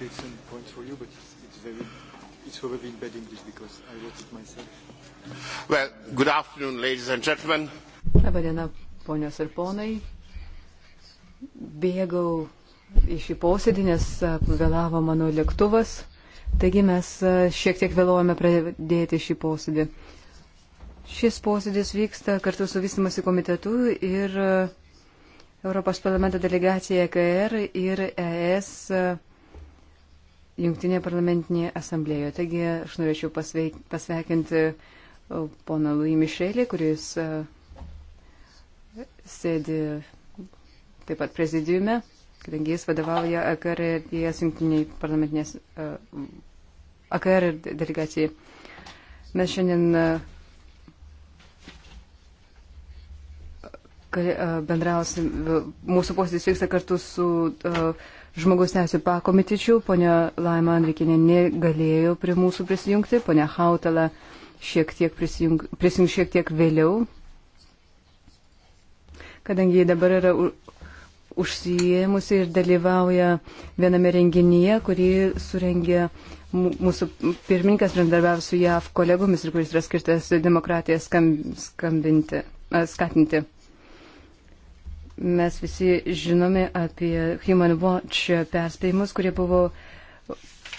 excellent point for you, but it's, it's very, it's probably in bad English because I wrote it myself. Well, good afternoon, ladies and gentlemen. Labą dieną, ponios ir ponai. Bėgau iš į posėdį, nes vėlavo mano lėktuvas. Taigi mes šiek tiek vėluojame pradėti šį posėdį. Šis posėdis vyksta kartu su vystimasi komitetu ir Europos parlamento delegacija EKR ir ES Jungtinėje parlamentinėje asamblėjoje. Taigi aš norėčiau pasveik, pasveikinti uh, poną Lui Mišelį, kuris uh, sėdi taip pat prezidiume, kadangi jis vadovauja AKR ir jas Junktiniai parlamentinės uh, AKR delegacijai. Mes šiandien bendrausim, mūsų posėdis vyksta kartu su uh, žmogus teisų pakomitičių, ponia Laima Andrikinė negalėjo prie mūsų prisijungti, ponia Hautala šiek tiek prisijung, prisijung šiek tiek vėliau, kadangi jie dabar yra užsijėmusi ir dalyvauja viename renginyje, kurį surengė mūsų pirmininkas bendarbiavo su JAV kolegomis ir kuris yra skirtas demokratiją skambinti, skatinti. Mes visi žinome apie Human Watch perspėjimus, kurie buvo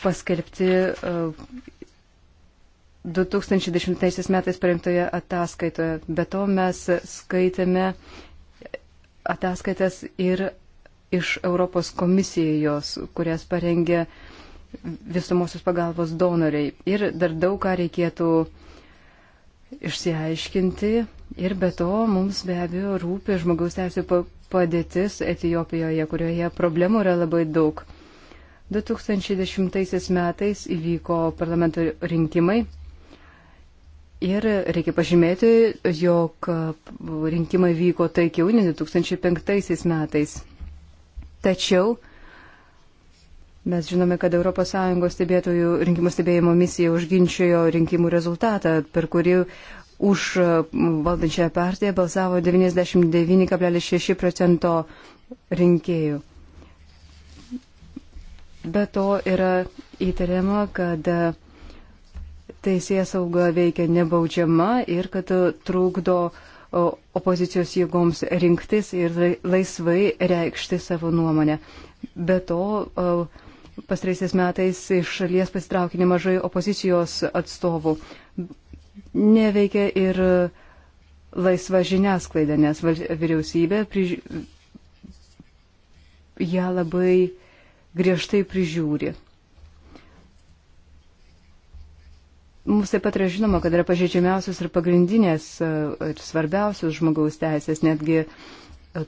paskelbti 2010 e, metais parengtoje ataskaitoje. Be to mes skaitėme ataskaitas ir iš Europos komisijos, kurias parengė visumosios pagalbos donoriai. Ir dar daug ką reikėtų išsiaiškinti Ir be to mums be abejo rūpi žmogaus teisų padėtis Etijopijoje, kurioje problemų yra labai daug. 2010 metais įvyko parlamento rinkimai ir reikia pažymėti, jog rinkimai vyko taikiau nei 2005 metais. Tačiau mes žinome, kad ES stebėtojų rinkimų stebėjimo misija užginčiojo rinkimų rezultatą, per kurį už e, valdančiąją partiją balsavo 99,6 procento rinkėjų. Be to yra įtariama, kad e, teisėja sauga veikia nebaudžiama ir kad e, trukdo opozicijos jėgoms rinktis ir laisvai reikšti savo nuomonę. Be to, pastraisiais metais iš šalies pasitraukė nemažai opozicijos atstovų neveikia ir laisva žiniasklaida, nes vyriausybė priž... ją labai griežtai prižiūri. Mums taip pat yra žinoma, kad yra pažeidžiamiausios ir pagrindinės e, ir svarbiausios žmogaus teisės, netgi e,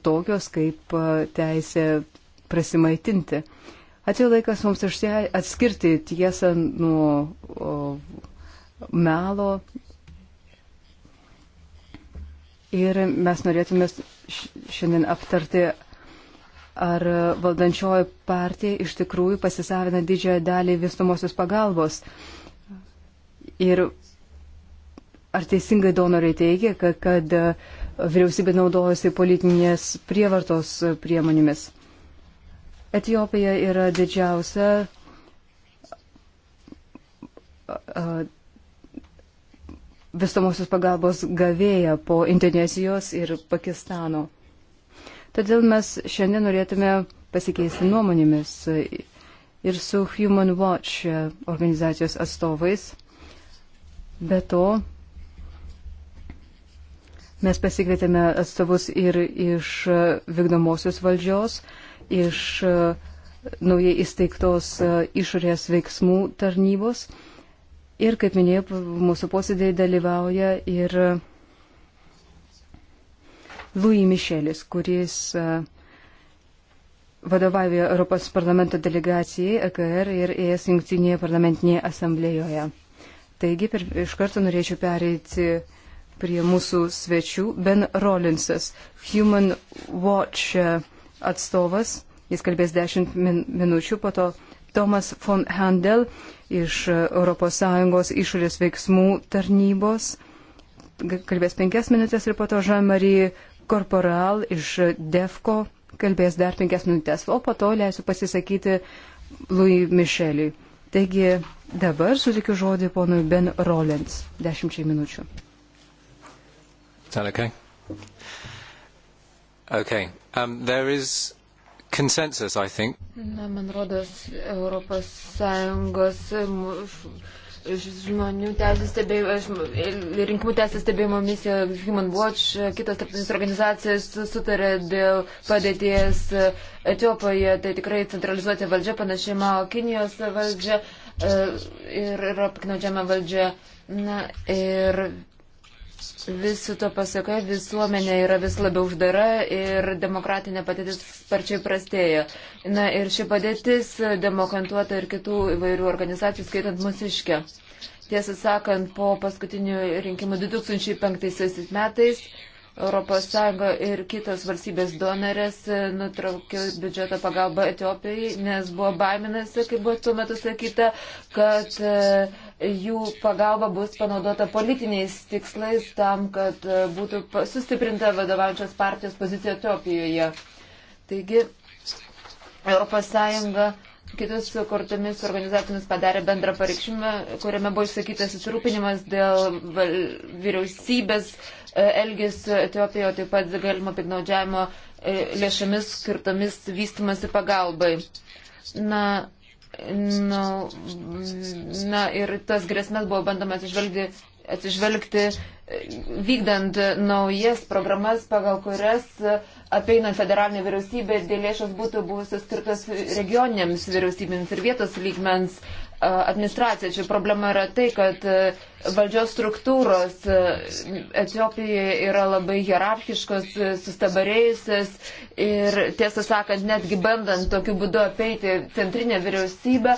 tokios kaip e, teisė prasimaitinti. Atėjo laikas mums atskirti tiesą nuo melo Ir mes norėtume šiandien aptarti, ar valdančioji partija iš tikrųjų pasisavina didžiąją dalį vystumosios pagalbos. Ir ar teisingai donorai teigia, kad, kad e, vyriausybė naudojasi politinės prievartos e, priemonėmis. Etijopija yra didžiausia e, visomosios pagalbos gavėja po Indonezijos ir Pakistano. Todėl mes šiandien norėtume pasikeisti nuomonėmis ir su Human Watch organizacijos atstovais. Be to, mes pasikvietėme atstovus ir iš vykdomosios valdžios, iš naujai įsteigtos išorės veiksmų tarnybos. Ir, kaip minėjau, mūsų posėdėje dalyvauja ir Louis Mišelis, kuris e, vadovavė Europos parlamento delegacijai AKR e ir ES jungtinėje parlamentinėje asamblėjoje. Taigi, per, iš karto norėčiau pereiti prie mūsų svečių. Ben Rollinsas, Human Watch e, atstovas, jis kalbės 10 min minučių, po to Tomas von Handel, uh, iš ES išorės veiksmų tarnybos. Kalbės penkias minutės ir po to Žanmarį Korporal iš DEFCO kalbės dar penkias minutės, o po to leisiu pasisakyti Louis Mišeliui. Taigi dabar sutikiu žodį ponui Ben Rollins, dešimčiai minučių. Okay? Okay. Um, there is consensus, I think. Na, man rodos, Europos Sąjungos žmonių teisės stebėjimo, rinkimų teisės stebėjimo misija Human Watch, kitos tarptautinės organizacijos sutarė dėl padėties Etiopoje, tai tikrai centralizuoti valdžia panašima Kinijos valdžia e, ir yra piknaudžiama valdžia. Na ir Visų to pasakoje visuomenė yra vis labiau uždara ir demokratinė patėtis sparčiai prastėja. Na ir ši padėtis demokantuota ir kitų įvairių organizacijų, skaitant musiškę. Tiesą sakant, po paskutinių rinkimų 2005 metais ES ir kitos valstybės donorės e, nutraukė biudžeto pagalbą Etiopijai, nes buvo baiminasi, kaip buvo tuo metu sakyta, kad e, jų pagalba bus panaudota politiniais tikslais tam, kad e, būtų sustiprinta vadovaujančios partijos pozicija Etiopijoje. Taigi, ES kitus kortomis organizacijomis padarė bendrą pareikšimą, kuriame buvo išsakytas susirūpinimas dėl vyriausybės e, elgesio Etiopijoje, taip pat galima piknaudžiavimo e, lėšomis skirtomis vystimasi pagalbai. Na, na, nu, na ir tas grėsmės buvo bandoma atsižvelgti, atsižvelgti e, vykdant naujas programas, pagal kurias uh, apeinant federalinę vyriausybę, dėl lėšos būtų buvusios skirtos regioninėms vyriausybėms ir vietos lygmens administracija. Čia problema yra tai, kad e, valdžios struktūros e, Etiopijoje yra labai hierarchiškos, e, sustabarėjusios ir tiesą sakant, netgi bandant tokiu būdu apeiti centrinę vyriausybę,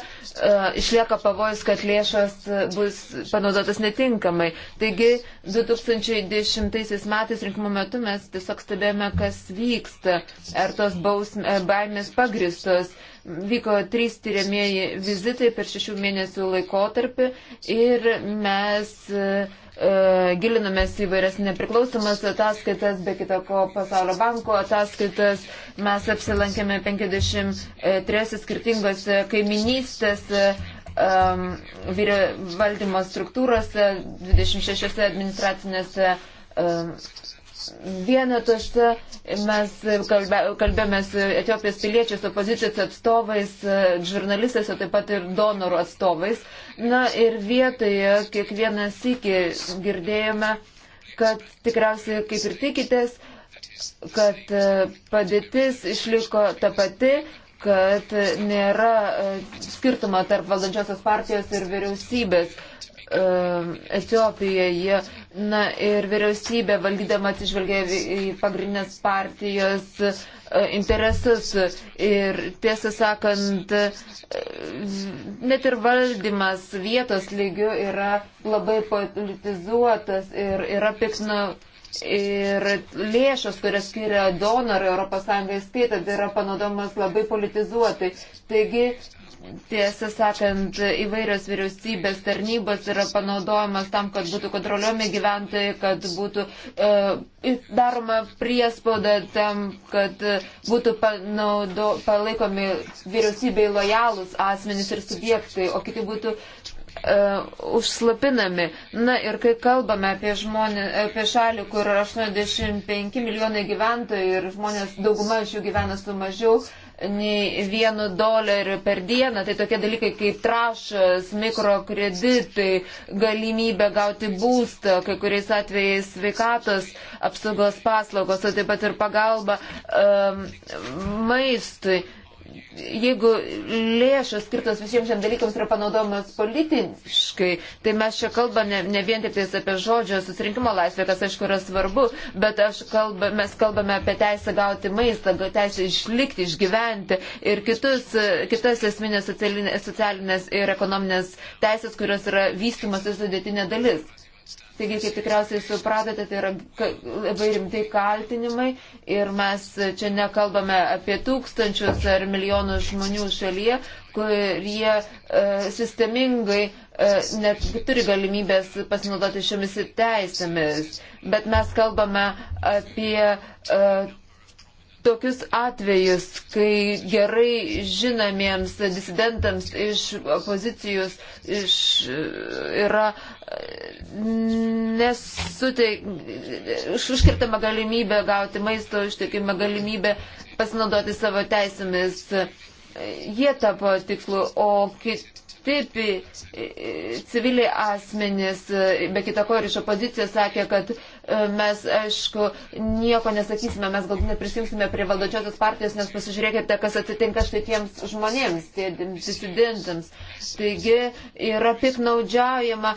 išlieka pavojus, kad lėšos bus panaudotas netinkamai. Taigi 2010 metais rinkimų metu mes tiesiog stebėjome, kas vyksta, ar tos bausmė, baimės pagristos. Vyko trys tyriamieji vizitai per šešių mėnesių laikotarpį ir mes e, gilinomės įvairias nepriklausomas ataskaitas, be kita ko pasaulio banko ataskaitas. Mes apsilankėme 53 skirtingose kaiminystės um, valdymo struktūrose, 26 administracinėse um, Vienatuose mes kalbėjome su Etiopijos piliečiais, opozicijos atstovais, žurnalistais, o taip pat ir donorų atstovais. Na ir vietoje kiekvienas iki girdėjome, kad tikriausiai kaip ir tikitės, kad padėtis išliko ta pati, kad nėra skirtumo tarp valdančiosios partijos ir vyriausybės. Um, Etiopijoje. Na ir vyriausybė valdydama atsižvelgia į pagrindinės partijos uh, interesus ir tiesą sakant, uh, net ir valdymas vietos lygių yra labai politizuotas ir yra pikna Ir lėšos, kurias skiria donorai ES skaitant, yra panaudomas labai politizuotai. Taigi Tiesą sakant, įvairios vyriausybės tarnybos yra panaudojamas tam, kad būtų kontroliuomi gyventojai, kad būtų e, daroma priespauda tam, kad būtų panaudo, palaikomi vyriausybei lojalūs asmenys ir subjektai, o kiti būtų Uh, užslapinami. Na ir kai kalbame apie, žmonė, apie šalį, kur 85 milijonai gyventojų ir žmonės, dauguma iš jų gyvena su mažiau nei vienu doleriu per dieną, tai tokie dalykai kaip trašas, mikrokreditai, galimybė gauti būstą, kai kuriais atvejais sveikatos apsaugos paslaugos, o taip pat ir pagalba um, maistui. Uh, jeigu lėšos skirtos visiems šiam dalykams yra panaudomas politiškai, tai mes čia kalbame ne, ne vien tik apie žodžio susirinkimo laisvę, kas aišku yra svarbu, bet kalba, mes kalbame apie teisę gauti maistą, teisę išlikti, išgyventi ir kitus, kitas esminės socialinės ir ekonominės teisės, kurios yra vystimas ir sudėtinė dalis. Taigi, kaip tikriausiai supratote, tai yra labai rimtai kaltinimai ir mes čia nekalbame apie tūkstančius ar milijonus žmonių šalyje, kurie e, sistemingai e, net turi galimybės pasinaudoti šiomis teisėmis. Bet mes kalbame apie e, tokius atvejus, kai gerai žinomiems disidentams iš opozicijos iš, yra mm, nesuteik, užkirtama galimybė gauti maisto, užtikima galimybė pasinaudoti savo teisėmis. Jie tapo tikslu, o kiti Taip, e, e, civiliai asmenys, e, be kita ko ir iš opozicijos sakė, kad mes, aišku, nieko nesakysime, mes galbūt neprisijungsime prie valdančiosios partijos, nes pasižiūrėkite, kas atsitinka štai tiems žmonėms, tiems disidentams. Taigi yra piknaudžiaujama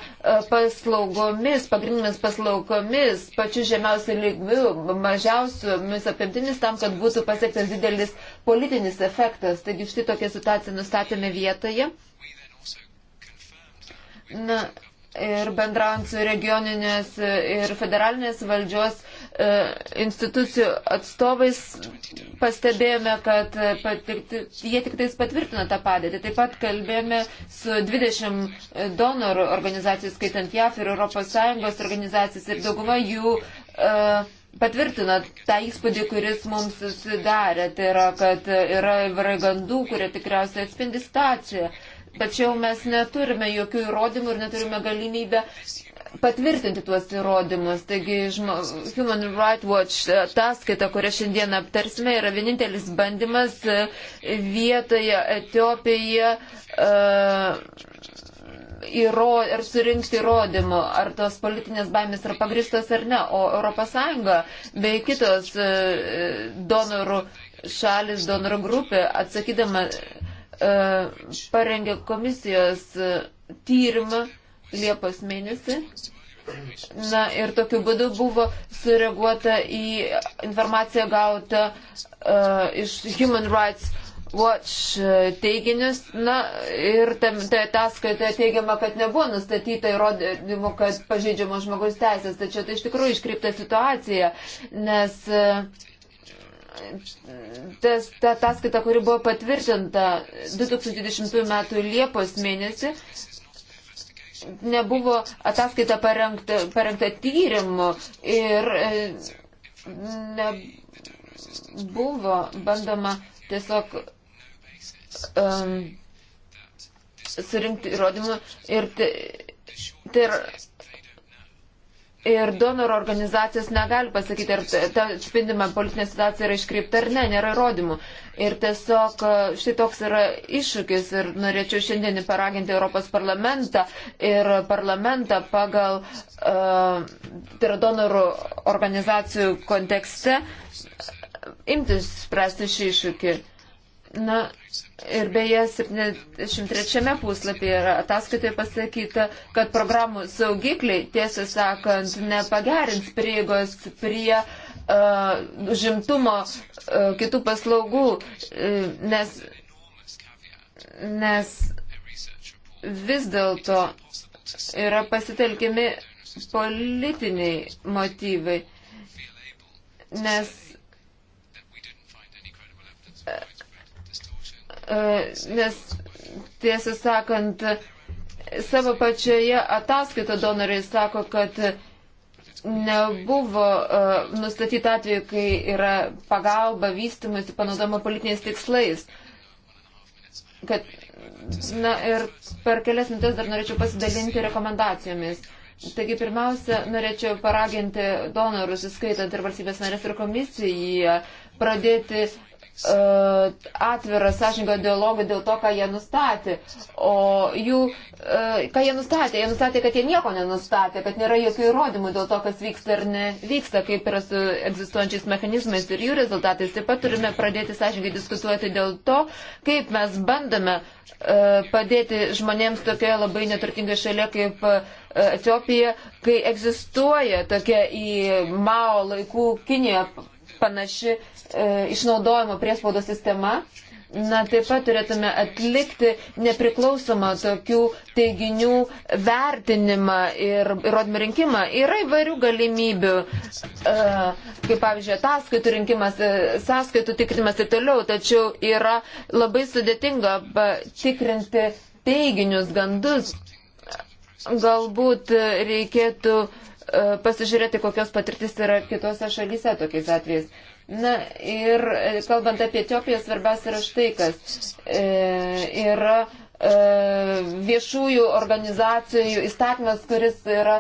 paslaugomis, pagrindinėmis paslaugomis, pačiu žemiausiu lygmiu, mažiausiomis apimtimis tam, kad būtų pasiektas didelis politinis efektas. Taigi štai tokią situaciją nustatėme vietoje. Na, ir bendraujant su regioninės ir federalinės valdžios e, institucijų atstovais pastebėjome, kad patirti, jie tik tais patvirtino tą padėtį. Taip pat kalbėjome su 20 donorų organizacijų, skaitant JAF ir ES organizacijas ir dauguma jų e, patvirtino tą įspūdį, kuris mums susidarė. Tai yra, kad yra įvaragandų, kurie tikriausiai atspindi staciją. E, tačiau mes neturime jokių įrodymų ir neturime galimybę patvirtinti tuos įrodymus. Taigi Human Rights Watch ataskaita, kurią šiandien aptarsime, yra vienintelis bandymas e, vietoje Etiopijoje. Uh, įro, ir surinkti įrodymų, ar tos politinės baimės yra pagristos ar ne. O ES bei kitos e, donorų šalis, donorų grupė, atsakydama E, parengė komisijos e, tyrimą Liepos mėnesį. Na ir tokiu būdu buvo sureaguota į informaciją gautą uh, iš Human Rights Watch teiginius. Na ir toje tai ataskaitoje teigiama, kad nebuvo nustatyta įrodymų, kad pažeidžiamos žmogaus teisės. Tačiau tai iš tikrųjų iškreipta situacija, nes. Uh, tas, ta ataskaita, kuri buvo patvirtinta 2020 m. Liepos mėnesį, nebuvo ataskaita parengta, parengta tyrimu ir e, nebuvo bandoma tiesiog um, surinkti įrodymų ir tai yra. Ir donoro organizacijos negali pasakyti, ar ta spindima politinė situacija yra iškreipta ar ne, nėra įrodymų. Ir tiesiog e, štai toks yra iššūkis ir norėčiau šiandien paraginti Europos parlamentą ir parlamentą pagal uh, tai yra donorų organizacijų kontekste imtis spręsti šį iššūkį. Uh, Na ir beje, 73 puslapyje yra ataskaitoje pasakyta, kad programų saugikliai, tiesą sakant, nepagerins prieigos prie e, uh, žimtumo uh, e, kitų paslaugų, uh, nes, nes vis dėlto yra pasitelkimi politiniai motyvai. Nes E, nes tiesą sakant, savo pačioje ataskaito donorai sako, kad nebuvo uh, nustatyta atveju, kai yra pagalba vystimusi panaudama politiniais tikslais. Kad, na ir per kelias minutės dar norėčiau pasidalinti rekomendacijomis. Taigi pirmiausia, norėčiau paraginti donorus, įskaitant ir valstybės narės ir komisiją, pradėti Uh, atvirą sąžininką dialogą dėl to, ką jie nustatė. O jų, uh, ką jie nustatė? Jie nustatė, kad jie nieko nenustatė, kad nėra jokių įrodymų dėl to, kas vyksta ar nevyksta, kaip yra su egzistuojančiais mechanizmais ir jų rezultatais. Taip pat turime pradėti sąžininkai diskutuoti dėl to, kaip mes bandome uh, padėti žmonėms tokioje labai neturtingoje šalyje kaip Etiopija, kai egzistuoja tokia į Mao laikų Kinija panaši e, išnaudojimo priespaudo sistema. Na, taip pat turėtume atlikti nepriklausomą tokių teiginių vertinimą ir įrodymų rinkimą. Yra įvairių galimybių, e, kaip pavyzdžiui, ataskaitų rinkimas, e, sąskaitų tikrinimas ir toliau, tačiau yra labai sudėtinga tikrinti teiginius, gandus. Galbūt reikėtų. E, E, pasižiūrėti, kokios patirtis yra kitose šalyse tokiais atvejais. Na ir e, kalbant apie Etiopiją, svarbiausia yra štai kas. E, yra e, viešųjų organizacijų įstatymas, kuris yra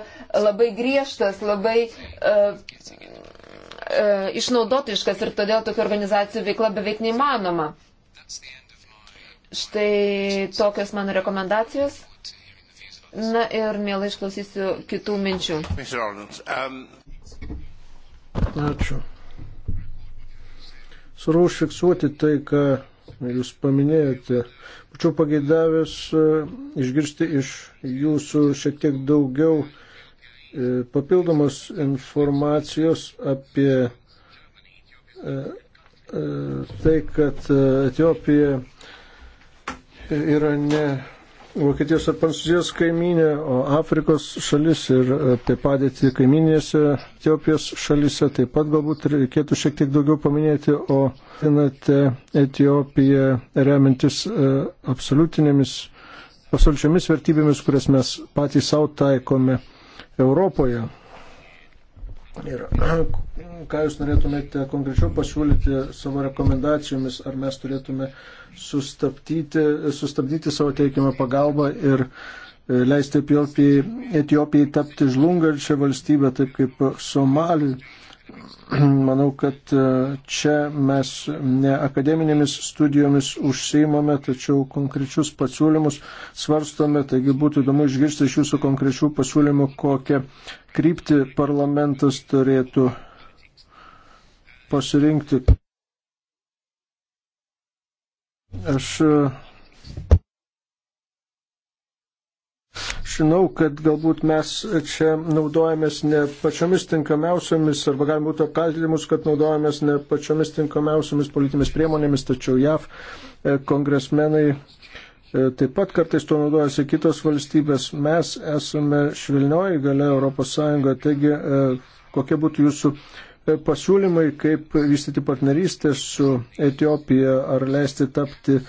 labai griežtas, labai uh, uh, išnaudotiškas ir todėl tokių organizacijų veikla beveik neįmanoma. Štai tokios mano rekomendacijos. Na ir mielai išklausysiu kitų minčių. Um, Ačiū. Svarbu užfiksuoti tai, ką jūs paminėjote. Pačiau pageidavęs e, išgirsti iš jūsų šiek tiek daugiau e, papildomos informacijos apie e, tai, kad Etiopija Irane Vokietijos ar Prancūzijos kaiminė, o Afrikos šalis ir e, apie padėtį kaiminėse Etiopijos šalise taip pat galbūt reikėtų šiek tiek daugiau paminėti, o žinote, Etiopija remiantis e, absoliutinėmis, absoliučiomis vertybėmis, kurias mes patys savo taikome Europoje. Ir ką Jūs norėtumėte konkrečiau pasiūlyti savo rekomendacijomis, ar mes turėtume sustabdyti, sustabdyti savo teikiamą pagalbą ir e, leisti Etijopijai, Etijopijai tapti žlungančią valstybę, taip kaip Somaliui. Manau, kad e, čia mes ne akademinėmis studijomis užsieimame, tačiau konkrečius pasiūlymus svarstome, taigi būtų įdomu išgirsti iš jūsų konkrečių pasiūlymų, kokią krypti parlamentas turėtų pasirinkti. Aš e, žinau, kad galbūt mes čia naudojamės ne pačiomis tinkamiausiamis, arba galima būtų apkaltinimus, kad naudojamės ne pačiomis tinkamiausiamis politinėmis priemonėmis, tačiau JAV e, kongresmenai E, taip pat kartais tuo naudojasi kitos valstybės. Mes esame švilnioji gale Europos Sąjungoje, taigi e, kokie būtų jūsų e, pasiūlymai, kaip vystyti partnerystę su Etijopija ar leisti tapti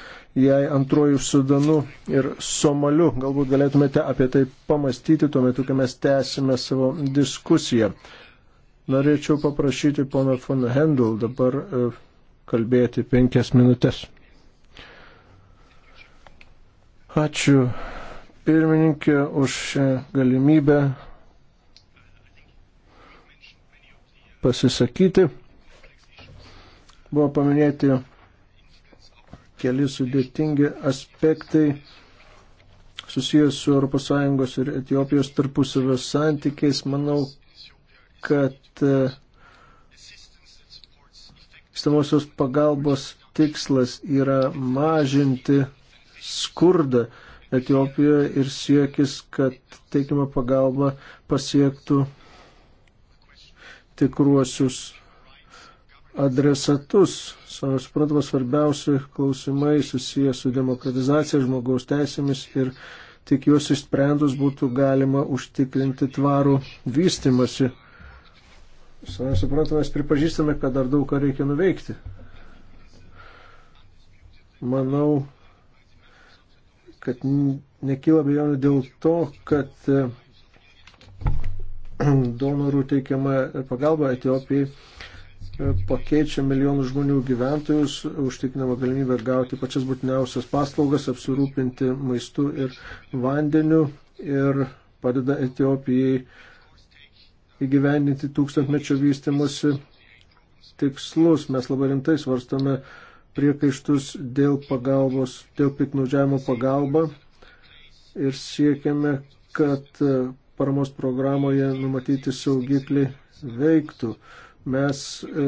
jai antrojų Sudanu ir Somaliu. Galbūt galėtumėte apie tai pamastyti tuo metu, kai mes tęsime savo diskusiją. Norėčiau paprašyti pono von Hendel dabar kalbėti penkias minutės. Ačiū pirmininkė už šią galimybę pasisakyti. Buvo paminėti keli sudėtingi aspektai susijęs su ES ir Etijopijos tarpusavio santykiais. Manau, kad įstamosios e, pagalbos tikslas yra mažinti skurdą Etiopijoje ir siekis, kad teikiama pagalba pasiektų tikruosius adresatus. Savo suprantama, svarbiausi klausimai susiję su demokratizacija, žmogaus teisėmis ir tik juos išsprendus būtų galima užtikrinti tvarų vystimasi. Savo suprantama, mes pripažįstame, kad dar daug ką reikia nuveikti. Manau, kad nekyla bejonių dėl to, kad e, donorų teikiama pagalba Etijopijai e, pakeičia milijonų žmonių gyventojus, užtikrinama galimybė gauti pačias būtiniausias paslaugas, apsirūpinti maistu ir vandeniu ir padeda Etijopijai įgyvendinti tūkstantmečio vystimosi tikslus. Mes labai rimtai svarstame uh, priekaištus dėl pagalbos, dėl piknaudžiavimo pagalba ir siekiame, kad e, paramos programoje numatyti saugikliai veiktų. Mes e,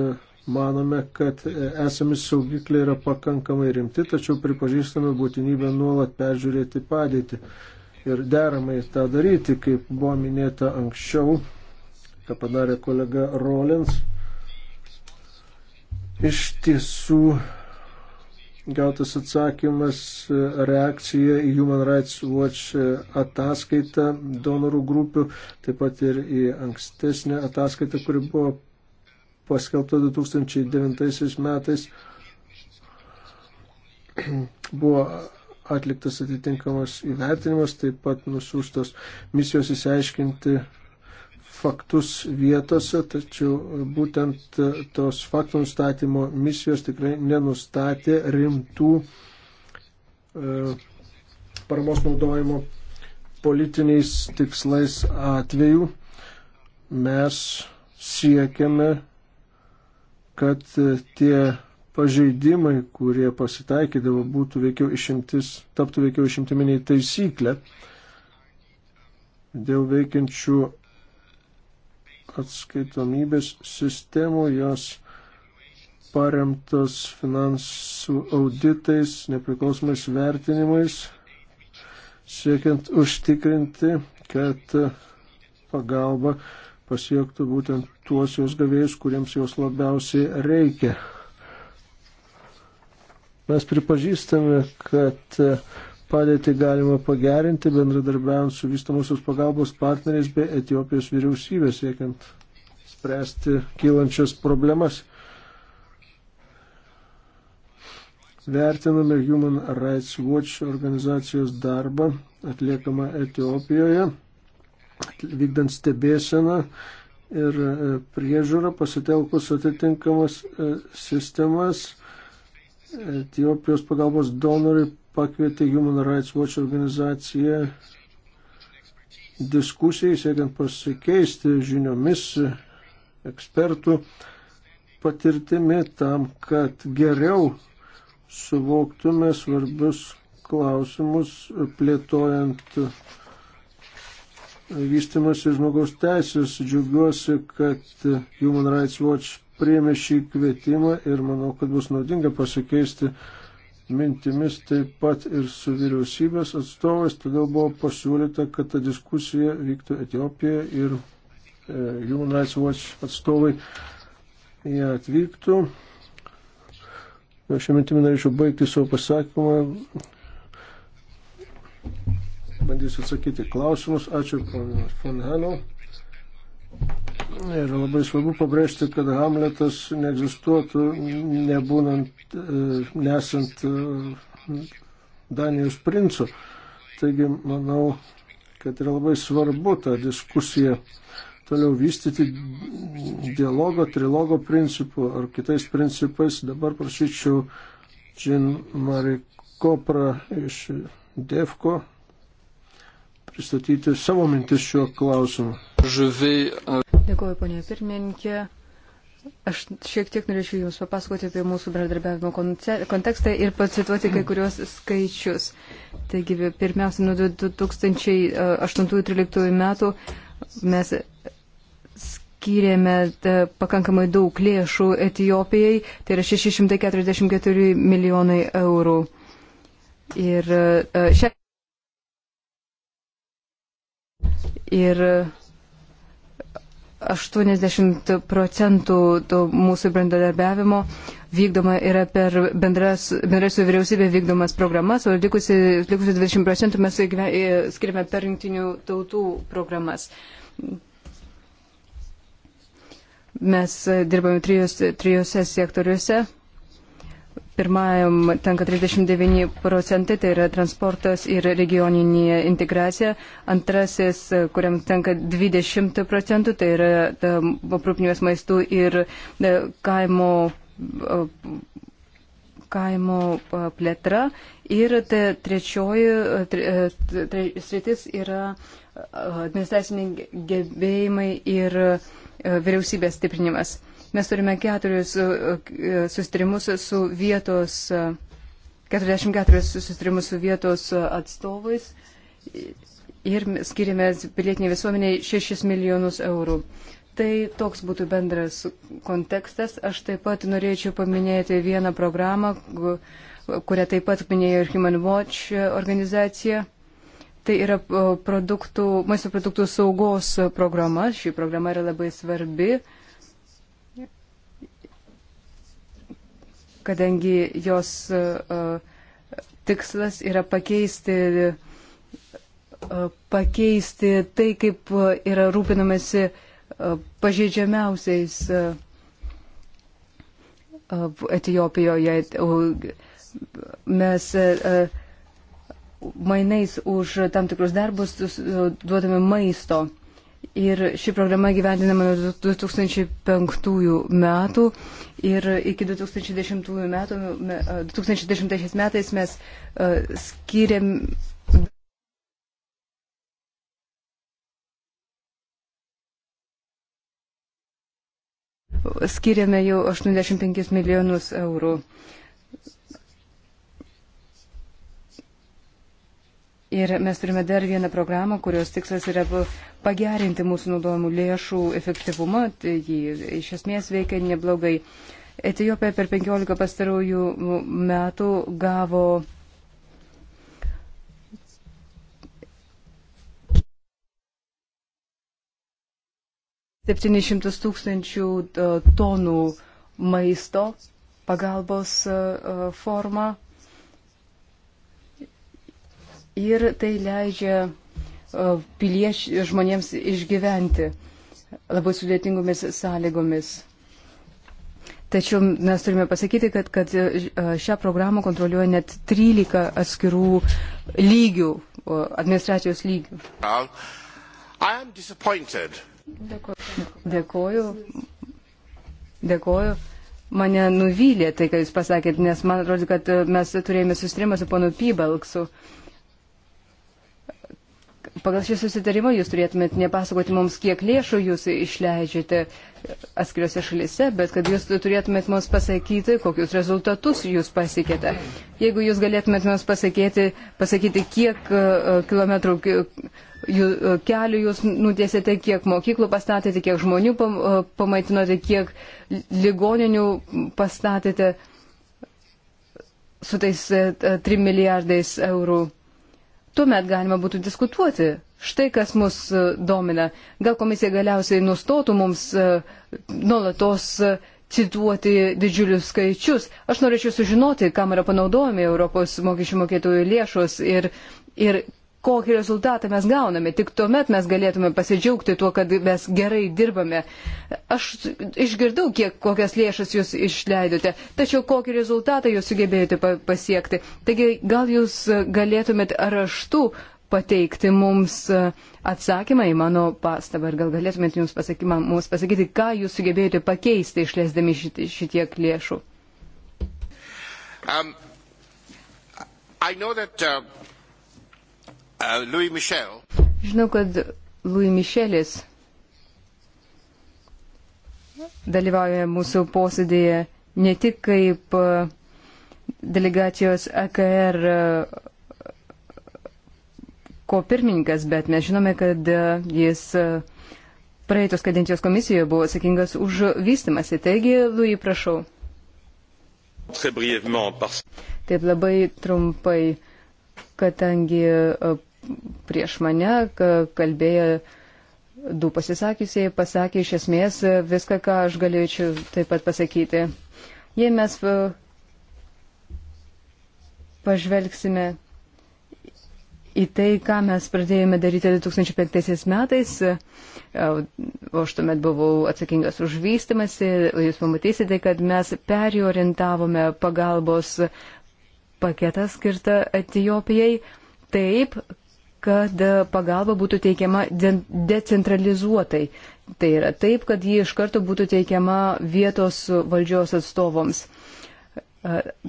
manome, kad e, esami saugikliai yra pakankamai rimti, tačiau pripažįstame būtinybę nuolat peržiūrėti padėtį ir deramai tą daryti, kaip buvo minėta anksčiau, ką padarė kolega Rollins. Iš tiesų gautas atsakymas e, reakcija į Human Rights Watch e, ataskaitą donorų grupių, taip pat ir į ankstesnę ataskaitą, kuri buvo paskelbta 2009 metais. Buvo atliktas atitinkamas įvertinimas, taip pat nusiųstos misijos įsiaiškinti faktus vietose, tačiau būtent tos faktų nustatymo misijos tikrai nenustatė rimtų e, paramos naudojimo politiniais tikslais atveju. Mes siekiame, kad tie pažeidimai, kurie pasitaikydavo, būtų veikiau išimtis, taptų veikiau išimtiminiai taisyklė dėl veikiančių atskaitomybės sistemų, jos paremtos finansų auditais, nepriklausomais vertinimais, siekiant užtikrinti, kad pagalba pasiektų būtent tuos jos gavėjus, kuriems jos labiausiai reikia. Mes pripažįstame, kad Padėtį galima pagerinti bendradarbiavant su vystamosios pagalbos partneriais bei Etijopijos vyriausybė siekiant spręsti kylančias problemas. Vertiname Human Rights Watch organizacijos darbą atliekamą Etijopijoje, vykdant stebėseną ir e, priežiūrą pasitelkus atitinkamas e, sistemas. Etijopijos pagalbos donorai pakvietė Human Rights Watch organizaciją diskusijai, siekiant pasikeisti žiniomis ekspertų patirtimi tam, kad geriau suvoktume svarbius klausimus plėtojant vystimas ir žmogaus teisės. Džiaugiuosi, kad Human Rights Watch priėmė šį kvietimą ir manau, kad bus naudinga pasikeisti mintimis taip pat ir su vyriausybės atstovais, todėl buvo pasiūlyta, kad ta diskusija vyktų Etiopijoje ir e, Human Rights Watch atstovai jie atvyktų. Šią mintimį norėčiau baigti savo pasakymą. Bandysiu atsakyti klausimus. Ačiū, ponas Fonhano. Ir labai svarbu pabrėžti, kad Hamletas neegzistuotų, nebūnant, e, nesant e, Danijos princu. Taigi, manau, kad yra labai svarbu tą diskusiją toliau vystyti dialogo, trilogo principu ar kitais principais. Dabar prašyčiau Džin Marikopra iš DEFCO pristatyti savo mintis šiuo klausimu. Vais... Euh, Dėkuoju, ponė pirmininkė. Aš šiek tiek norėčiau Jums papasakoti apie mūsų bendradarbiavimo kontekstą ir pacituoti kai kurios skaičius. Taigi, pirmiausia, nuo 2008-2013 e, metų mes skyrėme e, pakankamai daug lėšų Etijopijai, tai yra 644 milijonai eurų. Ir, e, šia... ir 80 procentų mūsų bendradarbiavimo vykdoma yra per bendras, bendras su vyriausybė vykdomas programas, o likusi, likusi 20 procentų mes e, skiriame per rinktinių tautų programas. Mes e, dirbame trijose sektoriuose Pirmajam tenka 39 procentai, tai yra transportas ir regioninė integracija. Antrasis, e, kuriam tenka 20 procentų, tai yra e, aprūpinimas maistų ir e, kaimo, kaimo plėtra. Ir tai trečioji tre, tre, sritis yra administraciniai gebėjimai ir vyriausybės stiprinimas. Mes turime e, e, e, keturis sustarimus su vietos, 44 sustarimus su vietos atstovais ir skiriame pilietiniai visuomeniai 6 milijonus eurų. Tai toks būtų bendras kontekstas. Aš taip pat norėčiau paminėti vieną programą, kurią taip pat minėjo ir Human Watch organizacija. Tai yra produktų, maisto produktų saugos programa. Ši programa yra labai svarbi. kadangi jos e, e, tikslas yra pakeisti, e, pakeisti tai, kaip yra rūpinamasi pažeidžiamiausiais Etijopijoje. Mes mainais už tam tikrus darbus duodame maisto. Ir ši programa gyvendinama nuo 2005 metų ir iki 2010 metų, 2010 metais mes skiriam. Skiriame jau 85 milijonus eurų. Uh, Ir mes turime dar vieną programą, kurios tikslas yra pagerinti mūsų naudojimų lėšų efektyvumą. Tai jį iš esmės veikia neblogai. Etijopija per 15 pastarųjų metų gavo. Septynišimtus tūkstančių e, tonų maisto pagalbos e, forma ir tai leidžia e, pilieš, žmonėms išgyventi labai sudėtingomis sąlygomis. Tačiau mes turime pasakyti, kad, kad e, šią programą kontroliuoja net 13 atskirų lygių, administracijos lygių. Dėkoju. Dėkoju. Dėkoju. Mane nuvylė tai, ką Jūs pasakėt, nes man atrodo, kad e, mes turėjome sustrimą su ponu Pybalksu. Uh, Pagal šį susitarimą jūs turėtumėt nepasakoti mums, kiek lėšų jūs išleidžiate atskiriuose šalise, bet kad jūs turėtumėt mums pasakyti, kokius rezultatus jūs pasiekėte. Jeigu jūs galėtumėt mums pasakyti, pasakyti kiek e, kilometrų e, kelių jūs nutiesėte, kiek mokyklų pastatėte, kiek žmonių e, pamaitinote, kiek ligoninių pastatėte su tais 3 milijardais eurų tuomet galima būtų diskutuoti. Štai kas mus e, domina. Gal komisija galiausiai nustotų mums e, nuolatos e, cituoti didžiulius skaičius. Aš norėčiau sužinoti, kam yra panaudojami Europos mokesčių mokėtojų lėšos ir, ir kokį rezultatą mes gauname. Tik tuomet mes galėtume pasidžiaugti tuo, kad mes gerai dirbame. Aš išgirdau, kiek, kokias lėšas jūs išleidote, tačiau kokį rezultatą jūs sugebėjote pasiekti. Taigi gal jūs galėtumėt raštu pateikti mums e, atsakymą į mano pastabą ir gal galėtumėt jums pasakymą, mums pasakyti, ką jūs sugebėjote pakeisti išleisdami šitiek lėšų. Um, that, uh... Uh, Louis Michel. Žinau, kad Louis Michelis dalyvauja mūsų posėdėje ne tik kaip uh, delegacijos AKR uh, ko pirmininkas, bet mes žinome, kad uh, jis praeitos kadencijos komisijoje buvo atsakingas už vystimąsi. Taigi, Lui, prašau. Taip labai trumpai, kadangi prieš mane kalbėjo du pasisakysiai, pasakė iš esmės viską, ką aš galėčiau taip pat pasakyti. Jei mes e, pažvelgsime į tai, ką mes pradėjome daryti 2005 metais, e, o aš tuomet buvau atsakingas už vystimąsi, jūs pamatysite, kad mes periorientavome pagalbos paketą skirtą Etijopijai taip, kad pagalba būtų teikiama de decentralizuotai. Tai yra taip, kad ji iš karto būtų teikiama vietos valdžios atstovams.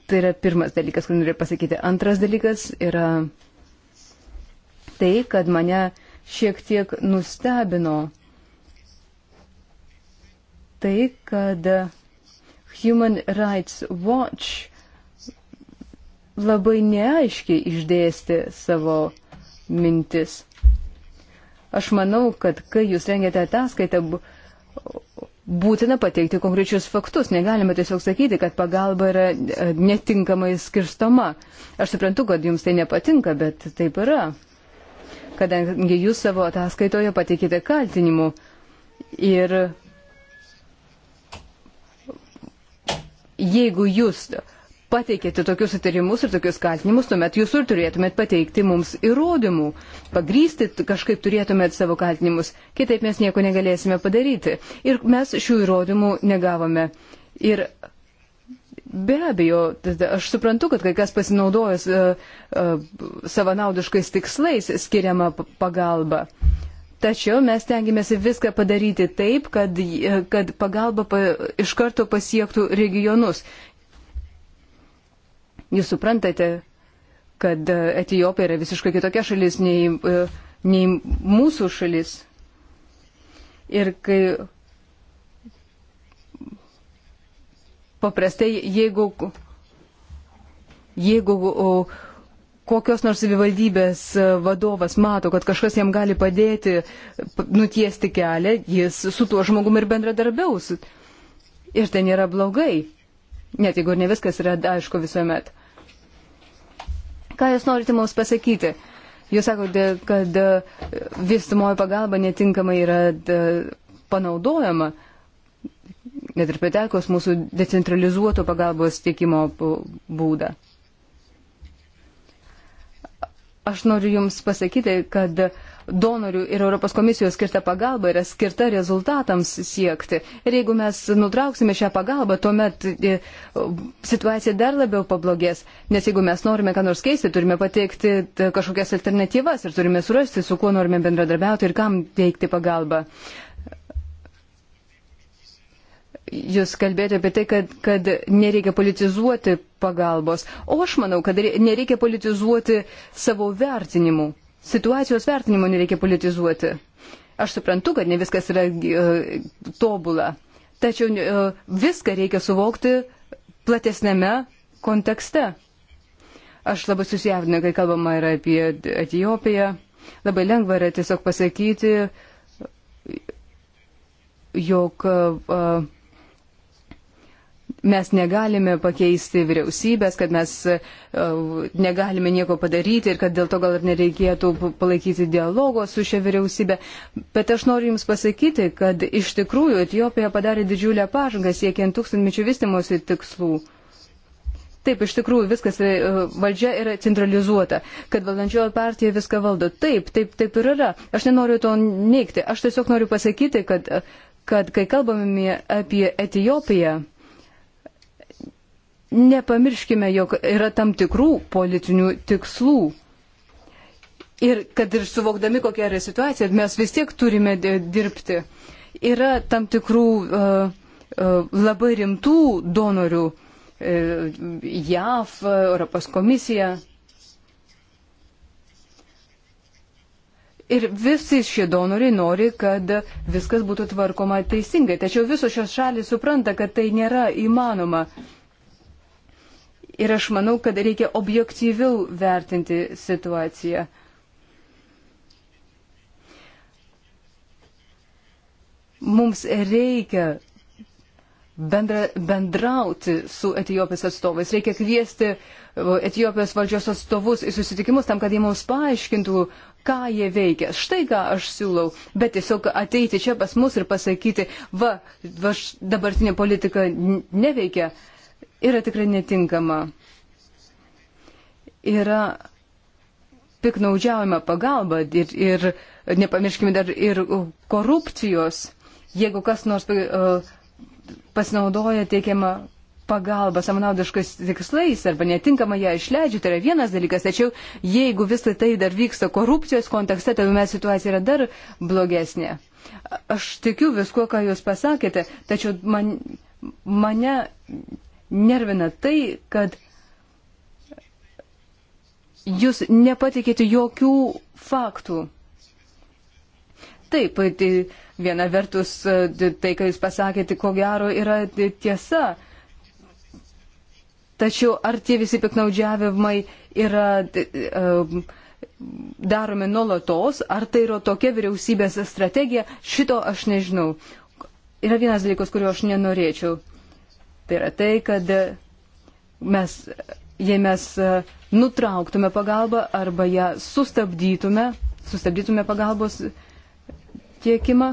Tai yra pirmas dalykas, kurį noriu pasakyti. Antras dalykas yra tai, kad mane šiek tiek nustebino tai, kad Human Rights Watch labai neaiškiai išdėsti savo uh, mintis. Aš manau, kad kai jūs rengiate ataskaitą, būtina pateikti konkrečius faktus. Negalime tiesiog sakyti, kad pagalba yra e, netinkamai skirstoma. Aš suprantu, kad jums tai nepatinka, bet taip yra. Kadangi jūs savo ataskaitoje pateikite kaltinimų ir jeigu jūs pateikėte tokius įtarimus ir tokius kaltinimus, tuomet jūs ir turėtumėt pateikti mums įrodymų, pagrysti kažkaip turėtumėt savo kaltinimus, kitaip mes nieko negalėsime padaryti. Ir mes šių įrodymų negavome. Ir be abejo, aš suprantu, kad kai kas pasinaudojęs uh, e, uh, e, savanaudiškais tikslais skiriama pagalba. Tačiau mes tengiamės viską padaryti taip, kad, e, kad pagalba pa, iš karto pasiektų regionus. Jūs suprantate, kad e, Etijopija yra visiškai kitokia šalis nei, e, nei mūsų šalis. Ir kai paprastai, jeigu, jeigu kokios nors savivaldybės e, vadovas mato, kad kažkas jam gali padėti nutiesti kelią, jis su tuo žmogumi ir bendradarbiaus. Ir tai nėra blogai, net jeigu ir ne viskas yra aišku visuomet. Ką jūs norite mums pasakyti? Jūs sakote, kad e, vystumoji pagalba netinkamai yra e, panaudojama, net ir patekos mūsų decentralizuoto pagalbos teikimo būdą. Aš noriu Jums pasakyti, kad uh, donorių ir Europos komisijos skirta pagalba yra skirta rezultatams siekti. Ir jeigu mes nutrauksime šią pagalbą, tuomet e, situacija dar labiau pablogės. Nes jeigu mes norime ką nors keisti, turime pateikti e, kažkokias alternatyvas ir turime surasti, su kuo norime bendradarbiauti ir kam teikti pagalbą. Jūs kalbėjote apie tai, kad, kad nereikia politizuoti pagalbos, o aš manau, kad nereikia politizuoti savo vertinimų situacijos vertinimo nereikia politizuoti. Aš suprantu, kad ne viskas yra uh, tobula, tačiau uh, viską reikia suvokti platesnėme kontekste. Aš labai susijavinu, kai kalbama yra apie Etijopiją. Labai lengva yra tiesiog pasakyti, jog uh, mes negalime pakeisti vyriausybės, kad mes e, negalime nieko padaryti ir kad dėl to gal ir nereikėtų palaikyti dialogo su šia vyriausybė. Bet aš noriu Jums pasakyti, kad iš tikrųjų Etijopija padarė didžiulę pažangą siekiant tūkstantmečių vystimosi tikslų. Taip, iš tikrųjų viskas e, valdžia yra centralizuota, kad valdančioji partija viską valdo. Taip, taip, taip ir yra. Aš nenoriu to neikti. Aš tiesiog noriu pasakyti, kad, kad kai kalbame apie Etijopiją, nepamirškime, jog yra tam tikrų politinių tikslų. Ir kad ir suvokdami, kokia yra situacija, mes vis tiek turime dirbti. Yra tam tikrų uh, uh, labai rimtų donorių uh, e, JAV, Europos komisija. Ir visi šie donoriai nori, kad viskas būtų tvarkoma teisingai. Tačiau visos šios šalis supranta, kad tai nėra įmanoma. Uh, Ir aš manau, kad reikia objektyviau vertinti situaciją. Mums reikia bendra, bendrauti su Etijopijos atstovais. Reikia kviesti Etijopijos valdžios atstovus į susitikimus tam, kad jie mums paaiškintų, ką jie veikia. Štai ką aš siūlau. Bet tiesiog ateiti čia pas mus ir pasakyti, va, va dabartinė politika neveikia yra tikrai netinkama. Yra piknaudžiaujama pagalba ir, ir nepamirškime dar ir korupcijos, jeigu kas nors uh, pasinaudoja teikiamą pagalba samanaudiškais tikslais arba netinkamai ją išleidžia, tai yra vienas dalykas, tačiau jeigu visą tai, tai dar vyksta korupcijos kontekste, tai mes situacija yra dar blogesnė. Aš tikiu viskuo, ką jūs pasakėte, tačiau man, mane nervina tai, kad jūs nepatikėte jokių faktų. Taip, tai viena vertus tai, ką jūs pasakėte, ko gero yra tiesa. Tačiau ar tie visi piknaudžiavimai yra um, daromi nuolatos, ar tai yra tokia vyriausybės strategija, šito aš nežinau. Yra vienas dalykas, kurio aš nenorėčiau. Tai yra tai, kad mes, jei mes e, nutrauktume pagalbą arba ją sustabdytume, sustabdytume pagalbos tiekimą,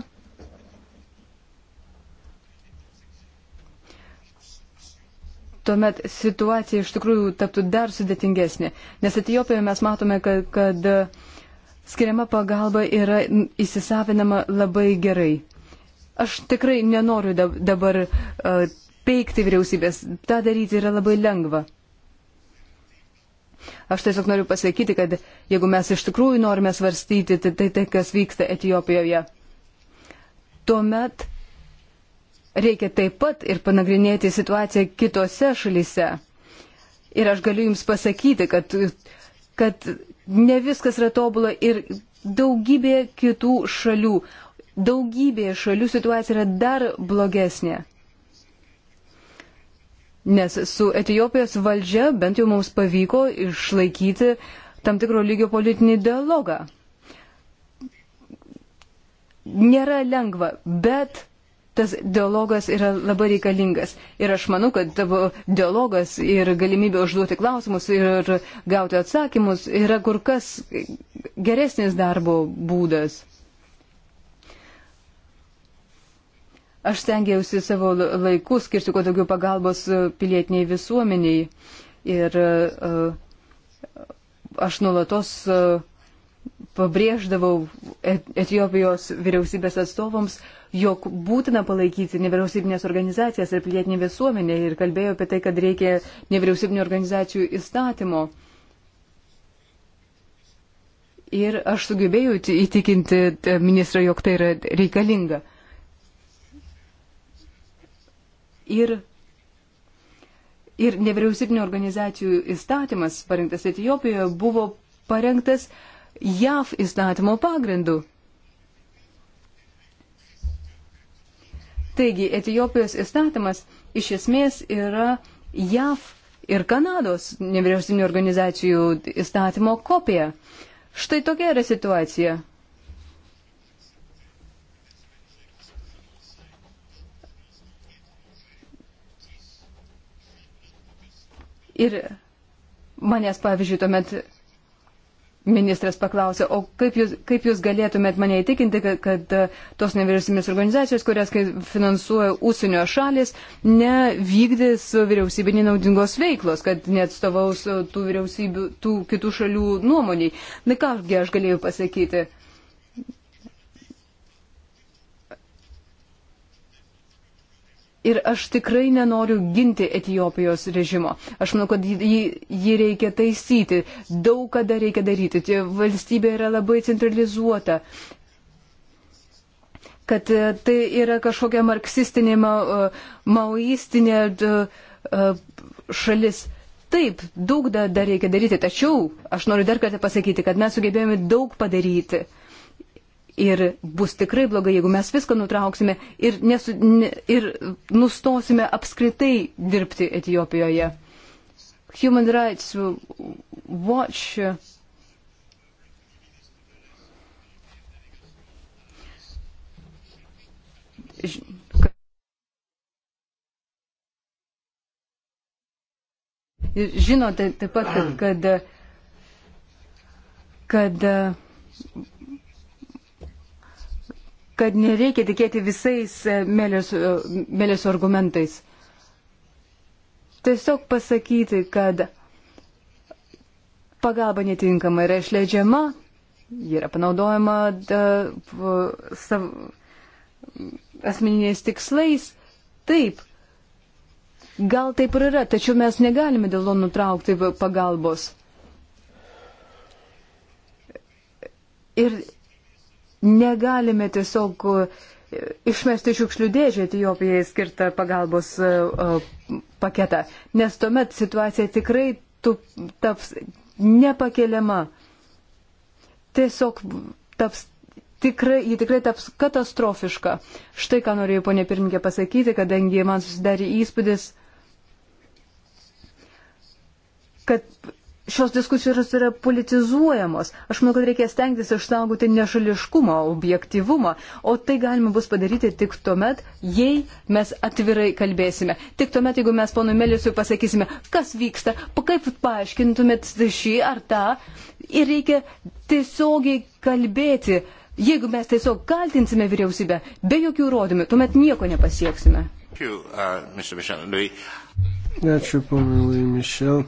tuomet situacija iš tikrųjų taptų dar sudėtingesnė. Nes Etijopijoje mes matome, kad, kad skiriama pagalba yra įsisavinama labai gerai. Aš tikrai nenoriu dabar uh, peikti vyriausybės. Ta daryti yra labai lengva. Aš tiesiog noriu pasakyti, kad jeigu mes iš tikrųjų norime svarstyti tai, tai, tai kas vyksta Etijopijoje, tuomet reikia taip pat ir panagrinėti situaciją kitose šalyse. Ir aš galiu Jums pasakyti, kad, kad ne viskas yra tobula ir daugybė kitų šalių, daugybė šalių situacija yra dar blogesnė. Nes su Etijopijos valdžia bent jau mums pavyko išlaikyti tam tikro lygio politinį dialogą. Nėra lengva, bet tas dialogas yra labai reikalingas. Ir aš manau, kad tavo dialogas ir galimybė užduoti klausimus ir gauti atsakymus yra kur kas geresnis darbo būdas. Aš stengiausi savo laiku skirti kuo daugiau pagalbos e, pilietiniai visuomeniai. Ir e, e, aš nulatos pabrėždavau Etijopijos vyriausybės atstovams, jog būtina palaikyti nevyriausybinės organizacijas ir pilietinį visuomenę ir kalbėjo apie tai, kad reikia nevyriausybinio organizacijų įstatymo. Ir aš sugebėjau įtikinti ministrą, jog tai yra reikalinga. ir, ir nevyriausybinio organizacijų įstatymas parengtas Etijopijoje buvo parengtas JAV įstatymo pagrindu. Taigi, Etijopijos įstatymas iš esmės yra JAV ir Kanados nevyriausybinio organizacijų įstatymo kopija. Štai tokia yra situacija. Ir manęs, pavyzdžiui, tuomet ministras paklausė, o kaip jūs, kaip jūs galėtumėt mane įtikinti, kad, kad e, tos nevyriausybinės organizacijos, kurias finansuoja ūsienio šalis, nevykdys vyriausybinį naudingos veiklos, kad neatstovaus e, tų vyriausybių, tų kitų šalių nuomoniai. Na kągi aš galėjau pasakyti. Ir aš tikrai nenoriu ginti Etijopijos režimo. Aš manau, kad jį, jį reikia taisyti. Daug ką dar reikia daryti. Tie valstybė yra labai centralizuota kad e, tai yra kažkokia marksistinė, e, maoistinė e, šalis. Taip, daug dar reikia daryti, tačiau aš noriu dar kartą pasakyti, kad mes sugebėjome daug padaryti. Ir bus tikrai blogai, jeigu mes viską nutrauksime ir, nesu, ne, ir nustosime apskritai dirbti Etijopijoje. Human Rights Watch Žinote taip pat, kad, kad, kad kad nereikia tikėti visais e, melės, e, melės argumentais. Tiesiog pasakyti, kad pagalba netinkama yra išleidžiama, ji yra panaudojama da, sav, asmeniniais tikslais. Taip, gal taip ir yra, tačiau mes negalime dėl to nutraukti pagalbos. Ir Negalime tiesiog e, išmesti šiukšlių dėžę Etijopijai skirtą pagalbos e, e, paketą, nes tuomet situacija tikrai taps nepakeliama. Tiesiog taps tikrai, ji tikrai taps katastrofiška. Štai ką norėjau ponė pirmininkė pasakyti, kadangi man susidarė įspūdis, kad šios diskusijos yra politizuojamos. Aš manau, kad reikės stengtis išsaugoti nešališkumą, objektivumą, o tai galima bus padaryti tik tuomet, jei mes atvirai kalbėsime. Tik tuomet, jeigu mes ponui Melisui pasakysime, kas vyksta, kaip paaiškintumėt šį ar tą, ir reikia tiesiogiai kalbėti. Jeigu mes tiesiog kaltinsime vyriausybę be jokių įrodymų, tuomet nieko nepasieksime. Ačiū, uh, Michel. Ačiū, ponui Mišel.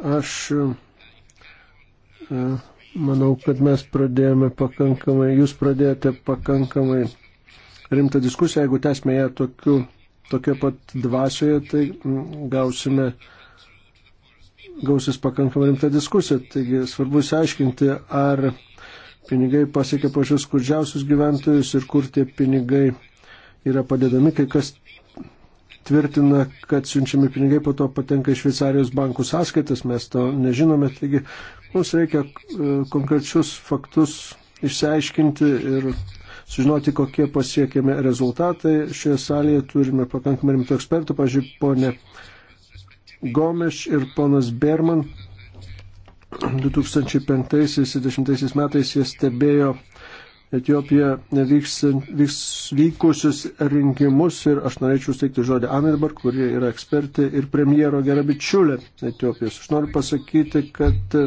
Aš e, manau, kad mes pradėjome pakankamai, jūs pradėjote pakankamai rimtą diskusiją. Jeigu tęsime ją tokiu, tokia pat dvasioje, tai gausime, gausis pakankamai rimtą diskusiją. Taigi svarbu įsiaiškinti, ar pinigai pasiekia pačius skurdžiausius gyventojus ir kur tie pinigai yra padedami, kai kas tvirtina, kad siunčiami pinigai po to patenka į Šveicarijos bankų sąskaitas, mes to nežinome, taigi mums reikia e, konkrečius faktus išsiaiškinti ir sužinoti, kokie pasiekėme rezultatai. Šioje salėje turime pakankamai rimtų ekspertų, pažiūrėjau, ponė Gomeš ir ponas Berman. 2005-2010 metais jie stebėjo Etijopija vyks, vyks, vykusius rinkimus ir aš norėčiau steigti žodį Amidbar, kurie yra ekspertė ir premjero gera bičiulė Etijopijos. Aš noriu pasakyti, kad e,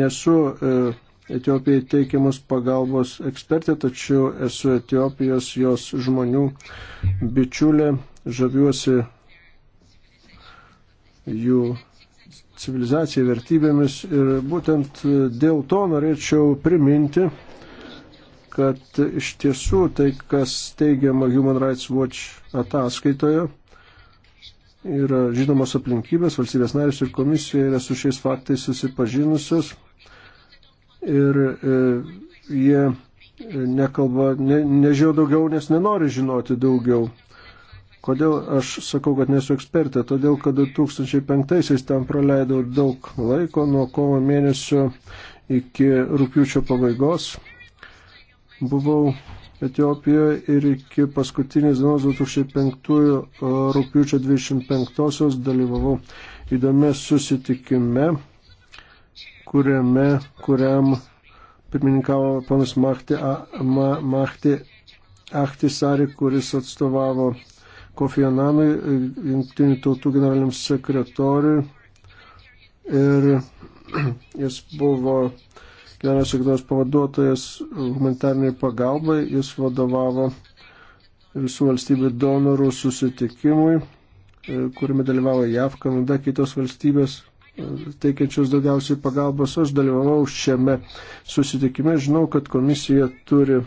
nesu e, Etijopijai teikiamos pagalbos ekspertė, tačiau esu Etijopijos jos žmonių bičiulė, žaviuosi jų civilizacijai, vertybėmis ir būtent e, dėl to norėčiau priminti, kad iš tiesų tai, kas teigiama Human Rights Watch ataskaitoje, yra žinomos aplinkybės, valstybės narės ir komisija yra su šiais faktais susipažinusios ir e, jie nekalba, ne, nežino daugiau, nes nenori žinoti daugiau. Kodėl aš sakau, kad nesu ekspertė? Todėl, kad 2005-aisiais ten praleidau daug laiko, nuo kovo mėnesio iki rūpiučio pabaigos buvau Etiopijoje ir iki paskutinės dienos 2005 rūpiučio 25-osios dalyvavau įdomiame susitikime, kuriame, kuriam pirmininkavo panas Mahti, ma, Mahti Ahtisari, kuris atstovavo Kofi Ananui, e, jungtinių tautų generaliniam sekretoriui. Ir jis buvo generalinio sekretoriaus pavaduotojas humanitarniai pagalbai, jis vadovavo visų valstybių donorų susitikimui, e, kuriame dalyvavo JAV, Kanada, kitos valstybės e, teikiančios daugiausiai pagalbos. Aš dalyvavau šiame susitikime. Žinau, kad komisija turi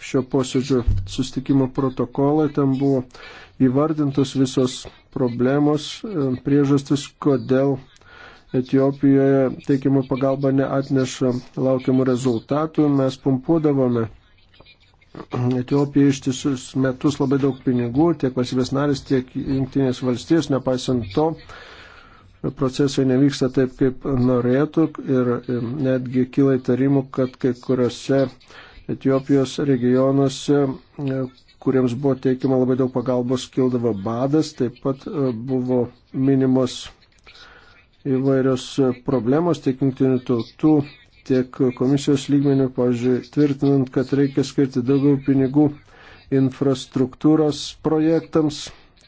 šio posėdžio susitikimo protokolą. Ten buvo įvardintos visos problemos, e, priežastis, kodėl Etijopijoje teikiama pagalba neatneša laukiamų rezultatų. Mes pumpuodavome Etijopija ištisus metus labai daug pinigų, tiek valstybės narės, tiek jungtinės valstijos, nepaisant to, procesai nevyksta taip, kaip norėtų ir netgi kyla įtarimų, kad kai kuriuose Etijopijos regionuose, kuriems buvo teikiama labai daug pagalbos, kildavo badas, taip pat e, buvo minimos įvairios problemos tiek jungtinių tautų, tiek komisijos lygmenių, pavyzdžiui, tvirtinant, kad reikia skirti daugiau pinigų infrastruktūros projektams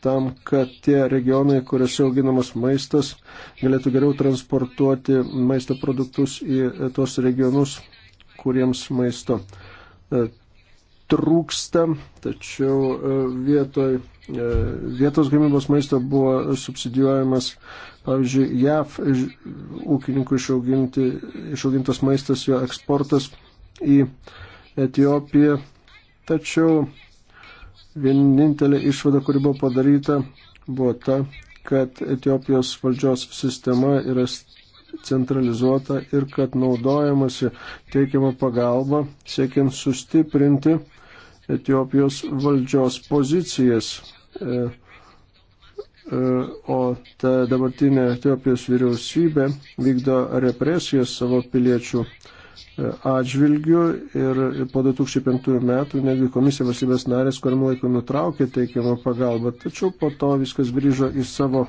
tam, kad tie regionai, kuriuose auginamas maistas, galėtų geriau transportuoti maisto produktus į tuos regionus, kuriems maisto e, trūksta, tačiau e, vietoj, e, vietos gamybos maisto buvo subsidijuojamas Pavyzdžiui, JAV ūkininkų išaugintas maistas, jo eksportas į Etiopiją. Tačiau vienintelė išvada, kuri buvo padaryta, buvo ta, kad Etiopijos valdžios sistema yra centralizuota ir kad naudojamasi teikiama pagalba, siekiant sustiprinti Etiopijos valdžios pozicijas. E, E, o ta dabartinė Etiopijos vyriausybė vykdo represijas savo piliečių e, atžvilgių ir po 2005 metų netgi komisija valstybės narės, kuriam laiku nutraukė teikiamą pagalbą, tačiau po to viskas grįžo į savo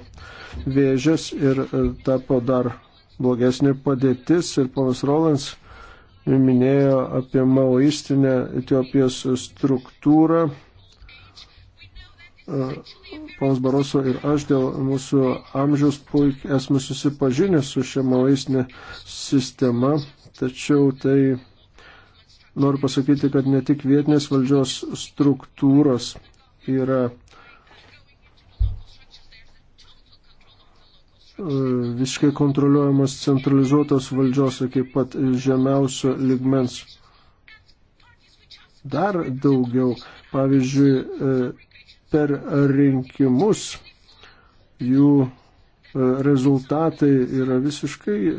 vėžės ir e, tapo dar blogesnė padėtis ir ponas Rolands minėjo apie maoistinę Etiopijos struktūrą Ponas Baroso ir aš dėl mūsų amžiaus puikiai esame susipažinę su šia maoistinė sistema, tačiau tai noriu pasakyti, kad ne tik vietinės valdžios struktūros yra e, visiškai kontroliuojamas centralizuotos valdžios, iki pat žemiausio ligmens. Dar daugiau, pavyzdžiui, e, per rinkimus jų e, rezultatai yra visiškai e,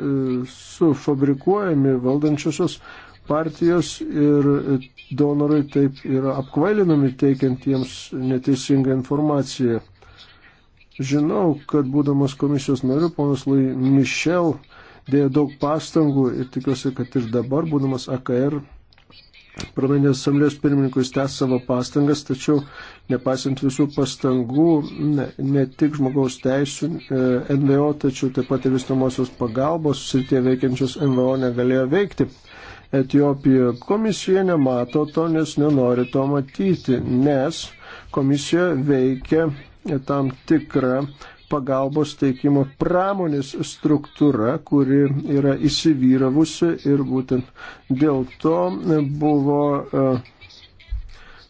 sufabrikuojami valdančiosios partijos ir donorai taip yra apkvailinami teikiant jiems neteisingą informaciją. Žinau, kad būdamas komisijos nariu, ponas Lai Mišel dėjo daug pastangų ir tikiuosi, kad ir dabar, būdamas AKR Parlamentinės asamblės pirmininkui tęs savo pastangas, tačiau nepaisant visų pastangų, ne, ne tik žmogaus teisų e, NVO, tačiau taip pat ir vystamosios pagalbos srityje veikiančios NVO negalėjo veikti. Etijopija komisija nemato to, nes nenori to matyti, nes komisija veikia tam tikrą pagalbos teikimo pramonės struktūra, kuri yra įsivyravusi ir būtent dėl to buvo e,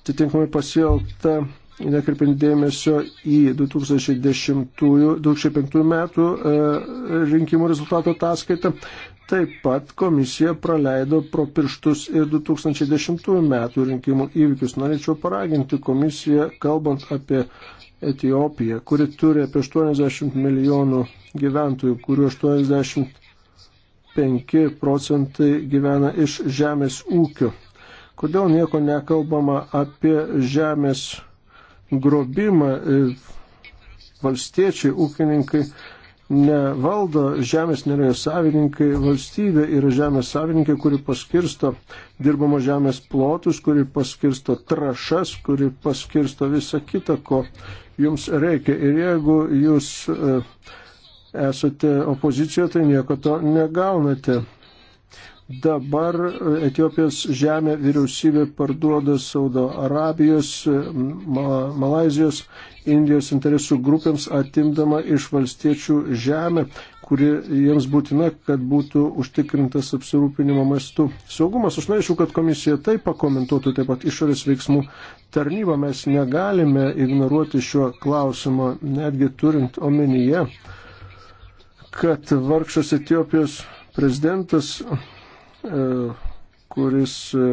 atitinkamai pasielgta, nekreipint dėmesio į 2010-2005 metų e, rinkimų rezultato ataskaitą, Taip pat komisija praleido pro pirštus ir 2010 metų rinkimų įvykius. Norėčiau paraginti komisiją, kalbant apie Etijopiją, kuri turi apie 80 milijonų gyventojų, kurių 85 procentai gyvena iš žemės ūkio. Kodėl nieko nekalbama apie žemės grobimą? Valstiečiai, ūkininkai nevaldo žemės nėra savininkai, valstybė yra žemės savininkai, kuri paskirsto dirbamo žemės plotus, kuri paskirsto trašas, kuri paskirsto visą kitą, ko jums reikia. Ir jeigu jūs e, esate opozicijoje, tai nieko to negaunate. Dabar e, Etiopijos žemė vyriausybė parduoda Saudo Arabijos, e, Malazijos, Indijos interesų grupėms atimdama iš valstiečių žemę, kuri jiems būtina, kad būtų užtikrintas apsirūpinimo maistu saugumas. Aš norėčiau, kad komisija tai pakomentuotų, taip pat išorės veiksmų tarnybą. Mes negalime ignoruoti šio klausimo, netgi turint omenyje, kad vargšas Etiopijos prezidentas E, kuris e,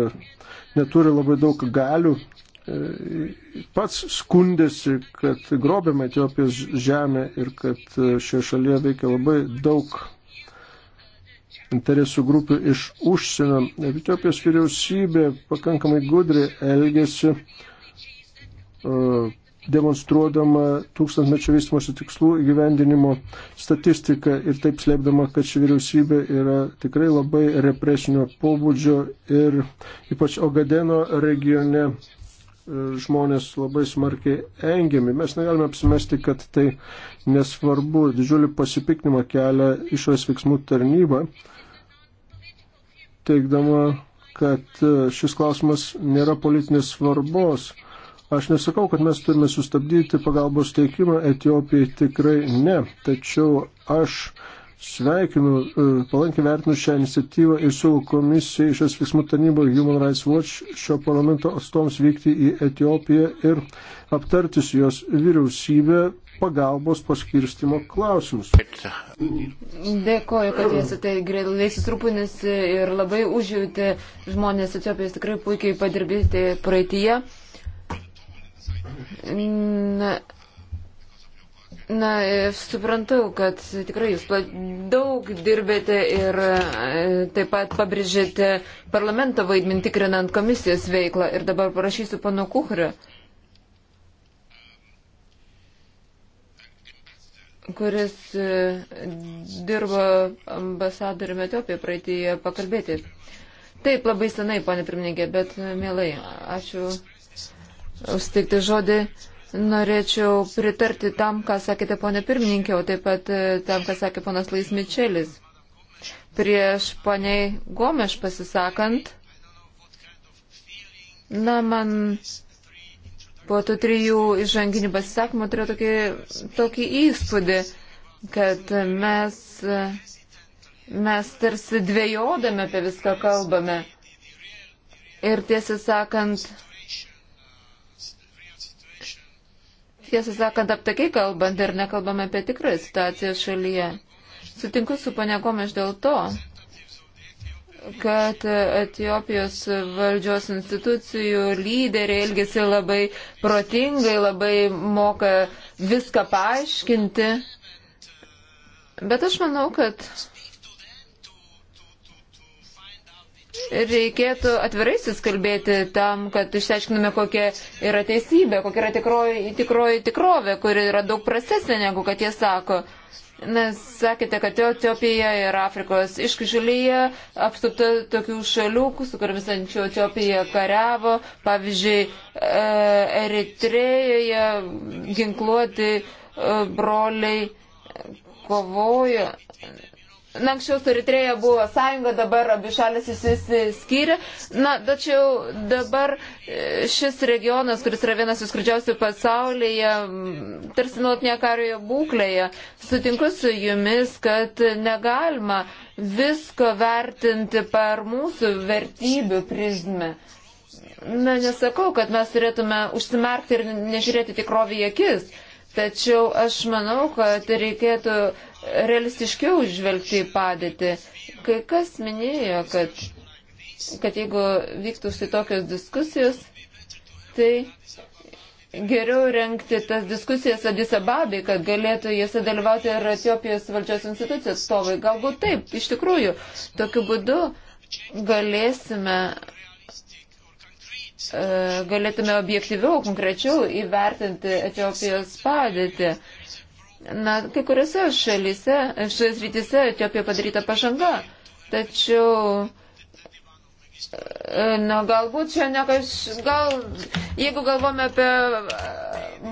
neturi labai daug galių, e, pats skundėsi, kad grobėme Etiopijos žemę ir kad šioje šalyje veikia labai daug interesų grupių iš užsienio. Etiopijos vyriausybė pakankamai gudri elgesi demonstruodama tūkstantmečio vystimosi tikslų įgyvendinimo statistiką ir taip slėpdama, kad ši vyriausybė yra tikrai labai represinio pobūdžio ir ypač Ogadeno regione e, žmonės labai smarkiai engiami. Mes negalime apsimesti, kad tai nesvarbu. Didžiulį pasipiknimą kelia išorės veiksmų tarnyba, teikdama, kad e, šis klausimas nėra politinės svarbos Aš nesakau, kad mes turime sustabdyti pagalbos teikimą Etijopijai, tikrai ne. Tačiau aš sveikinu, e, palankiai vertinu šią iniciatyvą ir siūlau komisijai iš esveiksmų tarnybo Human Rights Watch šio parlamento atstoms vykti į Etijopiją ir aptarti su jos vyriausybė pagalbos paskirstimo klausimus. Dėkoju, kad esate greitai susirūpinęs ir labai užjauti žmonės Etiopijos tikrai puikiai padirbėti praeitie. Na, na, suprantu, kad tikrai jūs daug dirbėte ir e, taip pat pabrėžėte parlamento vaidmenį tikrinant komisijos veiklą. Ir dabar parašysiu pano Kuhrio, kuris e, dirbo ambasadoriumi Etiopijoje praeitįje pakalbėti. Taip, labai senai, ponė pirmininkė, bet e, mielai, ačiū steigti žodį. Norėčiau pritarti tam, ką sakėte, ponė pirmininkė, o taip pat e, tam, ką sakė ponas Lais Mičelis. Prieš poniai Gomeš pasisakant, na, man po tų trijų įžanginių pasisakymų turėjo tokį, tokį įspūdį, kad mes, mes tarsi dvėjodami apie viską kalbame. Ir tiesą sakant, tiesą sakant, aptakiai kalbant ir nekalbame apie tikrą situaciją šalyje. Sutinku su panekomeš dėl to, kad Etijopijos valdžios institucijų lyderiai elgesi labai protingai, labai moka viską paaiškinti. Bet aš manau, kad reikėtų atvirai suskalbėti tam, kad išsiaiškinome, kokia yra teisybė, kokia yra tikroji, tikroji tikrovė, kuri yra daug prastesnė negu kad jie sako. Nes sakėte, kad Etiopija yra Afrikos iškišulyje, apsupta tokių šalių, su kuriamis anksčiau Etiopija kariavo, pavyzdžiui, e, Eritrejoje ginkluoti e, broliai kovojo. Na, anksčiau su Eritrėja buvo sąjunga, dabar abi šalis įsiskyrė. Na, tačiau dabar e, šis regionas, kuris yra vienas iš skurdžiausių pasaulyje, tarsi nuotinė karioje būklėje, sutinku su jumis, kad negalima visko vertinti per mūsų vertybių prizmę. Na, nesakau, kad mes turėtume užsimerkti ir nežiūrėti tikrovį į akis. Tačiau aš manau, kad reikėtų realistiškiau žvelgti į padėtį. Kai kas minėjo, kad, kad jeigu vyktų štai tokios diskusijos, tai geriau renkti tas diskusijas Adisababį, kad galėtų jose dalyvauti ir Etiopijos valdžios institucijų atstovai. Galbūt taip, iš tikrųjų, tokiu būdu galėsime e, galėtume objektyviau, konkrečiau įvertinti Etiopijos padėtį. Na, kai kuriuose šalyse, šioje srityse Etiopijoje padaryta pažanga, tačiau e, Na, galbūt čia nekaž, gal, jeigu galvome apie e,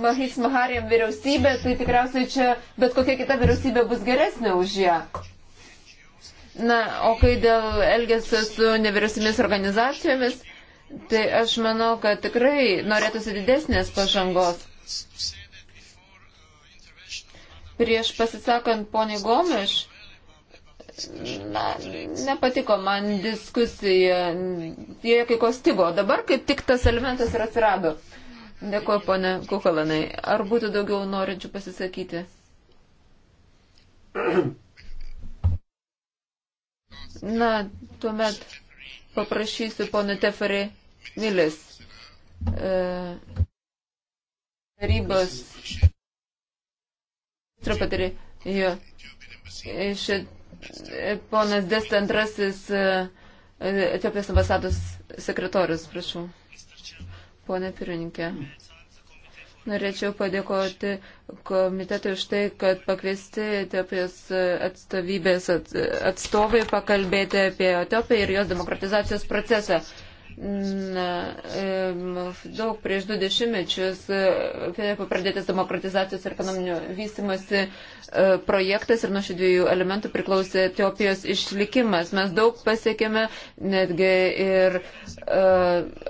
Mahis Maharijam vyriausybę, tai tikriausiai čia bet kokia kita vyriausybė bus geresnė už ją. Na, o kai dėl elgesio su nevyriausybės organizacijomis, tai aš manau, kad tikrai norėtųsi didesnės pažangos. Prieš pasisakant poniai Gomiš, na, nepatiko man diskusija, jie kai ko stigo, dabar kaip tik tas elementas ir atsirado. Dėkuoju, ponė Kukalanai. Ar būtų daugiau norinčių pasisakyti? Na, tuomet paprašysiu pono Teferį Milis. E, tarybos truputį iš e, ponas Desta antrasis e, e, Etiopijos ambasados sekretorius, prašau. Pone pirininkė. Norėčiau padėkoti komitetui už tai, kad pakviesti Etiopijos atstovybės atstovai pakalbėti apie Etiopiją ir jos demokratizacijos procesą. Na, daug prieš du dešimtmečius e, tai pradėtas demokratizacijos ir ekonominio vystimosi e, projektas ir nuo šių dviejų elementų priklausė Etiopijos išlikimas. Mes daug pasiekėme netgi ir e,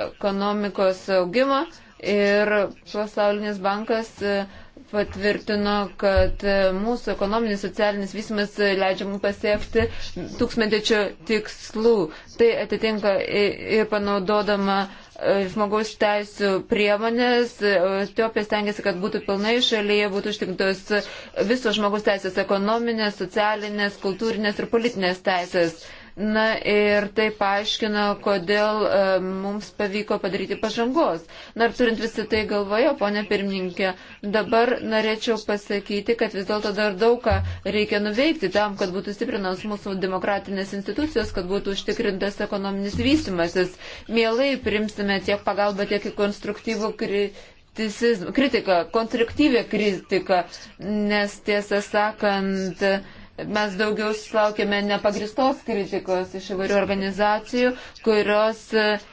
ekonomikos augimo ir pasaulinis bankas. Uh, patvirtino, kad mūsų ekonominis socialinis vystimas leidžia mums pasiekti tūkstantmečio tikslų. Tai atitinka ir panaudodama e, žmogaus teisų priemonės. E, Etiopija stengiasi, kad būtų pilnai šalyje, būtų užtikrintos visos žmogaus teisės - ekonominės, socialinės, kultūrinės ir politinės teisės. Na ir tai paaiškina, kodėl e, mums pavyko padaryti pažangos. Na ir turint visą tai galvoje, ponė pirmininkė, dabar norėčiau pasakyti, kad vis dėlto dar daug ką reikia nuveikti tam, kad būtų stiprinas mūsų demokratinės institucijos, kad būtų užtikrintas ekonominis vystimasis. Mielai primsime tiek pagalbą, tiek konstruktyvų kritika, konstruktyvę kritiką, nes tiesą sakant, mes daugiau sulaukėme nepagristos kritikos iš įvairių organizacijų, kurios uh,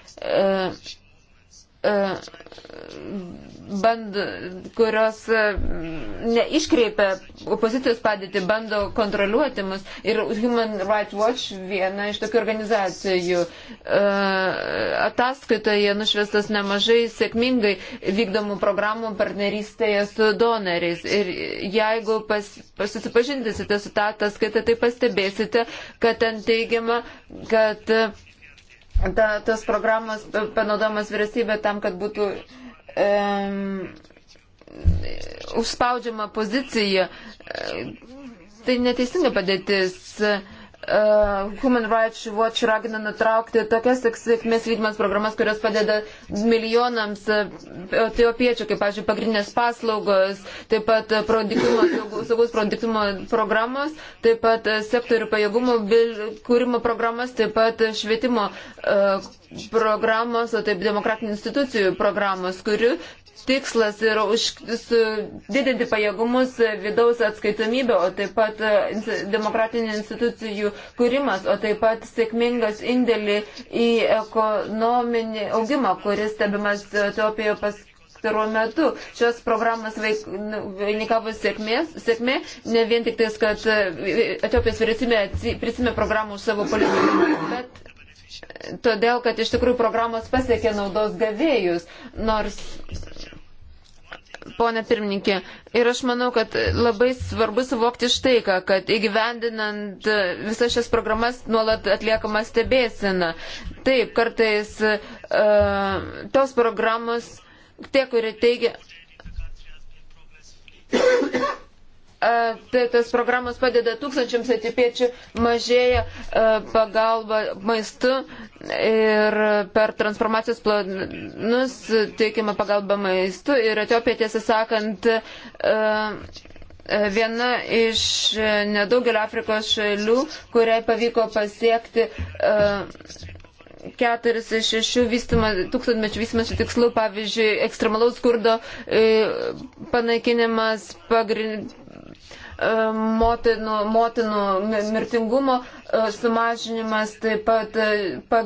E, band, kurios e, neiškreipia opozicijos padėtį, bando kontroliuoti mus. Ir Human Rights Watch viena iš tokių organizacijų e, ataskaitoje nušvestas nemažai sėkmingai vykdomų programų partnerystėje su donoriais. Ir jeigu pas, susipažindysite su tą ataskaitą, tai pastebėsite, kad ten teigiama, kad uh, ta, tos programos panaudomas vyriausybė tam, kad būtų um, e, užspaudžiama pozicija. E, tai neteisinga padėtis. E, Uh, Human Rights Watch ragina nutraukti tokias sėkmės vykdymas programas, kurios padeda milijonams uh, etiopiečių, kaip, pavyzdžiui, pagrindinės paslaugos, taip pat uh, produktumo, saugus produktumo programos, taip pat uh, sektorių pajėgumo kūrimo programas, taip pat švietimo uh, programos, o taip demokratinių institucijų programos, kurių tikslas yra už, su, didinti pajėgumus vidaus atskaitomybę, o taip pat e, demokratinių institucijų kūrimas, o taip pat sėkmingas indėlį į ekonominį augimą, kuris stebimas Etiopijoje pas. Metu. Šios programos nu, vainikavo sėkmės, sėkmė, ne vien tik tais, kad e, Etiopijos vyriausybė prisimė programų už savo politiką, bet todėl kad iš tikrųjų programos pasiekė naudos gavėjus, nors, ponė pirmininkė, ir aš manau, kad labai svarbu suvokti štai ką, kad įgyvendinant visas šias programas nuolat atliekama stebėsina. Taip, kartais uh, tos programos, tie, kurie teigia. Tai tas programos padeda tūkstančiams etipiečių, tai mažėja pagalba maistu ir per transformacijos planus teikiama pagalba maistu ir Etiopija tiesą sakant viena iš nedaugelio Afrikos šalių, kuriai pavyko pasiekti keturis iš šešių vystymą, tūkstantmečių vystymasi tikslų, pavyzdžiui, ekstremalaus skurdo e, panaikinimas, pagrindinis E, motinų, motinų mirtingumo e, sumažinimas, taip pat e, pa,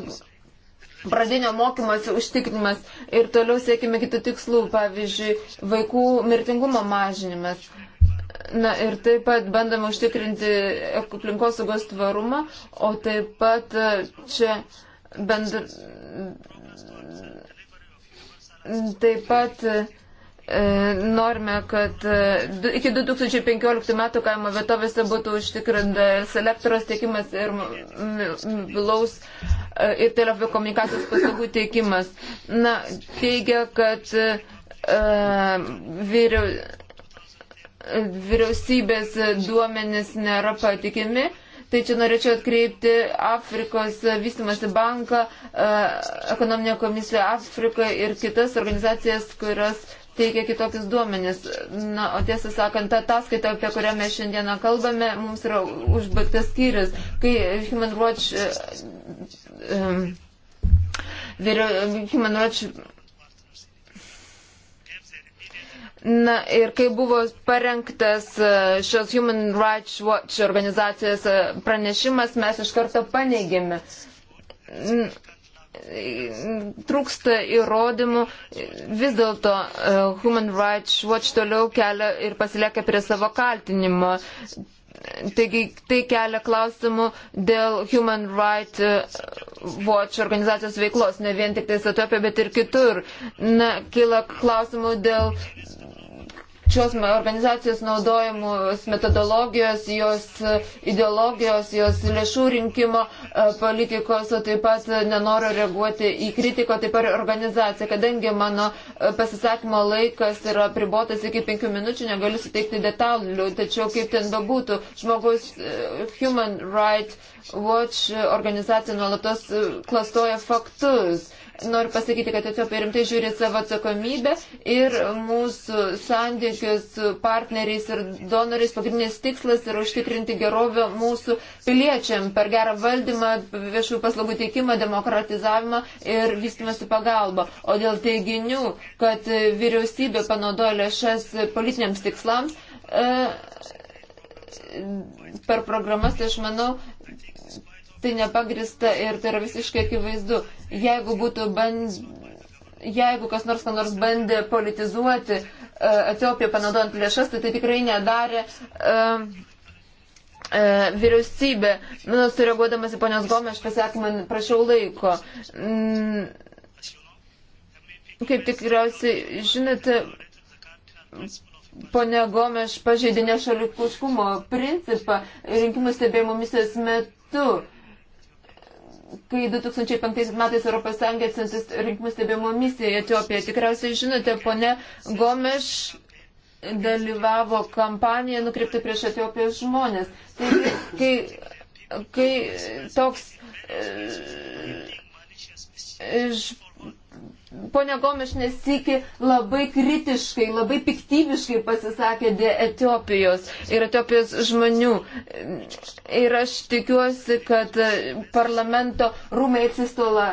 pradinio mokymosi užtikrinimas ir toliau siekime kitų tikslų, pavyzdžiui, vaikų mirtingumo mažinimas. Na ir taip pat bandome užtikrinti aplinkosaugos tvarumą, o taip pat čia bendr... Taip pat E, norime, kad e, iki 2015 metų kaimo vietovėse būtų užtikrintas elektros tiekimas ir vilaus e, ir telekomunikacijos paslaugų teikimas. Na, teigia, kad vyriau, vyriausybės duomenys nėra patikimi. Tai čia norėčiau atkreipti Afrikos vystimasi banką, ekonominę komisiją Afriką ir kitas organizacijas, kurios uh, teikia kitokius duomenis. Na, o tiesą sakant, ta ataskaita, apie kurią mes šiandieną kalbame, mums yra užbaigtas skyrius, kai Human Watch, um, e, e, vyrio, Human Watch Na ir kai buvo parengtas e, šios Human Rights Watch organizacijos pranešimas, mes iš karto paneigėme trūksta įrodymų, vis dėlto e, Human Rights Watch toliau kelia ir pasilieka prie savo kaltinimo. Taigi tai kelia klausimų dėl Human Rights e, Watch organizacijos veiklos, ne vien tik tai Etiopija, bet ir kitur. Na, kyla klausimų dėl šios organizacijos naudojamos metodologijos, jos e, ideologijos, jos lėšų rinkimo e, politikos, o taip pat nenoriu reaguoti į kritiką, taip pat organizaciją. Kadangi mano e, pasisakymo laikas yra pribotas iki penkių minučių, negaliu suteikti detalių, tačiau kaip ten bebūtų, žmogus Human Rights Watch organizacija nuolatos klastoja faktus noriu pasakyti, kad Etiopija rimtai žiūri savo atsakomybę ir mūsų santykius su partneriais ir donoriais pagrindinis tikslas yra užtikrinti gerovę mūsų piliečiam per gerą valdymą, viešų paslaugų teikimą, demokratizavimą ir vystimąsi pagalbą. O dėl teiginių, kad vyriausybė panaudoja lėšas politiniams tikslams, e, per programas, tai aš manau, tai nepagrista ir tai yra visiškai akivaizdu. Jeigu būtų band... Jeigu kas nors, kas nors bandė politizuoti uh, Etiopiją panaudojant lėšas, tai tai tikrai nedarė uh, uh, vyriausybė. Nu, sureaguodamas į ponios Gomę, aš pasakymą prašiau laiko. Mm, kaip tikriausiai žinote, ponia Gomeš pažeidė nešališkumo principą rinkimų stebėjimo misijos metu kai 2005 metais Europos Sąjunga atsiuntė rinkimų stebėjimo misiją į Etiopiją. Tikriausiai žinote, ponė Gomeš dalyvavo kampaniją nukreipti prieš Etiopijos žmonės. Taigi, kai, kai toks e, iš Pone Gomeš nesiki labai kritiškai, labai piktybiškai pasisakė dėl Etiopijos ir Etiopijos žmonių. Ir aš tikiuosi, kad e, parlamento rūmai atsistola e,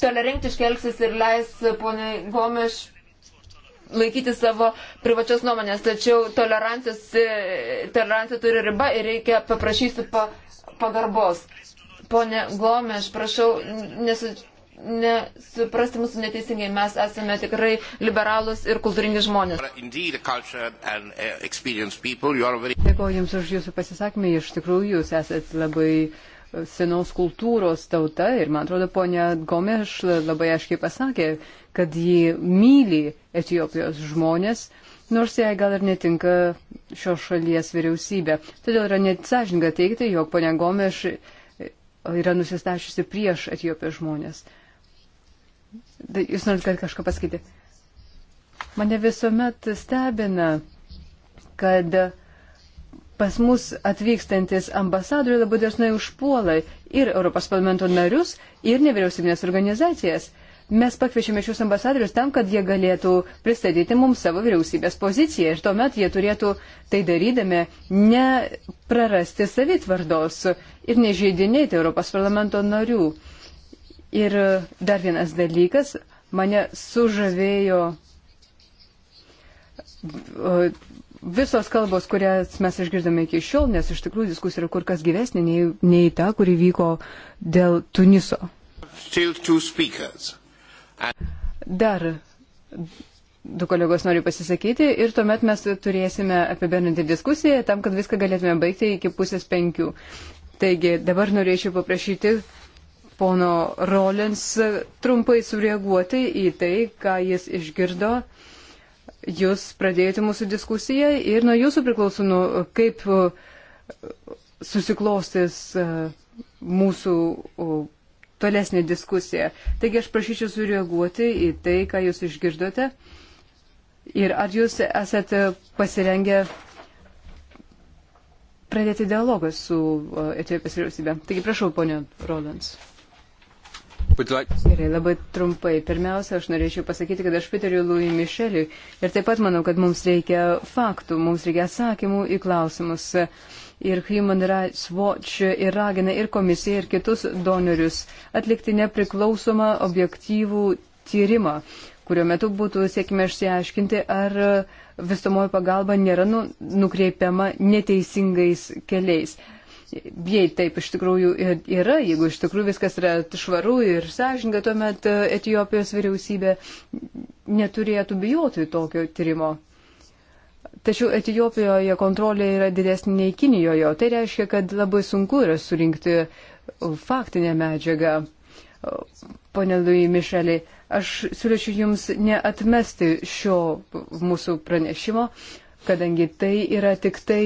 tolerentiškai elgsis ir leis ponai Gomeš laikyti savo privačios nuomonės. Tačiau e, tolerancija turi ribą ir reikia paprašysiu pa, pagarbos. Pone Gomeš, prašau, nesu, nesuprasti mūsų neteisingai, mes esame tikrai liberalus ir kultūringi žmonės. Uh, Dėkuoju Jums už Jūsų pasisakymą, iš tikrųjų Jūs esate labai senos kultūros tauta ir man atrodo ponia Gomeš labai aiškiai pasakė, kad ji myli Etijopijos žmonės, nors jai gal ir netinka šios šalies vyriausybė. Todėl yra neatsažinga teikti, jog ponia Gomeš yra nusistačiusi prieš Etijopijos žmonės. Jūs norite kažką pasakyti? Mane visuomet stebina, kad pas mus atvykstantis ambasadoriai labai dažnai užpuola ir Europos parlamento narius, ir nevyriausybinės organizacijas. Mes pakviečiame šius ambasadorius tam, kad jie galėtų pristatyti mums savo vyriausybės poziciją ir tuomet jie turėtų tai darydami neprarasti savitvardos ir nežeidinėti Europos parlamento narių. Ir dar vienas dalykas mane sužavėjo visos kalbos, kurias mes išgirdome iki šiol, nes iš tikrųjų diskusija yra kur kas gyvesnė nei, nei ta, kuri vyko dėl Tuniso. Still two speakers. Dar du kolegos nori pasisakyti ir tuomet mes turėsime apibendrinti diskusiją tam, kad viską galėtume baigti iki pusės penkių. Taigi dabar norėčiau paprašyti pono Rolins trumpai sureaguoti į tai, ką jis išgirdo. Jūs pradėjote mūsų diskusiją ir nuo jūsų priklauso, nu, kaip susiklostys e, mūsų tolesnė diskusija. Taigi aš prašyčiau sureaguoti į tai, ką jūs išgirdote. Ir ar jūs esate pasirengę pradėti dialogą su Etiopijos vyriausybė? Taigi prašau, ponė Rolands. Gerai, labai trumpai. Pirmiausia, aš norėčiau pasakyti, kad aš pritariu Lui Mišeliui ir taip pat manau, kad mums reikia faktų, mums reikia atsakymų į klausimus. Uh, ir Human Rights Watch ir ragina ir komisiją, ir kitus donorius atlikti nepriklausomą objektyvų tyrimą, kurio metu būtų siekime išsiaiškinti, ar visumoji pagalba nėra nu, nukreipiama neteisingais keliais. Jei taip iš tikrųjų yra, jeigu iš tikrųjų viskas yra švaru ir sąžininga, tuomet Etijopijos vyriausybė neturėtų bijoti tokio tyrimo. Tačiau Etijopijoje kontrolė yra didesnė nei Kinijoje. Tai reiškia, kad labai sunku yra surinkti faktinę medžiagą. Pone Lui Mišelį, aš siūlyčiau Jums neatmesti šio mūsų pranešimo, kadangi tai yra tik tai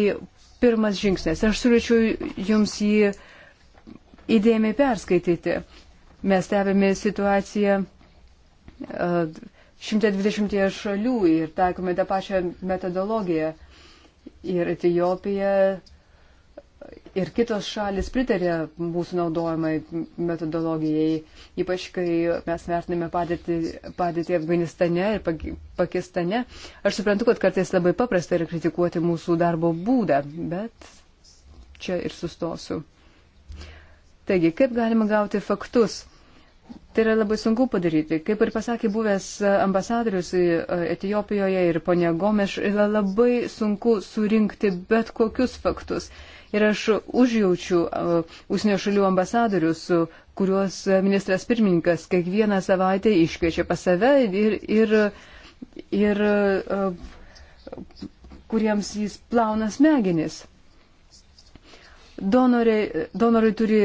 pirmas žingsnis. Aš siūlyčiau Jums jį įdėmiai perskaityti. Mes stebėme situaciją. Uh, 120 šalių ir taikome tą pačią metodologiją. Ir Etijopija ir kitos šalis pritarė mūsų naudojimai metodologijai, ypač kai mes vertiname padėtį, padėtį Afganistane ir Pakistane. Aš suprantu, kad kartais labai paprasta yra kritikuoti mūsų darbo būdą, bet čia ir sustosiu. Taigi, kaip galima gauti faktus? Tai yra labai sunku padaryti. Kaip ir pasakė buvęs ambasadorius e, Etijopijoje ir ponia Gomeš, yra labai sunku surinkti bet kokius faktus. Ir aš užjaučiu e, užsienio šalių ambasadorius, kuriuos ministras pirmininkas kiekvieną savaitę iškviečia pas save ir, ir, ir e, kuriems jis plauna smegenis. Donorai, donorai turi,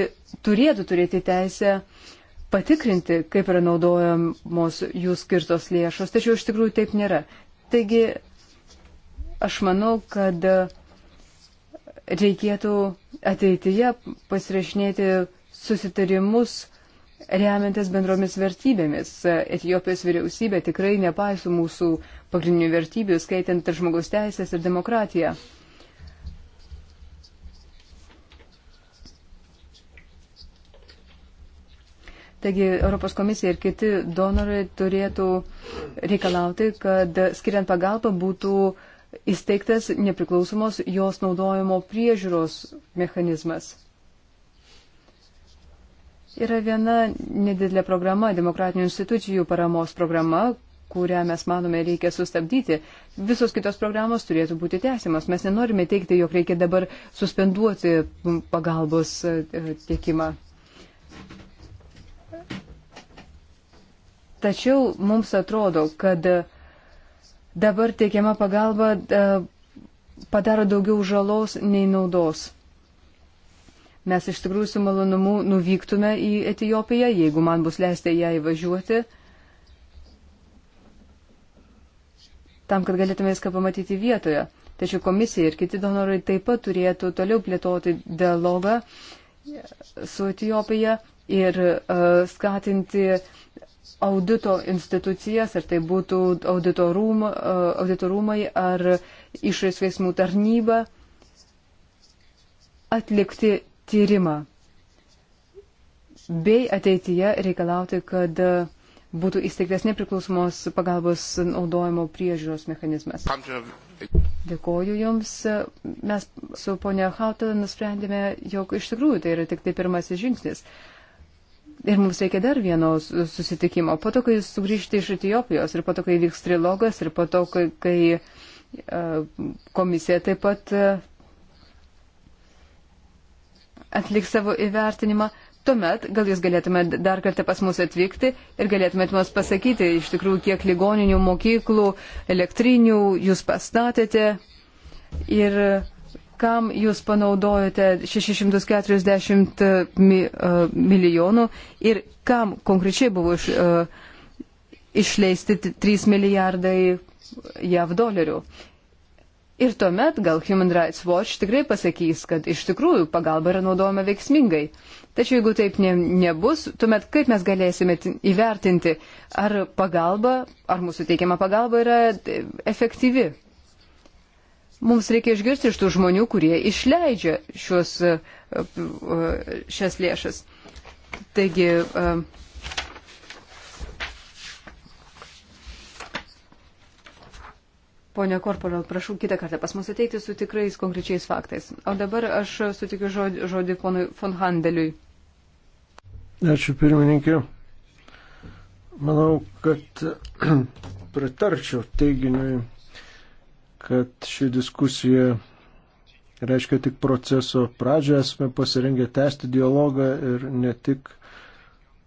turėtų turėti teisę uh, patikrinti, kaip yra naudojamos jų skirtos lėšos, tačiau iš tikrųjų taip nėra. Taigi, aš manau, kad reikėtų ateityje pasirašinėti susitarimus remiantis bendromis vertybėmis. Etijopijos vyriausybė tikrai nepaiso mūsų pagrindinių vertybių, skaitant ir žmogaus teisės ir demokratiją. Taigi Europos komisija ir kiti donorai turėtų reikalauti, kad skiriant pagalbą būtų įsteigtas nepriklausomos jos naudojimo priežiūros mechanizmas. Yra viena nedidelė programa, demokratinių institucijų paramos programa, kurią mes manome reikia sustabdyti. Visos kitos programos turėtų būti tęsiamas. Mes nenorime teikti, jog reikia dabar suspenduoti pagalbos e, e, tiekimą. Tačiau mums atrodo, kad dabar teikiama pagalba e, padaro daugiau žalos nei naudos. Mes iš tikrųjų su malonumu nuvyktume į Etijopiją, jeigu man bus leista ją įvažiuoti, tam, kad galėtume viską pamatyti vietoje. Tačiau komisija ir kiti donorai taip pat turėtų toliau plėtoti dialogą su Etijopija ir uh, skatinti uh, audito institucijas, ar tai būtų auditorum, e, auditorumai ar išorės veiksmų tarnyba, atlikti tyrimą. Bei ateityje reikalauti, kad būtų įsteigtas nepriklausomos pagalbos naudojimo priežiūros mechanizmas. Dėkoju Jums. Mes su ponia Hautala nusprendėme, jog iš tikrųjų tai yra tik tai pirmasis žingsnis. Ir mums reikia dar vieno susitikimo. Po to, kai jūs sugrįžti iš Etijopijos, ir po to, kai vyks trilogas, ir po to, kai, kai komisija taip pat atliks savo įvertinimą, tuomet gal jūs galėtumėte dar kartą pas mus atvykti ir galėtumėte mums pasakyti iš tikrųjų, kiek ligoninių, mokyklų, elektrinių jūs pastatėte. Ir kam jūs panaudojote 640 e, milijonų ir kam konkrečiai buvo iš, e, išleisti 3 milijardai JAV dolerių. Ir tuomet gal Human Rights Watch tikrai pasakys, kad iš tikrųjų pagalba yra naudojama veiksmingai. Tačiau jeigu taip ne, nebus, tuomet kaip mes galėsime įvertinti, ar pagalba, ar mūsų teikiama pagalba yra efektyvi. Mums reikia išgirsti iš tų žmonių, kurie išleidžia šios, e, e, šias lėšas. Taigi, e, Pone Korporal, prašau kitą kartą pas mus ateiti su tikrais konkrečiais faktais. O dabar aš sutikiu žodį, žodį ponui von Handeliui. Ačiū pirmininkė. Manau, kad pritarčiau teiginiui, kad ši diskusija reiškia tik proceso pradžią. Esame pasirengę tęsti dialogą ir ne tik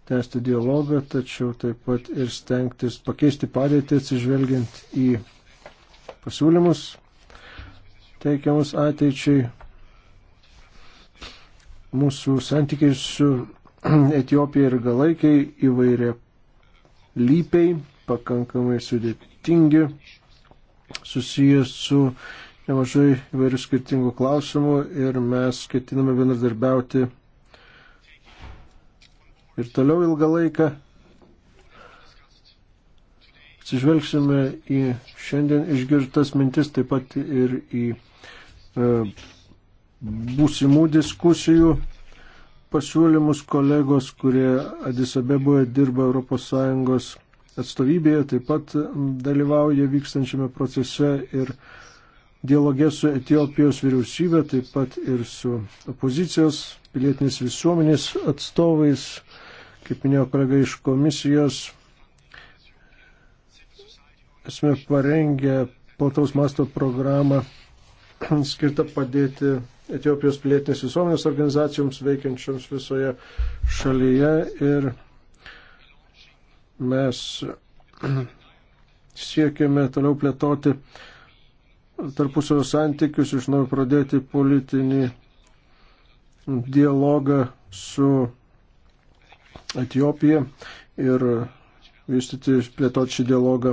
tęsti dialogą, tačiau taip pat ir stengtis pakeisti padėtį atsižvelgiant į pasiūlymus teikiamus ateičiai. Mūsų santykiai su Etijopija ir galaikiai įvairia lypiai, pakankamai sudėtingi susijęs su nemažai įvairių skirtingų klausimų ir mes ketiname bendradarbiauti ir toliau ilgą laiką. Atsižvelgsime į šiandien išgirtas mintis, taip pat ir į e, būsimų diskusijų pasiūlymus kolegos, kurie Adisabeboje dirba ES atstovybėje taip pat dalyvauja vykstančiame procese ir dialogė su Etijopijos vyriausybė, taip pat ir su opozicijos, pilietinės visuomenės atstovais, kaip minėjo kolega iš komisijos. Esame parengę plataus masto programą skirtą padėti Etijopijos pilietinės visuomenės organizacijoms veikiančioms visoje šalyje ir Mes siekiame toliau plėtoti tarpusavio santykius, iš naujo pradėti politinį dialogą su Etijopija ir vystyti, plėtoti šį dialogą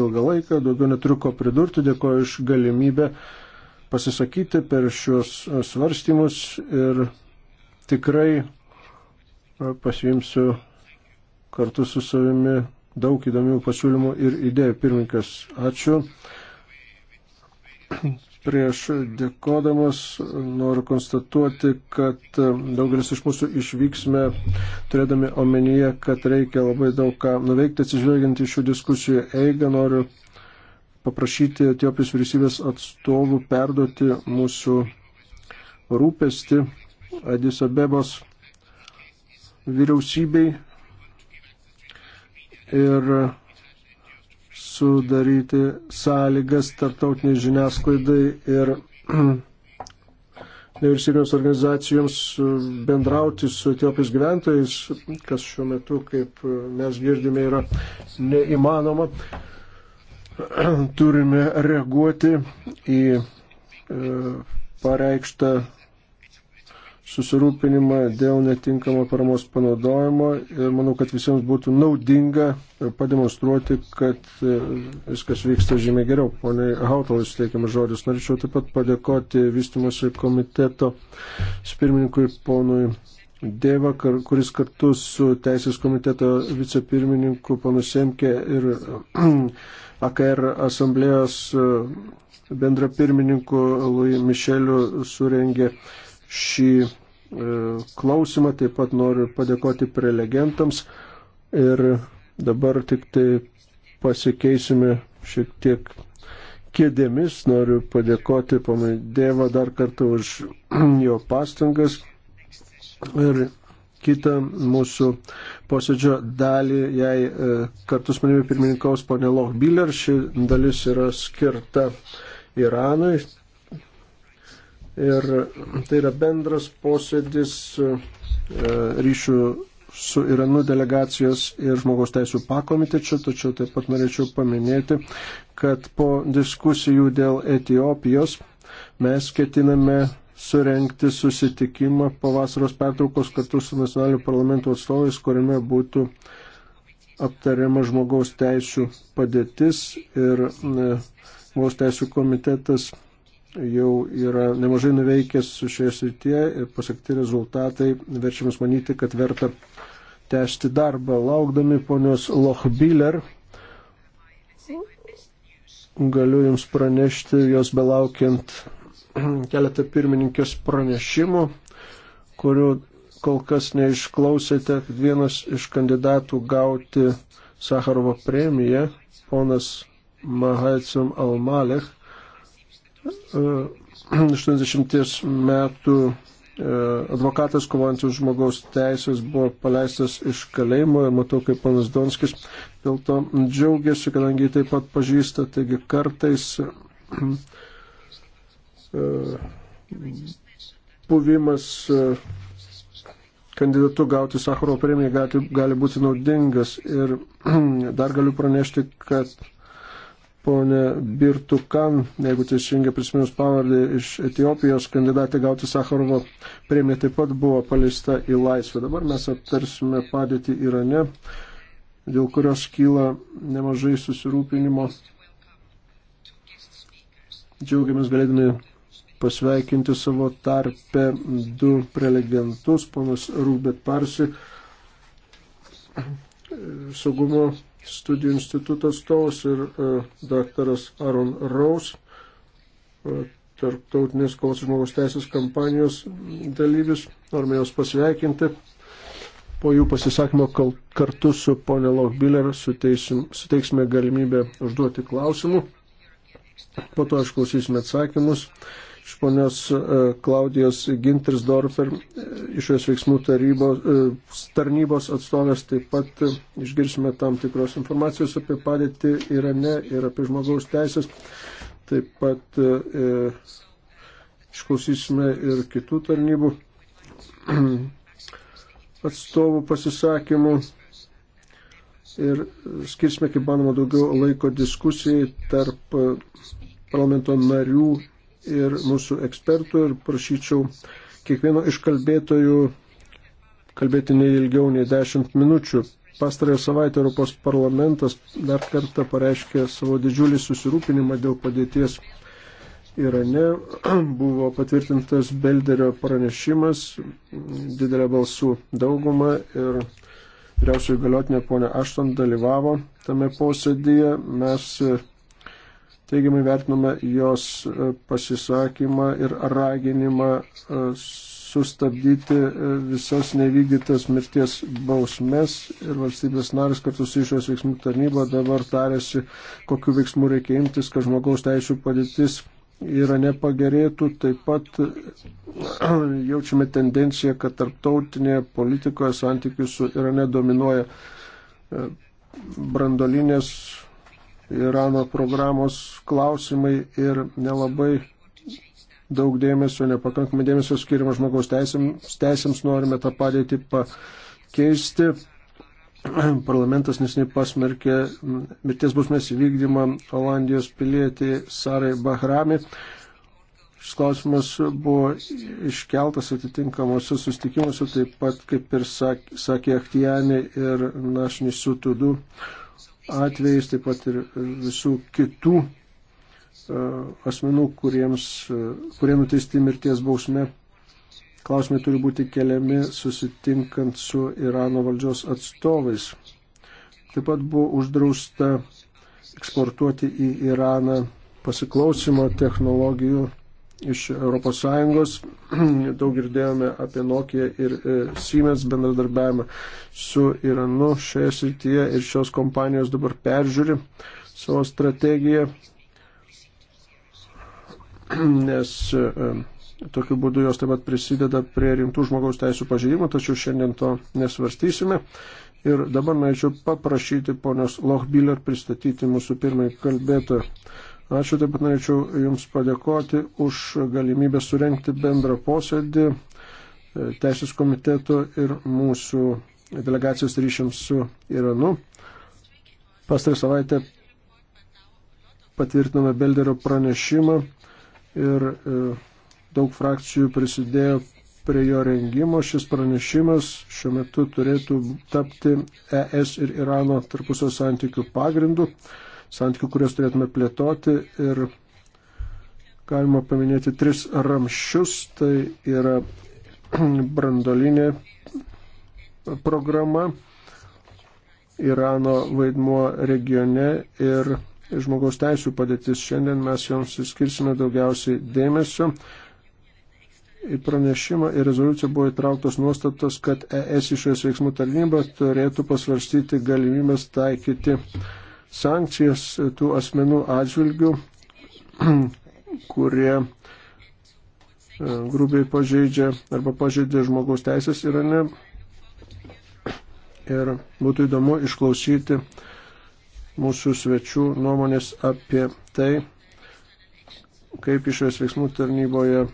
ilgą laiką. Daugiau neturiu ko pridurti, dėkoju iš galimybę pasisakyti per šios svarstymus ir tikrai e, pasiimsiu kartu su savimi daug įdomių pasiūlymų ir idėjų. Pirmininkas, ačiū. Prieš dėkodamas noriu konstatuoti, kad daugelis iš mūsų išvyksime, turėdami omenyje, kad reikia labai daug ką nuveikti, atsižvelgiant į šių diskusijų eigą, noriu paprašyti Etiopijos vyriausybės atstovų perduoti mūsų rūpesti Adis Abebos vyriausybei ir sudaryti sąlygas tarptautiniai žiniasklaidai ir nevyriausybinėms organizacijoms bendrauti su Etiopijos gyventojais, kas šiuo metu, kaip mes girdime, yra neįmanoma. Turime reaguoti į e, pareikštą susirūpinimą dėl netinkamo paramos panaudojimo ir manau, kad visiems būtų naudinga pademonstruoti, kad e, viskas vyksta žymiai geriau. Pone Hautalas teikiamas žodis. Norėčiau taip pat padėkoti vystimosi komiteto pirmininkui ponui Dėva, kuris kartu su Teisės komiteto vicepirmininku ponu Semke ir AKR asamblėjos e, bendrapirmininku Lui Mišeliu surengė šį e, klausimą, taip pat noriu padėkoti prelegentams ir dabar tik tai pasikeisime šiek tiek kėdėmis, noriu padėkoti pamaidėvą dar kartą už jo pastangas ir kitą mūsų posėdžio dalį, jei e, kartu su manimi pirmininkaus ponė Lochbiller, ši dalis yra skirta Iranui, Ir tai yra bendras posėdis e, ryšių su Iranu delegacijos ir žmogaus teisų pakomitečiu, tačiau taip pat norėčiau paminėti, kad po diskusijų dėl Etijopijos mes ketiname surenkti susitikimą po vasaros pertraukos kartu su nacionaliniu parlamento atstovais, kuriame būtų aptariama žmogaus teisų padėtis ir e, žmogaus teisų komitetas jau yra nemažai nuveikęs šioje srityje ir pasiekti rezultatai verčiamus manyti, kad verta tęsti darbą. Laukdami ponios Lochbiller, galiu Jums pranešti, jos belaukiant keletą pirmininkės pranešimų, kurių kol kas neišklausėte, kad vienas iš kandidatų gauti Sakarovo premiją, ponas Mahaicum Almalech, 80 metų e, advokatas kovojantis už žmogaus teisės buvo paleistas iš kalėjimo ir matau, kaip panas Donskis dėl to džiaugiasi, kadangi jį taip pat pažįsta, taigi kartais e, buvimas e, kandidatu gauti Sakaro premiją gali būti naudingas ir dar galiu pranešti, kad ponė Birtukan, jeigu teisingai prisiminus pavardį iš Etijopijos, kandidatė gauti Sakarovo premiją taip pat buvo paleista į laisvę. Dabar mes aptarsime padėtį Irane, dėl kurios kyla nemažai susirūpinimo. Džiaugiamės galėdami pasveikinti savo tarpe du prelegentus, ponas Rūbet Parsi, saugumo studijų instituto atstovas ir e, daktaras Aaron Raus, e, tarptautinės kovos žmogaus teisės kampanijos dalyvis. Norime jos pasveikinti. Po jų pasisakymo kartu su ponė Lochbiller suteiksime galimybę užduoti klausimų. Po to išklausysime atsakymus iš ponios e, Klaudijos Gintersdorfer, e, iš jos veiksmų tarybos, e, tarnybos atstovės taip pat išgirsime tam tikros informacijos apie padėtį Irane ir apie žmogaus teisės. Taip pat e, išklausysime ir kitų tarnybų atstovų pasisakymų ir skirsime, kaip manoma, daugiau laiko diskusijai tarp parlamento narių ir mūsų ekspertų ir prašyčiau kiekvieno iš kalbėtojų kalbėti ne ilgiau nei 10 minučių. Pastarąją savaitę Europos parlamentas dar kartą pareiškė savo didžiulį susirūpinimą dėl padėties Irane. Buvo patvirtintas Belderio pranešimas didelė balsų dauguma ir vyriausioji galiotinė ponė Ašton dalyvavo tame posėdėje. Mes Teigiamai vertiname jos e, pasisakymą ir raginimą e, sustabdyti e, visas nevykdytas mirties bausmes ir valstybės narės kartu su išorės veiksmų tarnyba dabar tarėsi, kokiu veiksmu reikia imtis, kad žmogaus teisų padėtis yra nepagerėtų. Taip pat jaučiame tendenciją, kad tarptautinėje politikoje santykių su Irane dominuoja brandolinės Irano programos klausimai ir nelabai daug dėmesio, nepakankamai dėmesio skiriama žmogaus teisėms, teisėms norime tą padėtį pakeisti. Parlamentas nesiniai pasmerkė mirties bausmės įvykdymą Olandijos pilietį Sarai Bahrami. Šis klausimas buvo iškeltas atitinkamuose sustikimuose, taip pat kaip ir sakė Achtijani ir Našnis Sutudu. Uh, atvejais, taip pat ir visų kitų e, asmenų, kuriems, e, kurie nuteisti mirties bausme. Klausimai turi būti keliami susitinkant su Irano valdžios atstovais. Taip pat buvo uždrausta eksportuoti į Iraną pasiklausimo technologijų iš ES. Daug girdėjome apie Nokia ir e, Siemens bendradarbiavimą su Iranu šioje srityje ir šios kompanijos dabar peržiūri savo strategiją, nes e, e, tokiu būdu jos taip pat prisideda prie rimtų žmogaus teisų pažeidimų, tačiau šiandien to nesvarstysime. Ir dabar norėčiau paprašyti ponios Lochbiller pristatyti mūsų pirmąjį kalbėtoją. Ačiū, taip pat norėčiau Jums padėkoti už galimybę surenkti bendrą posėdį e, Teisės komiteto ir mūsų delegacijos ryšiams su Iranu. Pastarą savaitę patvirtinome Belderio pranešimą ir e, daug frakcijų prisidėjo prie jo rengimo. Šis pranešimas šiuo metu turėtų tapti ES ir Irano tarpusio santykių pagrindu santykių, kuriuos turėtume plėtoti ir galima paminėti tris ramščius, tai yra brandolinė programa, Irano vaidmuo regione ir žmogaus teisų padėtis. Šiandien mes joms skirsime daugiausiai dėmesio. Į pranešimą ir rezoliuciją buvo įtrauktos nuostatos, kad ES išorės veiksmų tarnyba turėtų pasvarstyti galimybės taikyti uh, sankcijas tų asmenų atžvilgių, kurie e, grubiai pažeidžia arba pažeidė žmogaus teisės Irane. Ir būtų įdomu išklausyti mūsų svečių nuomonės apie tai, kaip išvės veiksmų tarnyboje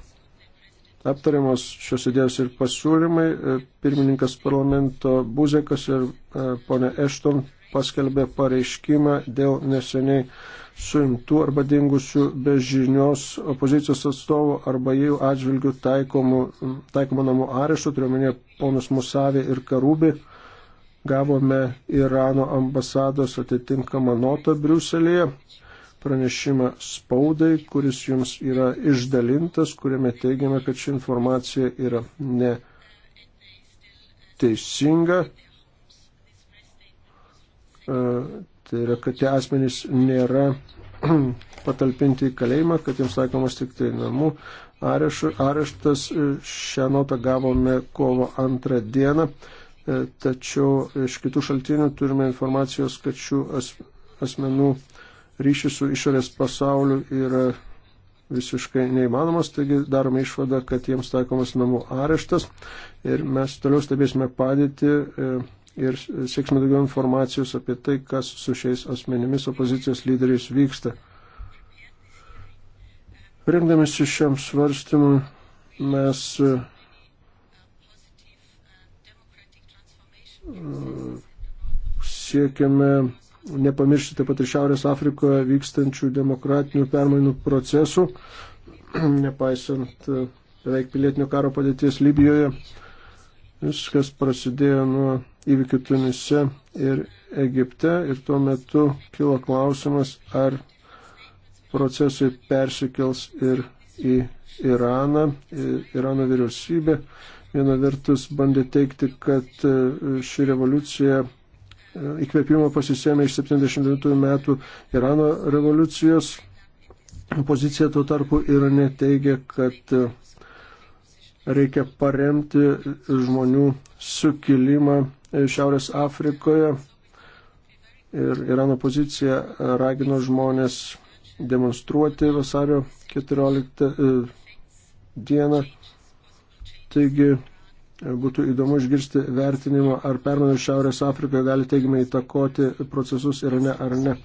aptariamos šios idėjos ir pasiūlymai. E, pirmininkas parlamento Buzekas ir e, ponė Ešton paskelbė pareiškimą dėl neseniai suimtų arba dingusių be žinios opozicijos atstovų arba jų atžvilgių taikomų, taikomų namų areštų, turiuomenė ponus Musavė ir Karubį. Gavome Irano ambasados atitinkamą notą Briuselėje, pranešimą spaudai, kuris jums yra išdalintas, kuriame teigiame, kad ši informacija yra neteisinga E, tai yra, kad tie asmenys nėra patalpinti į kalėjimą, kad jiems taikomas tik tai namų areštas. E, šią notą gavome kovo antrą dieną, e, tačiau iš kitų šaltinių turime informacijos, kad šių asmenų ryšys su išorės pasauliu yra visiškai neįmanomas, taigi darome išvadą, kad jiems taikomas namų areštas ir mes toliau stebėsime padėti ir sieksime daugiau informacijos apie tai, kas su šiais asmenimis opozicijos lyderiais vyksta. Rengdamėsi šiam svarstymui mes e, siekiame nepamiršti taip pat ir Šiaurės Afrikoje vykstančių demokratinių permainų procesų, nepaisant e, beveik pilietinio karo padėties Libijoje. Viskas prasidėjo nuo įvykių Tunise ir Egipte ir tuo metu kilo klausimas, ar procesai persikels ir į Iraną, į e, Irano vyriausybė. Viena vertus bandė teikti, kad e, ši revoliucija e, įkvėpimo pasisėmė iš 79 metų Irano revoliucijos. Pozicija tuo tarpu Irane teigia, kad reikia paremti žmonių sukilimą Šiaurės Afrikoje ir Irano pozicija ragino žmonės demonstruoti vasario 14 e, dieną. Taigi e, būtų įdomu išgirsti vertinimą, ar permanų Šiaurės Afrikoje gali teigiamai įtakoti procesus Irane ar ne.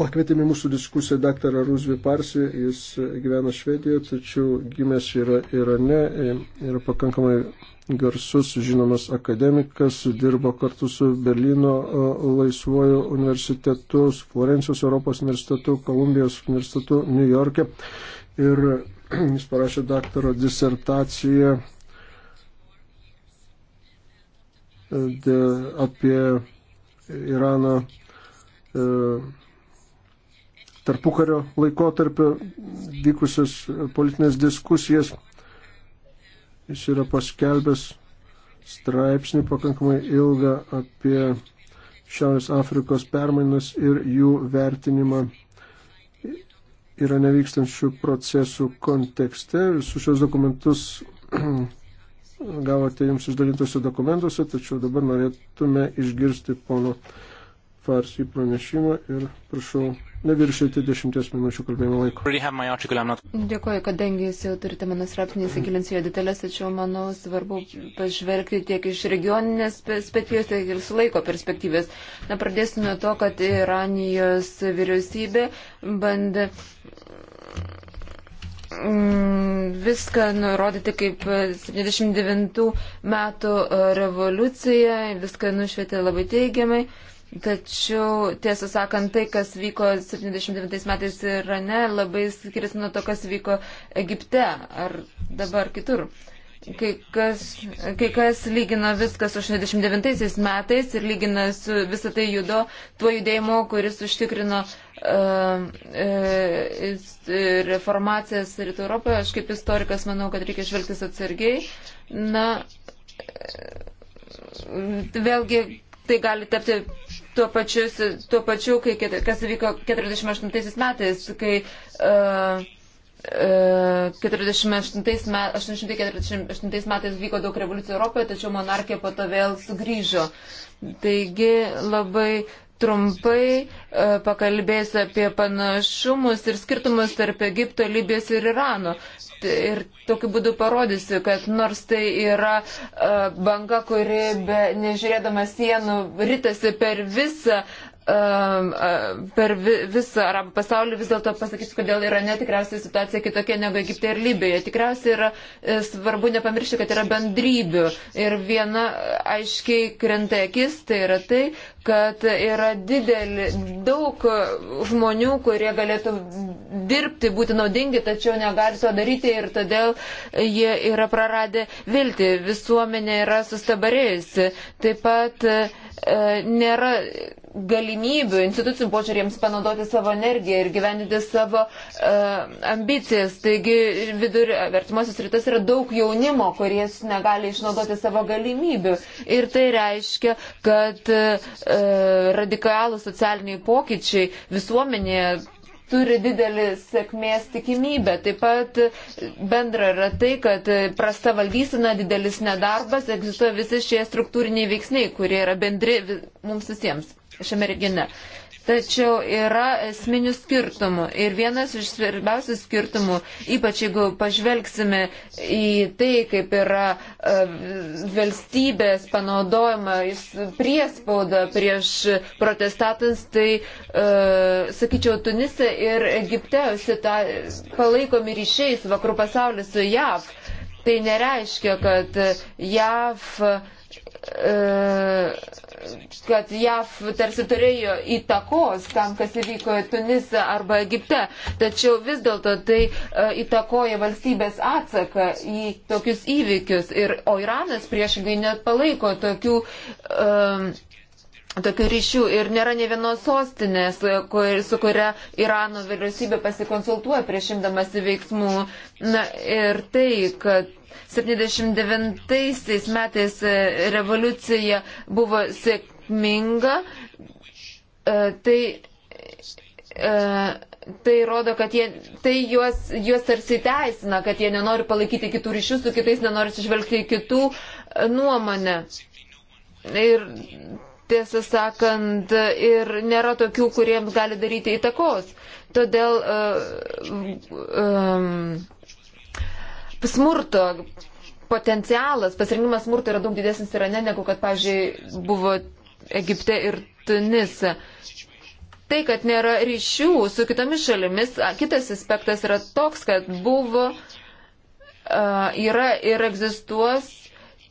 Pakvietėme mūsų diskusiją daktarą Ruzvi Parsi, jis gyvena Švedijoje, tačiau gimęs yra Irane, yra pakankamai garsus, žinomas akademikas, dirbo kartu su Berlyno laisvojo universitetu, su Florencijos Europos universitetu, Kolumbijos universitetu, New York'e. Ir jis parašė daktaro disertaciją e, apie Irano e, tarpukario laikotarpio vykusias politinės diskusijas. Jis yra paskelbęs straipsnį pakankamai ilgą apie Šiaurės Afrikos permainas ir jų vertinimą yra nevykstančių procesų kontekste. Visus šios dokumentus gavote jums išdalintose dokumentuose, tačiau dabar norėtume išgirsti pono Farsi pranešimą ir prašau neviršyti 10 minučių kalbėjimo laiko. Dėkuoju, kadangi jūs jau turite mano straipsnį, įsigilinsiu jo detalės, tačiau manau svarbu pažvelgti tiek iš regioninės perspektyvos, tiek ir su laiko perspektyvės. Na, pradėsiu nuo to, kad Iranijos vyriausybė bandė mm, viską nurodyti kaip 79 metų revoliuciją, viską nušvietė labai teigiamai. Tačiau, tiesą sakant, tai, kas vyko 79 metais Irane, labai skiriasi nuo to, kas vyko Egipte ar dabar kitur. Kai kas, kai kas lygina viską su 69 metais ir lygina su visą tai judo tuo judėjimu, kuris užtikrino uh, uh, reformacijas Rytų Europoje. Aš kaip istorikas manau, kad reikia žvelgtis atsargiai. Na, e, vėlgi tai gali tapti tuo pačiu, tuo pačiu kai, kas vyko 48 metais, kai uh, 1848 metais vyko daug revoliucijų Europoje, tačiau monarchija po to vėl sugrįžo. Taigi labai trumpai e, pakalbėsiu apie panašumus ir skirtumus tarp Egipto, Libijos ir Irano. Ir tokiu būdu parodysiu, kad nors tai yra e, banga, kuri be, nežiūrėdama sienų rytasi per visą Um, per visą arabų pasaulį vis dėlto pasakysiu, kodėl Irane tikriausiai situacija kitokia negu Egipte ir Libijoje. Tikriausiai yra e, svarbu nepamiršti, kad yra bendrybių. Ir viena aiškiai krenta akis, tai yra tai, kad yra didelį, daug žmonių, kurie galėtų dirbti, būti naudingi, tačiau negali to daryti ir todėl jie yra praradę viltį. Visuomenė yra sustabarėjusi. Taip pat e, nėra galimybių institucijų požiūrėms panaudoti savo energiją ir gyveninti savo uh, ambicijas. Taigi vidur vertimosios rytas yra daug jaunimo, kurie negali išnaudoti savo galimybių. Ir tai reiškia, kad uh, e, radikalų socialiniai pokyčiai visuomenėje turi didelį sėkmės tikimybę. Taip pat bendra yra tai, kad prasta valdysena, didelis nedarbas, egzistuoja visi šie struktūriniai veiksniai, kurie yra bendri mums visiems šiame regione. Tačiau yra esminių skirtumų. Ir vienas iš svarbiausių skirtumų, ypač jeigu pažvelgsime į tai, kaip yra uh, valstybės panaudojama priespauda prieš protestatants, tai, uh, sakyčiau, Tunise ir Egipte sita, palaikomi ryšiais vakarų pasaulis su JAV. Tai nereiškia, kad JAV. Uh, kad JAF tarsi turėjo įtakos tam, kas įvyko Tunise arba Egipte, tačiau vis dėlto tai e, įtakoja valstybės atsaką į tokius įvykius. Ir, o Iranas priešingai net palaiko tokių. Um, tokių ryšių ir nėra ne vienos sostinės, e, kur, su kuria Irano vyriausybė pasikonsultuoja prieš imdamasi veiksmų. Na ir tai, kad 79 metais e, revoliucija buvo sėkminga, e, tai, e, tai rodo, kad jie, tai juos, juos tarsi teisina, kad jie nenori palaikyti kitų ryšių su kitais, nenori išvelgti į kitų nuomonę. Ir tiesą sakant, ir nėra tokių, kuriems gali daryti įtakos. Todėl uh, um, smurto potencialas, pasirinkimas smurto yra daug didesnis Irane negu kad, pavyzdžiui, buvo Egipte ir Tunise. Tai, kad nėra ryšių su kitomis šalimis, kitas aspektas yra toks, kad buvo, yra ir egzistuos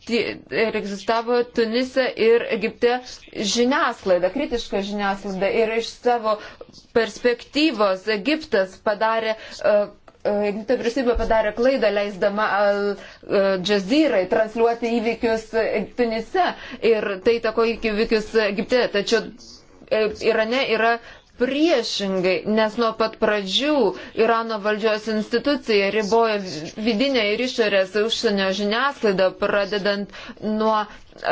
ir egzistavo Tunise ir Egipte žiniasklaida, kritiška žiniasklaida. Ir iš savo perspektyvos Egiptas padarė Egipto vyriausybė padarė klaidą leisdama Al-Jazirai e, transliuoti įvykius Tunise ir tai tako įvykius Egipte. Tačiau e, Irane yra priešingai, nes nuo pat pradžių Irano valdžios institucija ribojo vidinę ir išorės užsienio žiniasklaidą, pradedant nuo uh,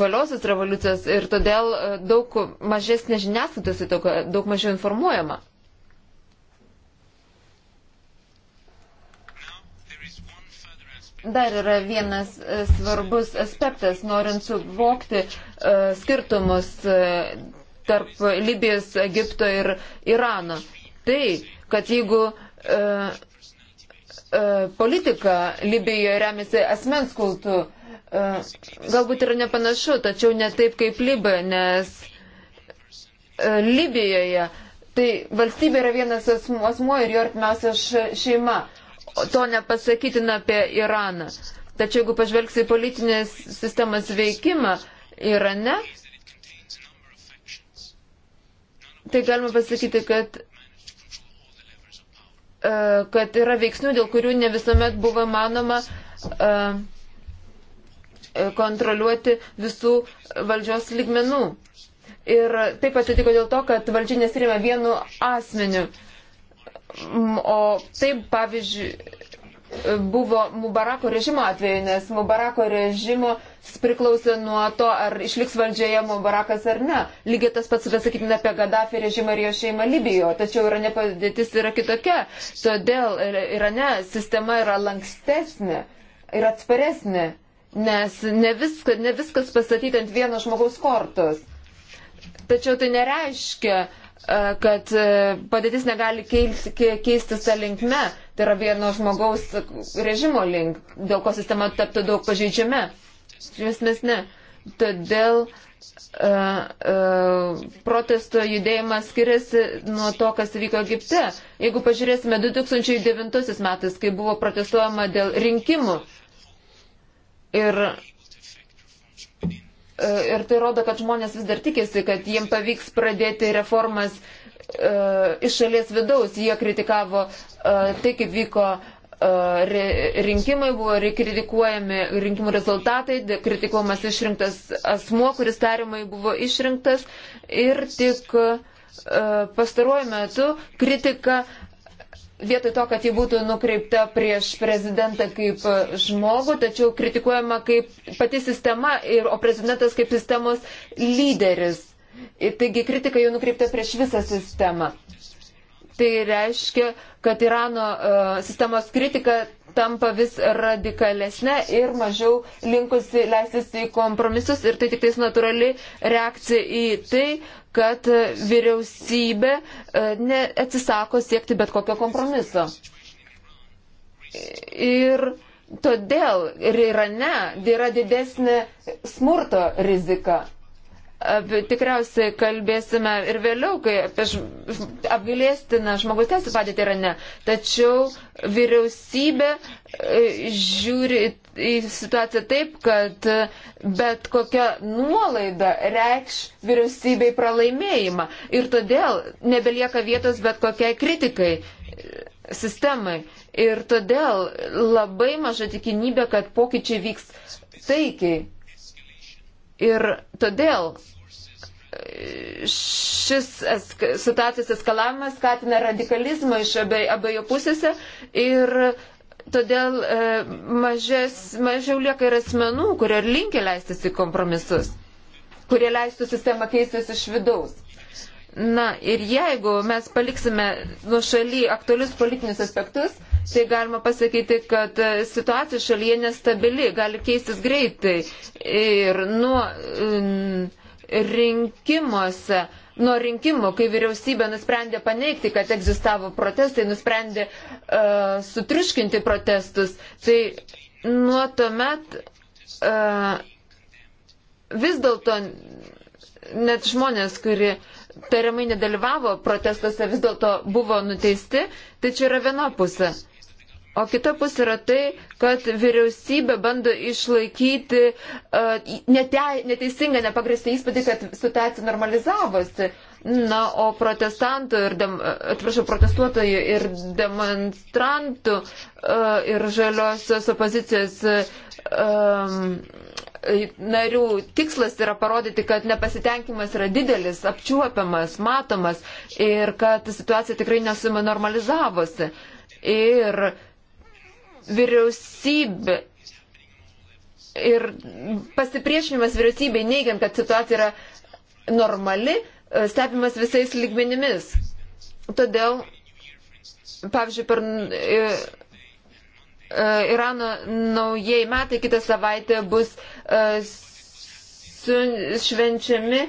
valiosios revoliucijos ir todėl daug mažesnė žiniasklaidos įtoka, daug mažiau informuojama. Dar yra vienas e, svarbus aspektas, norint suvokti e, skirtumus e, tarp Libijos, Egipto ir Irano. Tai, kad jeigu politika Libijoje remiasi asmens kultų, galbūt yra nepanašu, tačiau ne taip kaip Libija, nes Libijoje tai valstybė yra vienas asmuo ir jo artimiausia šeima to nepasakytina apie Iraną. Tačiau jeigu pažvelgsi į politinės sistemas veikimą Irane, tai galima pasakyti, kad e, kad yra veiksnių, dėl kurių ne visuomet buvo manoma e, e, kontroliuoti visų valdžios ligmenų. Ir taip atsitiko dėl to, kad valdžia nesirima vienu asmeniu. Uh, Mm, o taip, pavyzdžiui, buvo Mubarako režimo atveju, nes Mubarako režimo priklausė nuo to, ar išliks valdžioje Mubarakas ar ne. Lygiai tas pats yra sakytina apie Gaddafi režimą ir jo šeimą Libijoje, tačiau Irane padėtis yra kitokia. Todėl Irane sistema yra lankstesnė ir atsparesnė, nes ne, viska, ne viskas pastatyti ant vieno žmogaus kortos. Tačiau tai nereiškia, E, kad e, padėtis negali keistis tą linkme, tai yra vieno žmogaus režimo link, dėl ko sistema taptų daug pažeidžiame. Iš esmės ne. Todėl uh, uh, protesto judėjimas skiriasi nuo to, kas vyko Egipte. Jeigu pažiūrėsime 2009 metais, kai buvo protestuojama dėl rinkimų ir E, ir tai rodo, kad žmonės vis dar tikėsi, kad jiems pavyks pradėti reformas e, iš šalies vidaus. Jie kritikavo e, tai, kaip vyko rinkimai, buvo kritikuojami rinkimų rezultatai, kritikuomas išrinktas asmuo, kuris tariamai buvo išrinktas. Ir tik pastaruoju metu kritika vietoj to, kad ji būtų nukreipta prieš prezidentą kaip e, žmogų, tačiau kritikuojama kaip pati sistema, ir, o prezidentas kaip sistemos lyderis. Ir taigi kritika jau nukreipta prieš visą sistemą. Tai reiškia, kad Irano uh, sistemos kritika tampa vis radikalesnė ir mažiau linkusi leistis į kompromisus ir tai tik tais natūrali reakcija į tai, kad vyriausybė e, atsisako siekti bet kokio kompromiso. Ir todėl ir Irane yra didesnė smurto rizika tikriausiai kalbėsime ir vėliau, kai apie apgailėstiną žmogus teisų padėtį yra ne. Tačiau vyriausybė e, žiūri į situaciją taip, kad bet kokia nuolaida reikš vyriausybei pralaimėjimą. Ir todėl nebelieka vietos bet kokiai kritikai e, sistemai. Ir todėl labai maža tikimybė, kad pokyčiai vyks taikiai Ir todėl e, šis situacijos eskalavimas skatina radikalizmą iš abiejų pusėse ir todėl e, mažes, mažiau lieka ir asmenų, kurie linkia leistis į kompromisus, kurie leistų sistemą keistis iš vidaus. Na ir jeigu mes paliksime nuo šaly aktualius politinius aspektus, tai galima pasakyti, kad e, situacija šalyje nestabili, gali keistis greitai. Ir nuo rinkimuose nuo rinkimų, kai vyriausybė nusprendė paneigti, kad egzistavo protestai, nusprendė uh, sutriuškinti protestus, tai nuo tuomet uh, vis dėlto net žmonės, kurie uh, tariamai nedalyvavo protestuose, vis dėlto buvo nuteisti, tai čia yra viena pusė. O kita pusė yra tai, kad vyriausybė bando išlaikyti uh, nete, neteisingą, nepagristą įspūdį, kad situacija normalizavosi. Na, o protestantų ir, dem, atprašau, protestuotojų ir demonstrantų uh, ir žaliosios opozicijos um, narių tikslas yra parodyti, kad nepasitenkimas yra didelis, apčiuopiamas, matomas ir kad situacija tikrai nesumenormalizavosi. Ir vyriausybė. Ir pasipriešinimas vyriausybei neigiant, kad situacija yra normali, stebimas visais lygmenimis. Todėl, pavyzdžiui, per e, E, Irano naujieji metai kitą savaitę bus e, švenčiami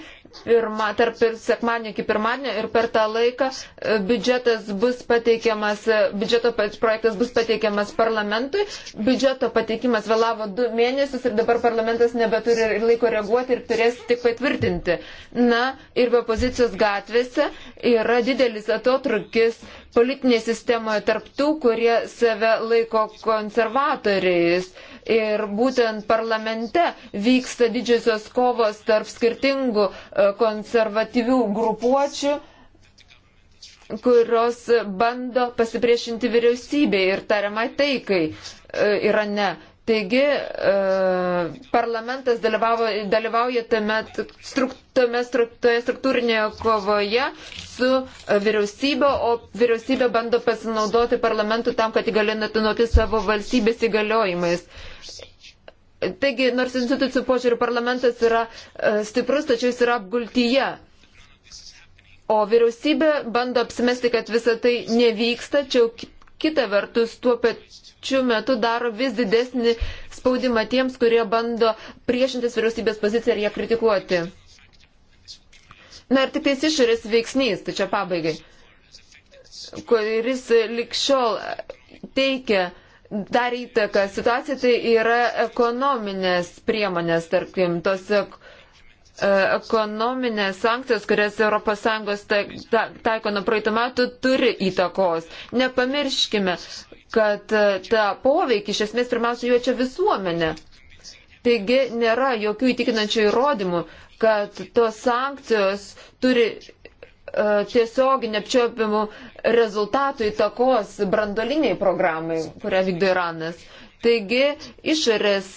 pirma, tarp ir sekmadienio iki pirmadienio ir per tą laiką e, biudžetas bus pateikiamas, e, biudžeto projektas bus pateikiamas parlamentui, biudžeto pateikimas vėlavo du mėnesius ir dabar parlamentas nebeturi laiko reaguoti ir turės tik patvirtinti. Na ir be pozicijos gatvėse yra didelis atotrukis politinėje sistemoje tarp tų, kurie save laiko konservatoriais. Ir būtent parlamente vyksta didžiosios kovos tarp skirtingų e, konservatyvių grupuočių kurios bando pasipriešinti vyriausybei ir tariamai taikai e, Irane. Taigi e, parlamentas dalyvavo, dalyvauja tame, tame toje struktūrinėje kovoje su e, vyriausybė, o vyriausybė bando pasinaudoti parlamentu tam, kad įgalinatinoti savo valstybės įgaliojimais. Taigi, nors institucijų požiūrių parlamentas yra e, stiprus, tačiau jis yra apgultyje. O vyriausybė bando apsimesti, kad visa tai nevyksta, tačiau kita vertus tuo pat pačiu metu daro vis didesnį spaudimą tiems, kurie bando priešintis vyriausybės poziciją ir ją kritikuoti. Na ir tik tais išorės veiksnys, tai čia pabaigai, kuris likščiol teikia dar įtaką situaciją, tai yra ekonominės priemonės, tarkim, tos ekonominės E, ekonominės sankcijos, kurias ES taiko nuo praeitų metų, turi įtakos. Nepamirškime, kad e, tą poveikį iš esmės pirmiausia juočia visuomenė. Taigi nėra jokių įtikinančių įrodymų, kad tos sankcijos turi e, tiesiog neapčiopiamų rezultatų įtakos brandoliniai programai, kurią vykdo Iranas. Taigi išorės,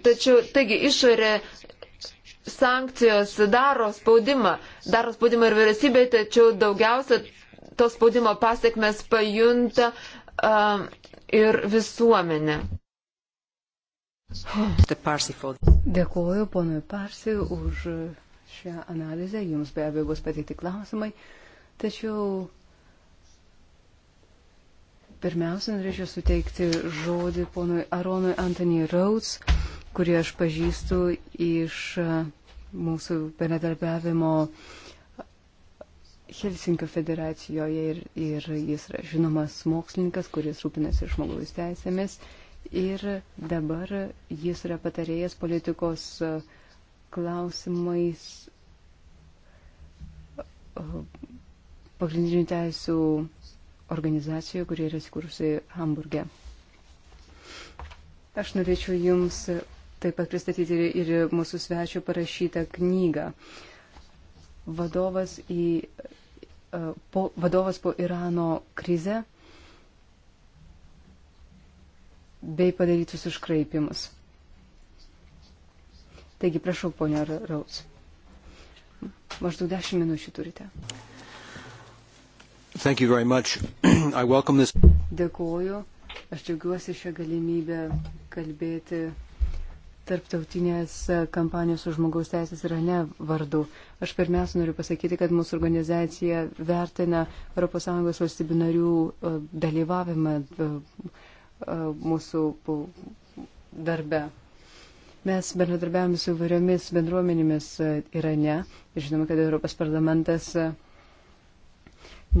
tačiau, taigi išorė sankcijos daro spaudimą, daro spaudimą ir vyriausybė, tačiau daugiausia to spaudimo pasiekmes pajunta um, ir visuomenė. Dėkuoju ponui Parsi už šią analizę. Jums be abejo bus pateikti klausimai. Tačiau pirmiausia, norėčiau suteikti žodį ponui Aronui Anthony Rhodes, kurį aš pažįstu iš uh, mūsų bendradarbiavimo Helsinkio federacijoje ir, ir jis yra žinomas mokslininkas, kuris rūpinasi žmogaus teisėmis ir dabar jis yra patarėjęs politikos uh, klausimais uh, pagrindinių teisų organizacijoje, kurie yra įsikūrusi Hamburge. Aš norėčiau Jums taip pat pristatyti ir, ir mūsų svečio parašytą knygą. Vadovas, į, e, po, vadovas po Irano krize bei padarytus iškraipimus. Taigi, prašau, ponia Rauts. Maždaug dešimt minučių turite. Dėkuoju. Aš džiaugiuosi šią galimybę kalbėti tarptautinės kampanijos už žmogaus teisės yra ne vardu. Aš pirmiausia noriu pasakyti, kad mūsų organizacija vertina ES valstybių narių e, dalyvavimą e, e, mūsų darbe. Mes bendradarbiavame su įvairiomis bendruomenėmis Irane. Žinoma, kad Europos parlamentas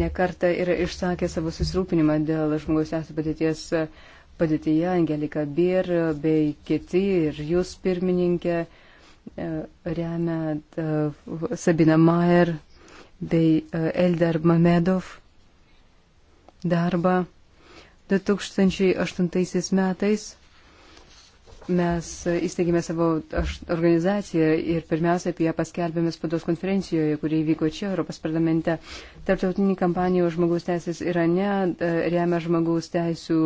nekarta yra išsakę savo susirūpinimą dėl žmogaus teisų padėties. Uh, padėtyje, Angelika Bir bei kiti ir jūs pirmininkė e, remia e, Sabina Mayer bei e, Eldar Mamedov darbą. 2008 metais mes įsteigėme savo organizaciją ir pirmiausia apie ją paskelbėme spados konferencijoje, kurie vyko čia Europos parlamente. Tarptautinį kampaniją žmogaus teisės Irane e, remia žmogaus teisų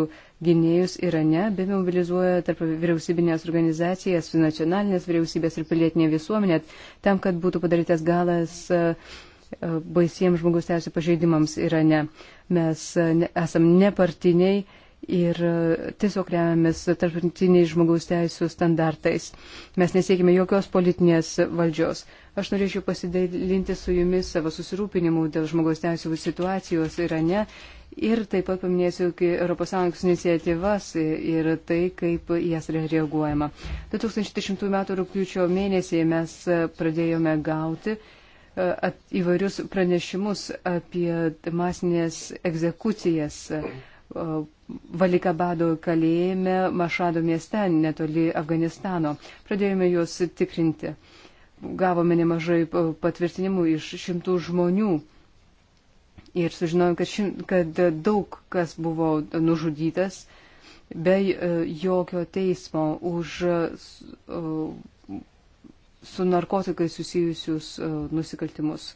gynėjus Irane, bei mobilizuoja tarp vyriausybinės organizacijas, nacionalinės vyriausybės ir pilietinė visuomenė, tam, kad būtų padarytas galas e, e, baisiems žmogaus teisų pažeidimams Irane. Mes esam nepartiniai ir e, tiesiog remiamės tarptautiniais žmogaus teisų standartais. Mes nesiekime jokios politinės valdžios. Aš norėčiau pasidalinti su jumis savo susirūpinimu dėl žmogaus teisų situacijos Irane ir taip pat paminėsiu ES iniciatyvas ir tai, kaip jas reaguojama. 2010 m. rūpiučio mėnesį mes pradėjome gauti e, įvairius pranešimus apie masinės egzekucijas e, Valikabado kalėjime Mašado mieste netoli Afganistano. Pradėjome juos tikrinti. Gavome nemažai patvirtinimų iš šimtų žmonių. Ir sužinojom, kad, šim, kad daug kas buvo nužudytas be e, jokio teismo už e, e, su narkotikai susijusius nusikaltimus.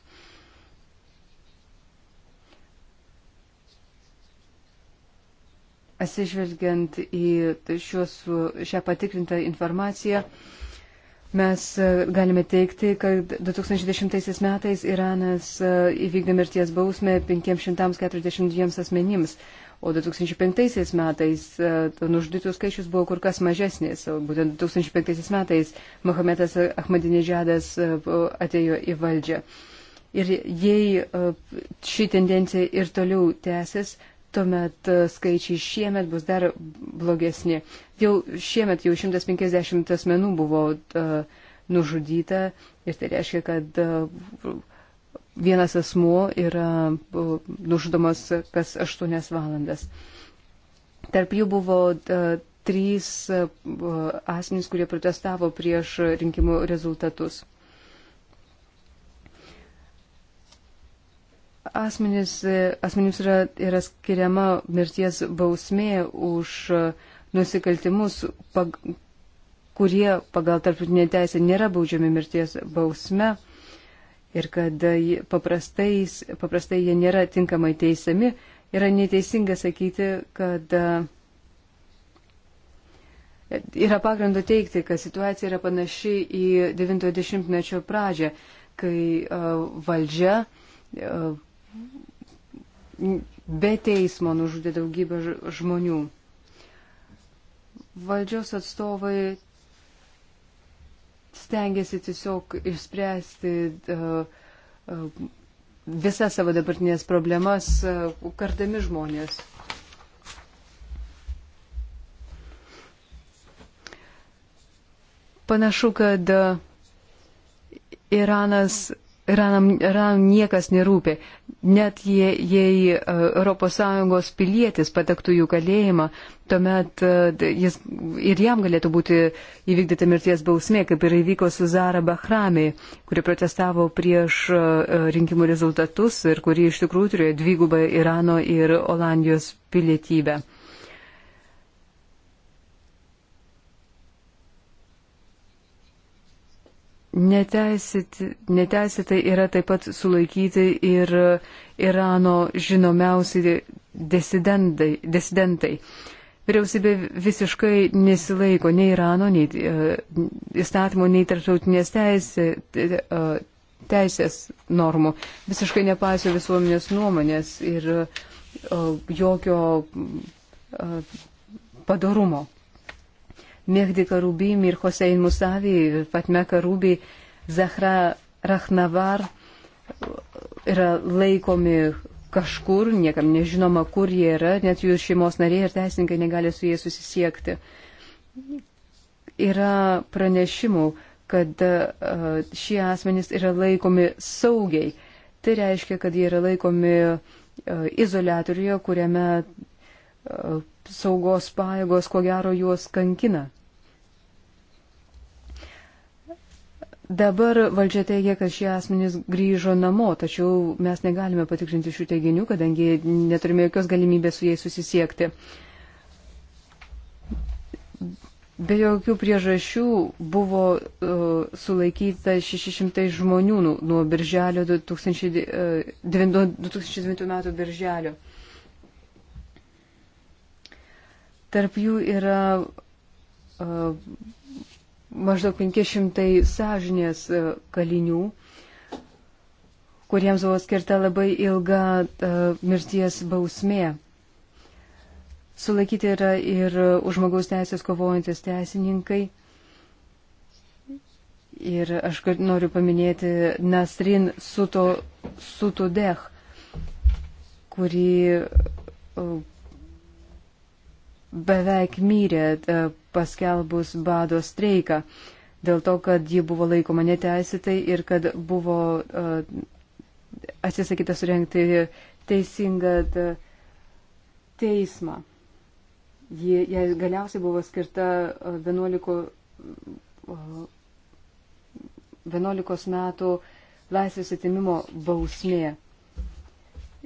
Atsižvelgiant į šios, šią patikrintą informaciją, mes e, galime teikti, kad 2010 metais Iranas e, įvykdė mirties bausmę 542 asmenims, o 2005 metais e, nužudytų skaičius buvo kur kas mažesnis. Būtent 2005 metais Mohamedas Ahmadinejadas atėjo į valdžią. Ir jei ši tendencija ir toliau tęsis, tuomet e, skaičiai šiemet bus dar blogesni. Jau šiemet jau 150 asmenų buvo uh, nužudyta ir tai reiškia, kad uh, vienas asmuo yra uh, nužudomas kas 8 valandas. Tarp jų buvo uh, trys uh, asmenys, kurie protestavo prieš rinkimų rezultatus. Asmenys, e, asmenims yra, yra skiriama mirties bausmė už e, nusikaltimus, pag, kurie pagal tarptautinę teisę nėra baudžiami mirties bausme ir kad e, paprastai, paprastai jie nėra tinkamai teisiami, yra neteisinga sakyti, kad yra pagrindo teikti, kad situacija yra panaši į 90-mečio pradžią, kai valdžia be teismo nužudė daugybę žmonių. Valdžios atstovai stengiasi tiesiog išspręsti e, e, visas savo dabartinės problemas, e, kardami žmonės. Panašu, kad Iranas Iranam, Iranam niekas nerūpi. Net jei, jei ES pilietis patektų jų kalėjimą, tuomet e, jis, ir jam galėtų būti įvykdyta mirties bausmė, kaip ir įvyko su Zara Bahrami, kuri protestavo prieš e, rinkimų rezultatus ir kuri iš tikrųjų turėjo dvigubą Irano ir Olandijos pilietybę. Neteisėtai yra taip pat sulaikyti ir Irano žinomiausi disidentai. disidentai. Vyriausybė visiškai nesilaiko nei Irano, nei uh, įstatymo, nei tarptautinės teisė, uh, teisės normų. Visiškai nepaiso visuomenės nuomonės ir uh, jokio uh, padarumo. Mehdi Karubi, Mir Hosein Musavi, Fatme Karubi, Zahra Rahnavar e, yra laikomi kažkur, niekam nežinoma, kur jie yra, net jų šeimos nariai ir teisininkai negali su jais susisiekti. Yra pranešimų, kad e, šie asmenys yra laikomi saugiai. Tai reiškia, kad jie yra laikomi e, izolatoriuje, kuriame saugos paėgos, ko gero, juos kankina. Dabar valdžia teigia, kad šie asmenys grįžo namo, tačiau mes negalime patikrinti šių teiginių, kadangi neturime jokios galimybės su jais susisiekti. Be jokių priežasčių buvo uh, sulaikyta 600 žmonių nu, nuo birželio 2000, uh, 2009 metų birželio. Tarp jų yra uh, maždaug 500 sąžinės e, kalinių, kuriems buvo skirta labai ilga e, mirties bausmė. Sulaikyti yra ir už žmogaus teisės kovojantis teisininkai. Ir aš noriu paminėti Nasrin Suto, Sutudeh, kuri e, beveik myrė e, paskelbus bado streiką dėl to, kad ji buvo laikoma neteisėtai ir kad buvo e, atsisakyta surenkti teisingą e, teismą. Ji, jai galiausiai buvo skirta 11, 11 metų laisvės atimimo bausmė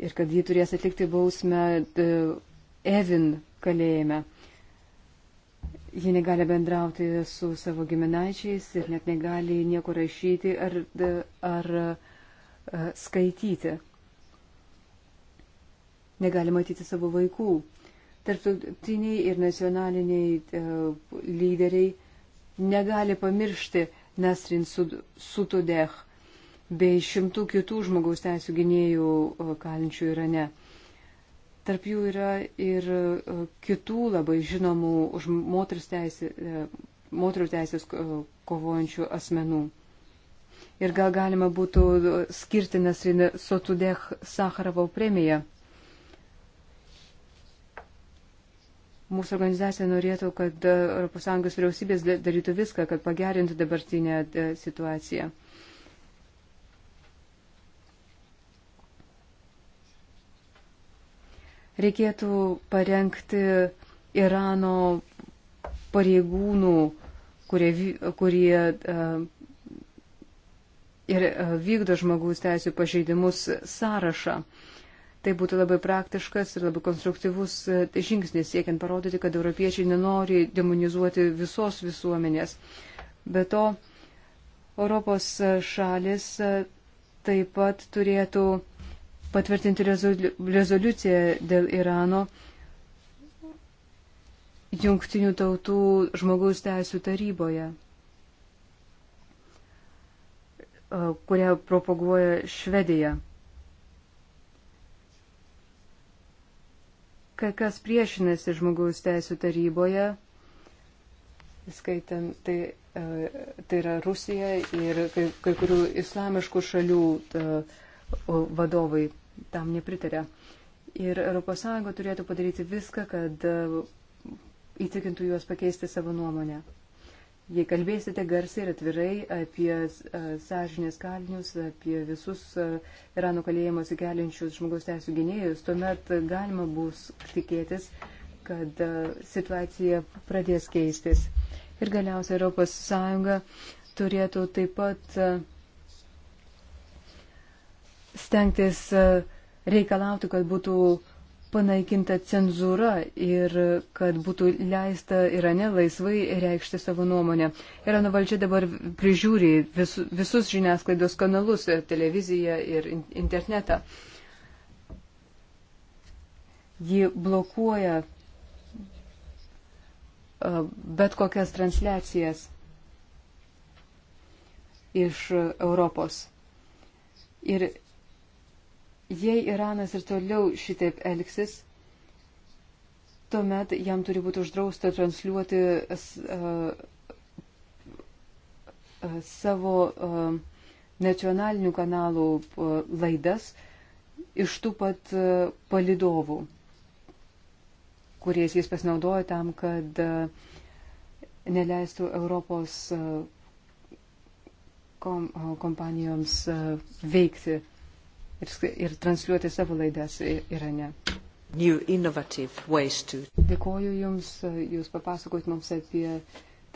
ir kad ji turės atlikti bausmę Evin kalėjime. Ji negali bendrauti su savo giminaičiais ir net negali nieko rašyti ar, ar e, skaityti. Negali matyti savo vaikų. Tarptautiniai ir nacionaliniai e, lyderiai negali pamiršti Nasrin Sutudeh bei šimtų kitų žmogaus teisų gynėjų e, kalinčių Irane. Ir Tarp jų yra ir e, kitų labai žinomų už e, moterų teisės, moterų teisės kovojančių asmenų. Ir gal galima būtų e, skirti Nasrinę Sotudech Sakarovo premiją. Mūsų organizacija norėtų, kad ES vyriausybės darytų viską, kad pagerintų dabartinę situaciją. reikėtų parengti Irano pareigūnų, kurie, kurie uh, ir uh, vykdo žmogaus teisų pažeidimus sąrašą. Tai būtų labai praktiškas ir labai konstruktyvus e, žingsnis, siekiant parodyti, kad europiečiai nenori demonizuoti visos visuomenės. Be to, Europos šalis taip pat turėtų patvirtinti rezoliuciją dėl Irano Jungtinių tautų žmogaus teisų taryboje, kurią propaguoja Švedija. Kai kas priešinasi žmogaus teisų taryboje, skaitant, tai, tai yra Rusija ir kai, kai kurių islamiškų šalių ta, vadovai tam nepritarė. Ir ES turėtų padaryti viską, kad e, įtikintų juos pakeisti savo nuomonę. Jei kalbėsite garsiai ir atvirai apie e, sąžinės kalinius, apie visus e, Irano kalėjimus įkeliančius žmogaus teisų gynėjus, tuomet galima bus tikėtis, kad situacija pradės keistis. Ir galiausiai ES turėtų taip pat stengtis e, reikalauti, kad būtų panaikinta cenzūra ir kad būtų leista Irane laisvai reikšti savo nuomonę. Irano valdžia dabar prižiūri vis, visus žiniasklaidos kanalus, e, televiziją ir internetą. Ji blokuoja e, bet kokias transliacijas iš Europos. Ir Jei Iranas ir toliau šitaip elgsis, tuomet jam turi būti uždrausta transliuoti uh, uh, savo uh, nacionalinių kanalų laidas iš tų pat palidovų, kuriais jis pasinaudojo tam, kad neleistų Europos kom kompanijoms veikti ir, ir transliuoti savo laidas Irane. Dėkoju Jums, Jūs papasakot mums apie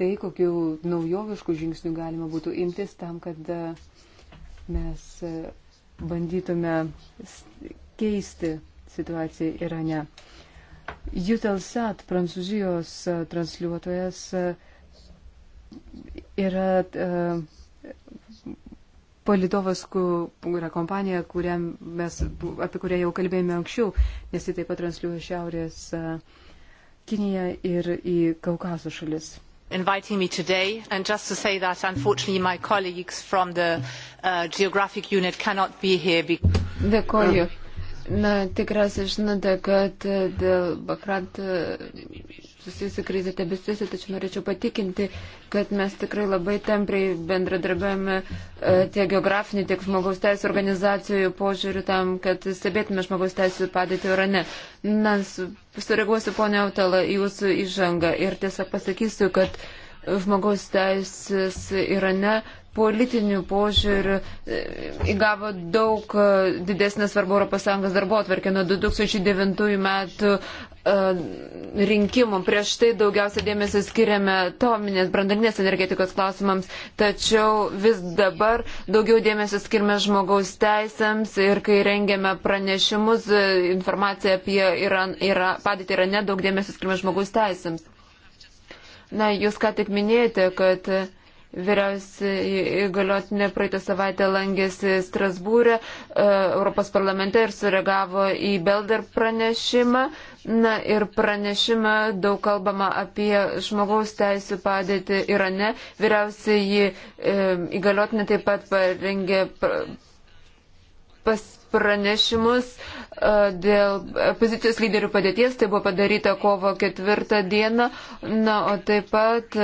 tai, kokiu naujoviškų žingsnių galima būtų imtis tam, kad e, mes e, bandytume keisti situaciją Irane. Jutelsat, prancūzijos e, transliuotojas, yra palidovas, kur yra kompanija, mes, apie kurią jau kalbėjome anksčiau, nes jis taip pat transliuoja Šiaurės Kiniją ir į Kaukazo šalis inviting me today and just to say that unfortunately my colleagues from the uh, geographic unit cannot be here because... Dėkoju. Na, tikras išnada, kad e, dėl Bakrant e, susijusi krizė tebesitėsi, tačiau norėčiau patikinti, kad mes tikrai labai tempriai bendradarbiavame e, tiek geografinių, tiek žmogaus teisų organizacijų požiūrių tam, kad stebėtume žmogaus teisų padėtį Irane. Na, sureaguosiu, ponia Autala, jūsų įžangą ir tiesiog pasakysiu, kad žmogaus teisės Irane politinių požiūrių e, įgavo daug e, didesnę svarbą ES darbo atverkė nuo 2009 metų e, rinkimų. Prieš tai daugiausia dėmesio skiriame tominės brandalinės energetikos klausimams, tačiau vis dabar daugiau dėmesio skirime žmogaus teisėms ir kai rengiame pranešimus, informaciją apie Iran, Iran, padėtį Irane, daug dėmesio skirime žmogaus teisėms. Na, jūs ką tik minėjote, kad Vyriausiai įgaliotinė praeitą savaitę langėsi Strasbūrė, e, Europos parlamente ir sureagavo į Belder pranešimą. Na ir pranešime daug kalbama apie žmogaus teisų padėtį Irane. Vyriausiai e, įgaliotinė taip pat parengė pas pranešimus e, dėl pozicijos lyderių padėties. Tai buvo padaryta kovo ketvirtą dieną. Na, o taip pat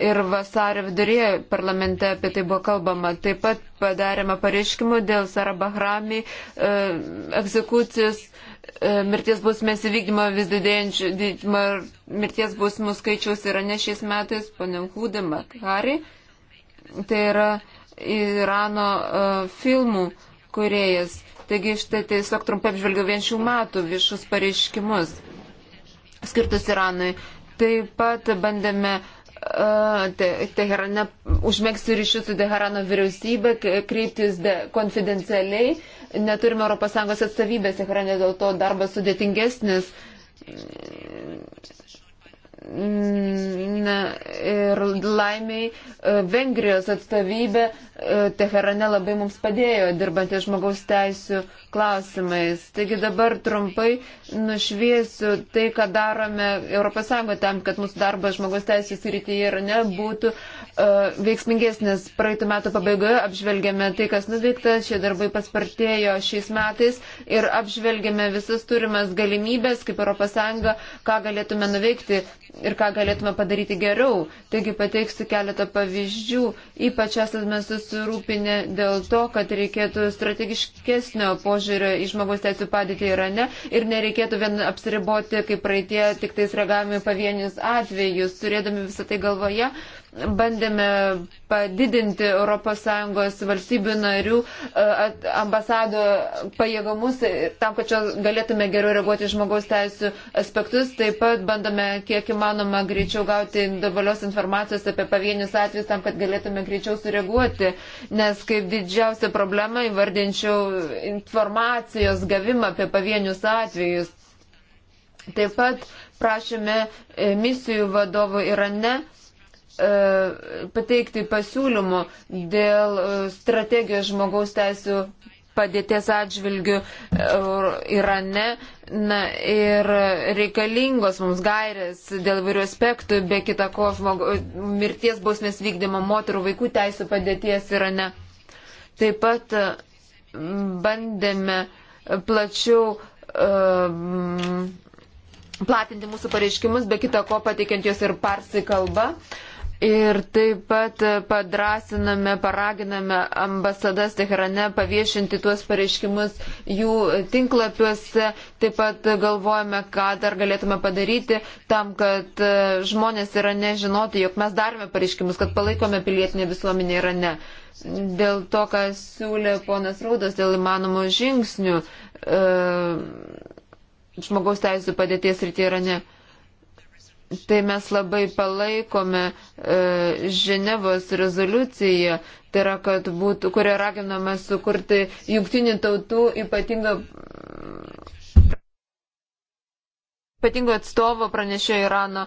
ir vasario viduryje parlamente apie tai buvo kalbama. Taip pat padarėme pareiškimų dėl Sarabahrami e, egzekucijos e, mirties bausmės įvykdymo vis didėjančio mirties bausmų skaičiaus yra ne šiais metais, panenkūdė Makari. Tai yra Irano e, filmų kuriejas. Taigi štai tiesiog trumpai apžvelgiau vien šių metų viešus pareiškimus skirtus Iranui. Taip pat bandėme uh, Teherane, užmėgsti ryšius su Teherano vyriausybė, kreiptis de, konfidencialiai. Neturime ES atstovybės Teherane, dėl to darbas sudėtingesnis. Mm, na, ir laimiai e, Vengrijos atstovybė e, Teherane labai mums padėjo dirbantį žmogaus teisų klausimais. Taigi dabar trumpai nušviesiu tai, ką darome ES tam, kad mūsų darbas žmogaus teisų srityje ir nebūtų uh, veiksmingesnis. Praeitų metų pabaigoje apžvelgėme tai, kas nuveikta, šie darbai paspartėjo šiais metais ir apžvelgėme visas turimas galimybės, kaip ES, ką galėtume nuveikti ir ką galėtume padaryti geriau. Taigi pateiksiu keletą pavyzdžių. Ypač esame susirūpinę dėl to, kad reikėtų strategiškesnio požiūrio į žmogaus teisų padėtį Irane ir nereikėtų vien apsiriboti, kaip praeitie, tik tais reagavimui pavienius atvejus, turėdami visą tai galvoje. Ja, bandėme padidinti ES valstybių narių e, ambasado pajėgumus e, tam, kad čia galėtume geriau reaguoti žmogaus teisų aspektus. Taip pat bandome kiek įmanoma greičiau gauti individualios informacijos apie pavienius atvejus tam, kad galėtume greičiau sureaguoti. Nes kaip didžiausia problema įvardinčiau informacijos gavimą apie pavienius atvejus. Taip pat prašėme e, misijų vadovų Irane E, pateikti pasiūlymų dėl e, strategijos žmogaus teisų padėties atžvilgių e, Irane. Na ir reikalingos mums gairės dėl vairių aspektų, be kita ko, žmogu, mirties bausmės vykdymo moterų vaikų teisų padėties Irane. Taip pat bandėme plačiau um, platinti mūsų pareiškimus, be kita ko pateikiant juos ir parsi kalba. Uh, Ir taip pat padrasiname, paraginame ambasadas Teherane paviešinti tuos pareiškimus jų tinklapiuose. Taip pat galvojame, ką dar galėtume padaryti tam, kad e, žmonės yra nežinoti, jog mes darome pareiškimus, kad palaikome pilietinę visuomenę yra ne. Dėl to, ką siūlė ponas Raudas, dėl įmanomų žingsnių e, žmogaus teisų padėties rytyje yra ne. Tai mes labai palaikome e, Ženevos rezoliuciją, tai yra, kad būtų, kuria raginama sukurti jungtinių tautų ypatingą ypatingo atstovo pranešėjo Irano,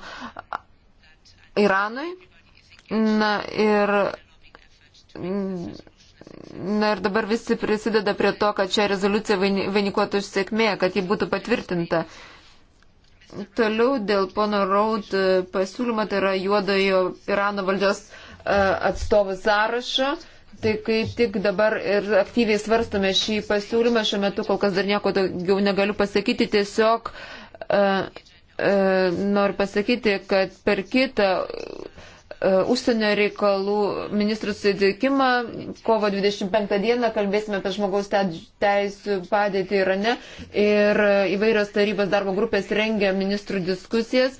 Iranui. Na ir, na ir dabar visi prisideda prie to, kad šią rezoliuciją vainikuotų iš sėkmė, kad ji būtų patvirtinta. Uh, Toliau dėl pono Raud e, pasiūlymo, tai yra juodojo Irano valdžios e, atstovų sąrašo. Tai kai tik dabar ir aktyviai svarstame šį pasiūlymą, šiuo metu kol kas dar nieko daugiau negaliu pasakyti, tiesiog uh, uh, noriu pasakyti, kad per kitą uh, E, užsienio reikalų ministrų susitikimą. Kovo 25 dieną kalbėsime apie žmogaus teisų padėtį Irane ir įvairios tarybos darbo grupės rengia ministrų diskusijas.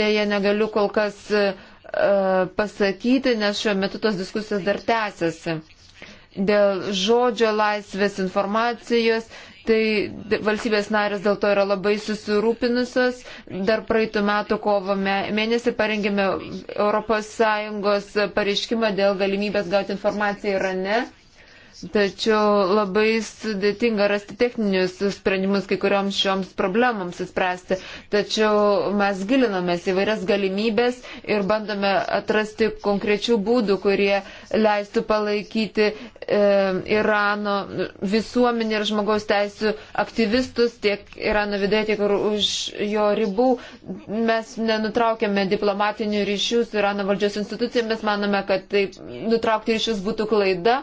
Deja, negaliu kol kas e, pasakyti, nes šiuo metu tos diskusijos dar tęsiasi. Dėl žodžio laisvės informacijos Tai valstybės narės dėl to yra labai susirūpinusios. Dar praeitų metų kovo mėnesį parengėme ES pareiškimą dėl galimybės gauti informaciją Irane. Ir Tačiau labai sudėtinga rasti techninius sprendimus kai kurioms šioms problemams įspręsti. Tačiau mes gilinomės į vairias galimybės ir bandome atrasti konkrečių būdų, kurie leistų palaikyti e, Irano visuomenį ir žmogaus teisų aktyvistus tiek Irano viduje, tiek ir už jo ribų. Mes nenutraukėme diplomatinių ryšių su Irano valdžios institucijomis, manome, kad taip nutraukti ryšius būtų klaida.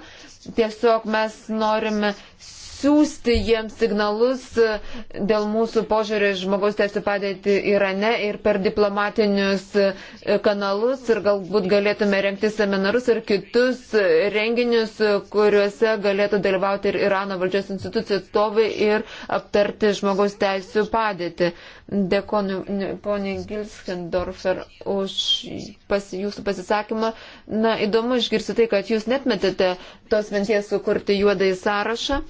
Tiesiog mes norime siūsti jiems signalus e, dėl mūsų požiūrį žmogaus teisų padėti Irane ir per diplomatinius e, kanalus ir galbūt galėtume renkti seminarus ir kitus e, renginius, kuriuose galėtų dalyvauti ir Irano valdžios institucijų atstovai ir aptarti žmogaus teisų padėti. Dėkonu poniai Gilskendorfer už pas, jūsų pasisakymą. Na, įdomu išgirsti tai, kad jūs netmetėte tos minties sukurti juodai sąrašą.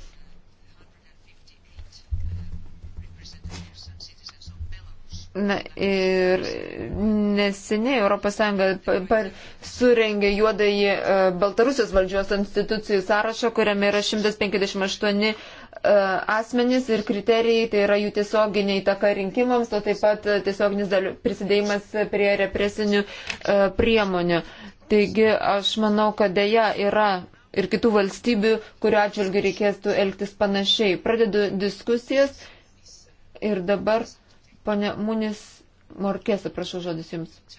Na ir neseniai ES surengė juodąjį e, Baltarusijos valdžios institucijų sąrašą, kuriame yra 158 e, asmenys ir kriterijai, tai yra jų tiesioginė įtaka rinkimams, o taip pat tiesioginis prisidėjimas prie represinių e, priemonių. Taigi aš manau, kad dėja yra ir kitų valstybių, kurio atžvilgių reikėtų elgtis panašiai. Pradedu diskusijas ir dabar Pane Munis Morkėsa, prašau žodis Jums.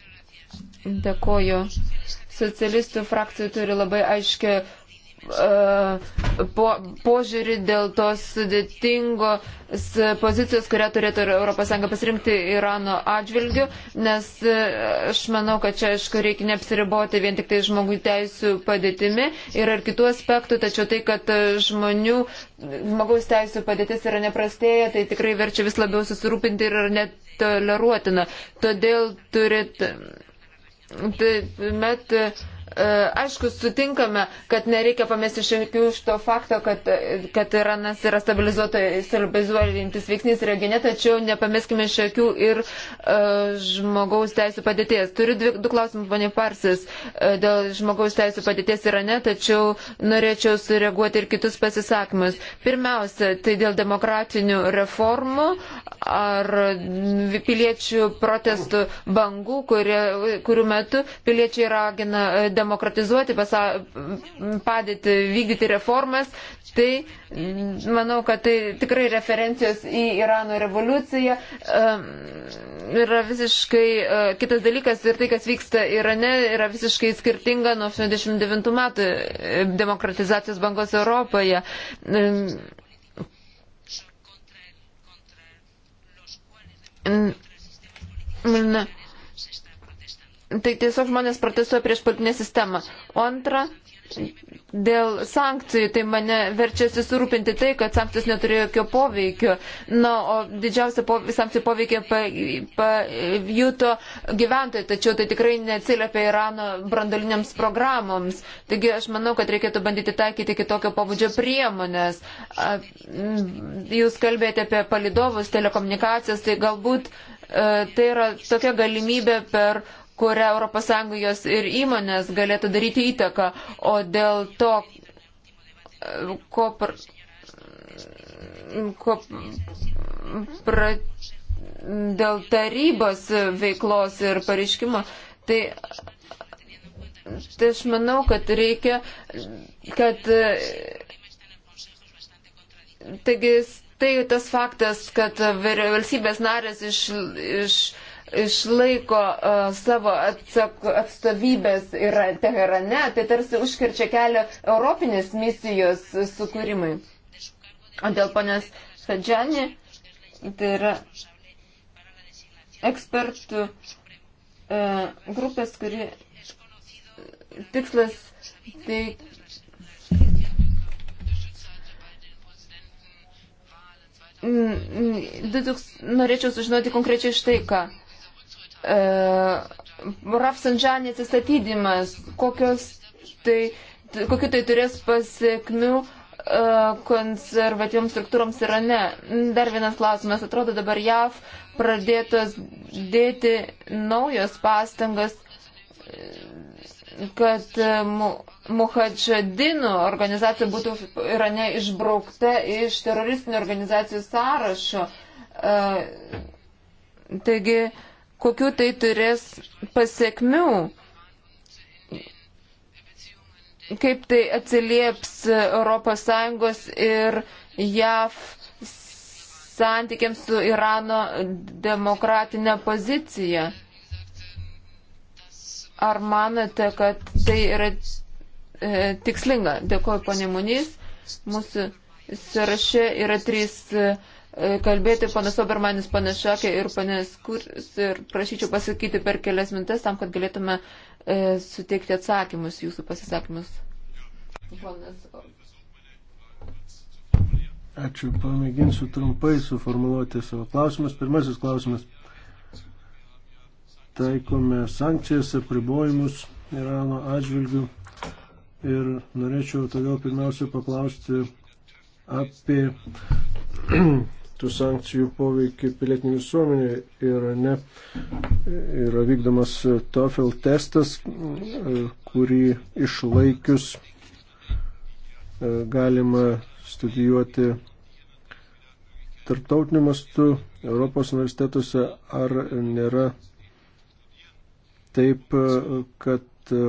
Dėkoju. Socialistų frakcija turi labai aiškę E, po, požiūrį dėl tos sudėtingos pozicijos, kurią turėtų ES pasirinkti Irano atžvilgiu, nes e, aš manau, kad čia, aišku, reikia neapsiriboti vien tik tai žmogų teisų padėtimi, yra ir kitų aspektų, tačiau tai, kad e, žmonių, žmogaus teisų padėtis yra neprastėja, tai tikrai verčia vis labiau susirūpinti ir yra netoleruotina. Todėl turit. Tai met, E, aišku, sutinkame, kad nereikia pamesti iš akių iš to fakto, kad, kad Iranas yra stabilizuojantis veiksnys regione, tačiau nepameskime iš akių ir uh, žmogaus teisų padėties. Turiu dvi, du klausimus, ponė Parsis, e, dėl žmogaus teisų padėties Irane, tačiau norėčiau sureaguoti ir kitus pasisakymus. Pirmiausia, tai dėl demokratinių reformų ar piliečių protestų bangų, kurie, kurių metu piliečiai ragina demokratiją demokratizuoti pasa, padėti, vykdyti reformas, tai manau, kad tai tikrai referencijos į Irano revoliuciją yra visiškai e, kitas dalykas ir tai, kas vyksta Irane, yra visiškai skirtinga nuo 89 metų e, demokratizacijos bangos Europoje. Na, Tai tiesiog žmonės protestuoja prieš politinę sistemą. O antra, dėl sankcijų, tai mane verčia susirūpinti tai, kad sankcijos neturėjo jokio poveikio. Na, o didžiausia po, sankcijų poveikia pajuto pa, gyventojai, tačiau tai tikrai neatsiliepia Irano brandoliniams programoms. Taigi aš manau, kad reikėtų bandyti taikyti kitokio pabudžio priemonės. Jūs kalbėjote apie palidovus, telekomunikacijas, tai galbūt e, tai yra tokia galimybė per kuria ES jos ir įmonės galėtų daryti įtaką, o dėl to, e, ko, pr, ko pra, dėl tarybos veiklos ir pareiškimo, tai Tai aš manau, kad reikia, kad. Taigi, tai tas faktas, kad valstybės narės iš, iš išlaiko uh, savo atsak, atstovybės ir Teherane, tai tarsi užkirčia kelią Europinės misijos sukūrimui. O dėl ponios Fedžiani, tai yra ekspertų uh, grupės, kuri tikslas tai. Norėčiau sužinoti konkrečiai štai ką. E, Rafsanžanė atsistatydimas, kokios tai, kokiu tai turės pasiekmių e, konservatyvams struktūroms Irane. Dar vienas klausimas. Atrodo, dabar JAV pradėtos dėti naujos pastangas, e, kad muhadžadinų organizacija būtų Irane išbraukta iš teroristinių organizacijų sąrašo. Taigi, uh, kokiu tai turės pasiekmių, kaip tai atsilieps ES ir JAV santykiams su Irano demokratinė pozicija. Ar manote, kad tai yra e, tikslinga? Dėkuoju, ponė Munys. Mūsų sąraše yra trys. E, E, kalbėti panas Obermanis, panas Šakė ir panas Kurs ir prašyčiau pasakyti per kelias mintes tam, kad galėtume e, suteikti atsakymus, jūsų pasisakymus. Panas. Ačiū, pamėginsiu trumpai suformuoluoti savo klausimus. Pirmasis klausimas. Taikome sankcijas, apribojimus Irano atžvilgių ir norėčiau todėl pirmiausia paklausti apie tų sankcijų poveikį pilietinį visuomenį ir ne. Yra vykdomas TOFEL testas, kurį išlaikius e, galima studijuoti tarptautiniu mastu Europos universitetuose, ar nėra taip, e, kad e,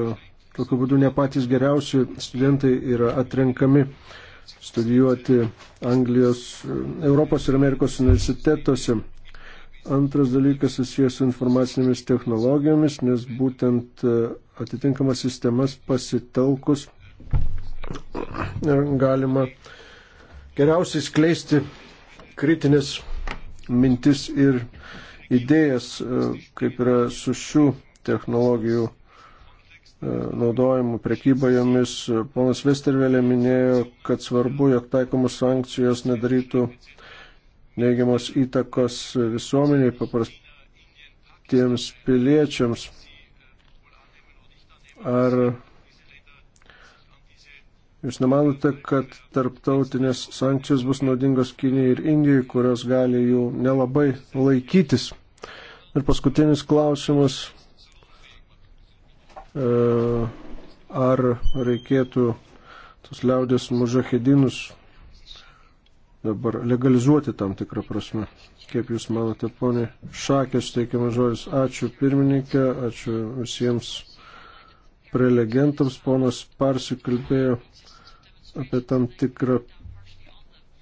tokiu būdu ne patys geriausi studentai yra atrenkami studijuoti Anglijos, Europos ir Amerikos universitetuose. Antras dalykas susijęs su informacinėmis technologijomis, nes būtent e, atitinkamas sistemas pasitelkus e, galima geriausiai skleisti kritinės mintis ir idėjas, e, kaip yra su šių technologijų E, naudojimu prekyba jomis. Ponas Vestervelė minėjo, kad svarbu, jog taikomos sankcijos nedarytų neigiamos įtakos visuomeniai paprastiems piliečiams. Ar jūs nemanote, kad tarptautinės sankcijos bus naudingos Kinijai ir Indijai, kurios gali jų nelabai laikytis? Ir paskutinis klausimas E, ar reikėtų tos liaudės mužahedinus dabar legalizuoti tam tikrą prasme. Kaip Jūs manote, ponė Šakės, teikiamas žodis, ačiū pirmininkė, ačiū visiems prelegentams, ponas Parsi kalbėjo apie tam tikrą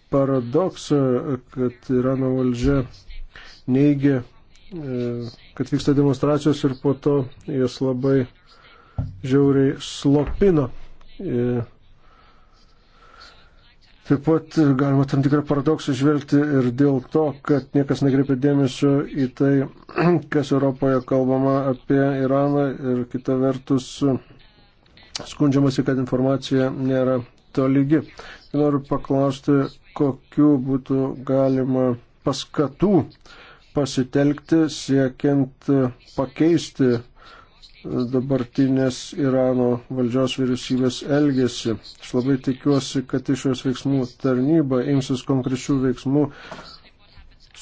paradoksą, kad Irano valdžia neigia, e, kad vyksta demonstracijos ir po to jas labai žiauriai slopino. E, taip pat galima tam tikrą paradoksą žvelgti ir dėl to, kad niekas nekreipia dėmesio į tai, kas Europoje kalbama apie Iraną ir kita vertus skundžiamasi, kad informacija nėra tolygi. Noriu paklausti, kokiu būtų galima paskatų pasitelkti siekiant pakeisti dabartinės Irano valdžios vyriausybės elgesį. Aš labai tikiuosi, kad išorės veiksmų tarnyba imsis konkrečių veiksmų,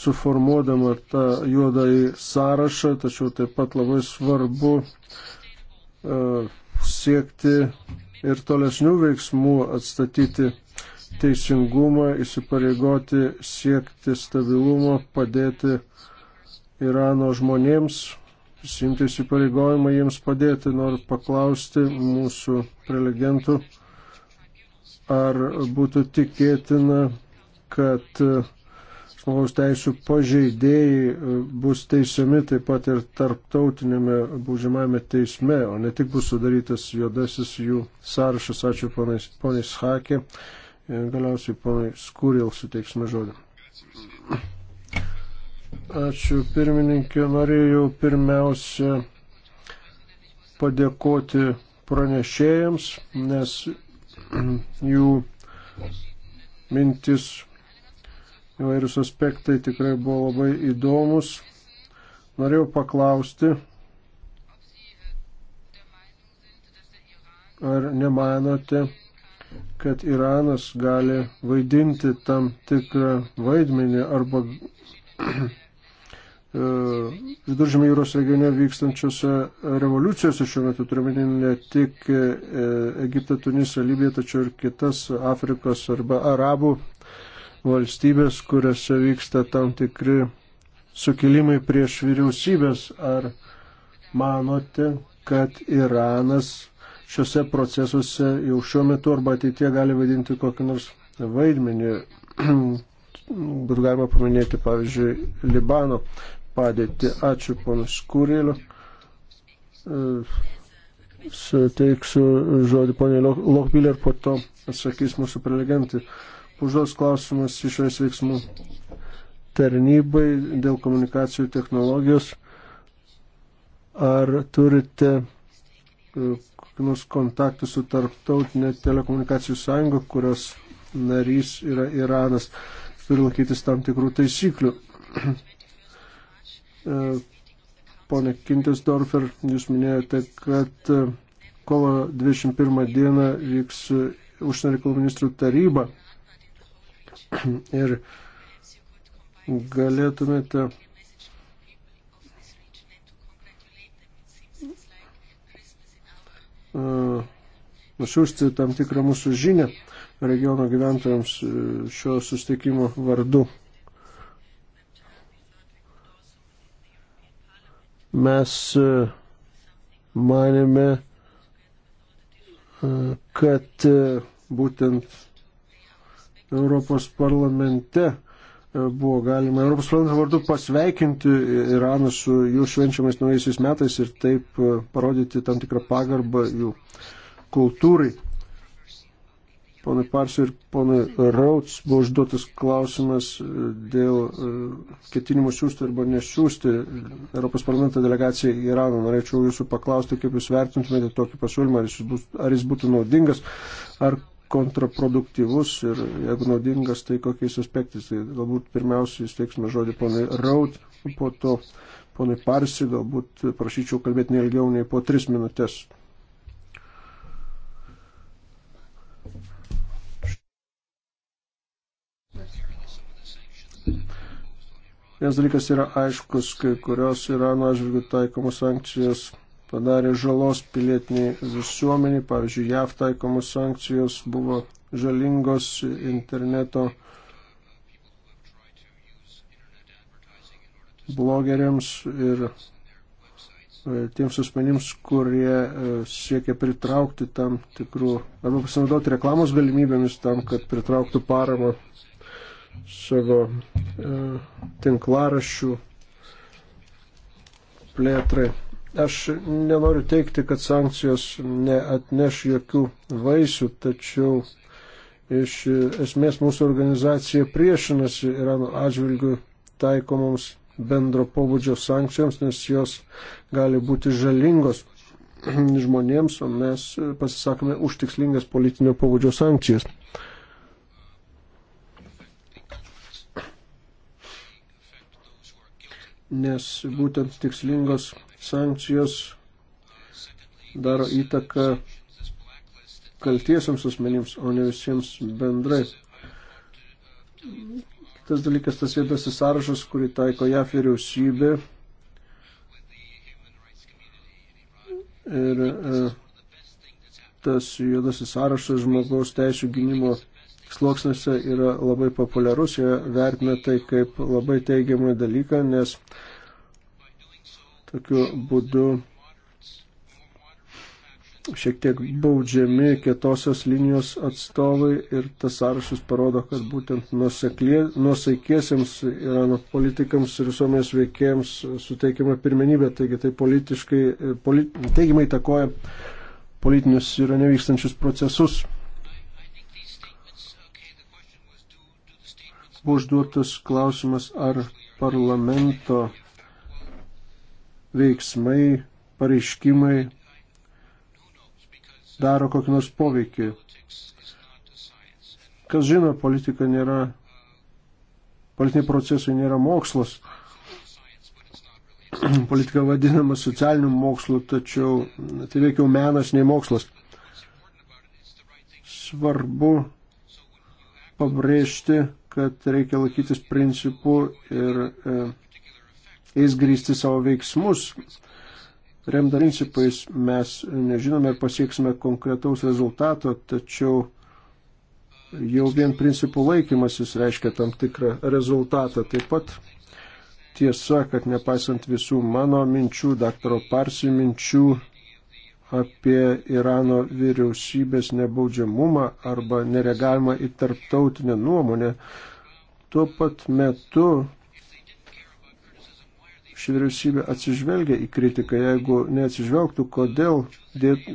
suformuodama tą juodąjį sąrašą, tačiau taip pat labai svarbu uh, siekti ir tolesnių veiksmų atstatyti teisingumą, įsipareigoti siekti stabilumo, padėti Irano žmonėms prisimti įsipareigojimą jiems padėti. Noriu paklausti mūsų prelegentų, ar būtų tikėtina, kad žmogaus teisų pažeidėjai bus teisiami taip pat ir tarptautinėme būžimame teisme, o ne tik bus sudarytas juodasis jų sąrašas. Ačiū poniai Schakė. Galiausiai poniai Skurėl suteiksime žodį. Ačiū pirmininkė. Norėjau pirmiausia padėkoti pranešėjams, nes jų mintis įvairius aspektai tikrai buvo labai įdomus. Norėjau paklausti, ar nemanote, kad Iranas gali vaidinti tam tikrą vaidmenį arba E, Viduržėmio jūros regione vykstančiose revoliucijose šiuo metu turime ne tik e, Egiptą, Tunisą, Libiją, tačiau ir kitas Afrikos arba Arabų valstybės, kuriuose vyksta tam tikri sukilimai prieš vyriausybės. Ar manote, kad Iranas šiuose procesuose jau šiuo metu arba ateitie gali vaidinti kokį nors vaidmenį? būtų galima paminėti, pavyzdžiui, Libano padėtį. Ačiū, ponas Kūrėliu. E, suteiksiu žodį poniai Lochbiller, po to atsakys mūsų prelegentai. Užduos klausimas išorės veiksmų tarnybai dėl komunikacijų technologijos. Ar turite e, nors kontaktų su tarptautinė telekomunikacijų sąjunga, kurios narys yra Iranas, turi laikytis tam tikrų taisyklių. E, pone Kintersdorfer, jūs minėjote, kad e, kovo 21 dieną vyks užsienio reikalų ministrų taryba. Ir galėtumėte e, nusiųsti tam tikrą mūsų žinę regiono gyventojams šio sustikimo vardu. Mes e, manėme, e, kad e, būtent Europos parlamente buvo galima Europos parlamento vardu pasveikinti Iraną su jų švenčiamais naujaisiais metais ir taip parodyti tam tikrą pagarbą jų kultūrai. Ponai Parsui ir ponai Rauts buvo užduotas klausimas e, dėl e, ketinimų siūsti arba nesiūsti e, Europos parlamento delegaciją į Iraną. Norėčiau jūsų paklausti, kaip jūs vertintumėte tokį pasiūlymą, ar jis, bus, ar jis būtų naudingas, ar kontraproduktyvus ir jeigu naudingas, tai kokiais aspektais. Tai galbūt pirmiausiai įsteigsime žodį ponai Raut, po to ponai Parsi, galbūt prašyčiau kalbėti neilgiau nei po tris minutės. Vienas dalykas yra aiškus, kai kurios Irano nu, atžvilgių taikomos sankcijos padarė žalos pilietiniai visuomeniai, pavyzdžiui, JAV taikomos sankcijos buvo žalingos interneto blogeriams ir e, tiems asmenims, kurie e, siekia pritraukti tam tikrų arba pasinaudoti reklamos galimybėmis tam, kad pritrauktų paramą savo e, tinklaraščių plėtrai. Aš nenoriu teikti, kad sankcijos neatneš jokių vaisių, tačiau iš esmės mūsų organizacija priešinasi Irano atžvilgių taikomoms bendro pobūdžio sankcijoms, nes jos gali būti žalingos žmonėms, o mes pasisakome už tikslingas politinio pobūdžio sankcijas. nes būtent tikslingos sankcijos daro įtaką kaltiesiams asmenims, o ne visiems bendrai. Kitas dalykas, tas vėdasis sąrašas, kurį taiko JAF vyriausybė ir e, tas juodasis sąrašas žmogaus teisų gynimo sluoksniuose yra labai populiarus, jie vertina tai kaip labai teigiamą dalyką, nes tokiu būdu šiek tiek baudžiami kietosios linijos atstovai ir tas sąrašas parodo, kad būtent nuosaikiesiems Irano politikams ir visuomenės veikėjams suteikiama pirmenybė, taigi tai politiškai, polit, teigiamai takoja politinius ir nevykstančius procesus. Buvo užduotas klausimas, ar parlamento veiksmai, pareiškimai daro kokį nors poveikį. Kas žino, politika nėra, politiniai procesai nėra mokslas. Politika vadinama socialiniu mokslu, tačiau tai veikiau menas nei mokslas. Svarbu pabrėžti kad reikia laikytis principų ir e, jais grįsti savo veiksmus. Remdami principais mes nežinome ir pasieksime konkretaus rezultato, tačiau jau vien principų laikymasis reiškia tam tikrą rezultatą. Taip pat tiesa, kad nepaisant visų mano minčių, daktaro Parsi minčių, apie Irano vyriausybės nebaudžiamumą arba neregavimą į tarptautinę nuomonę. Tuo pat metu ši vyriausybė atsižvelgia į kritiką. Jeigu neatsižvelgtų, kodėl dėt,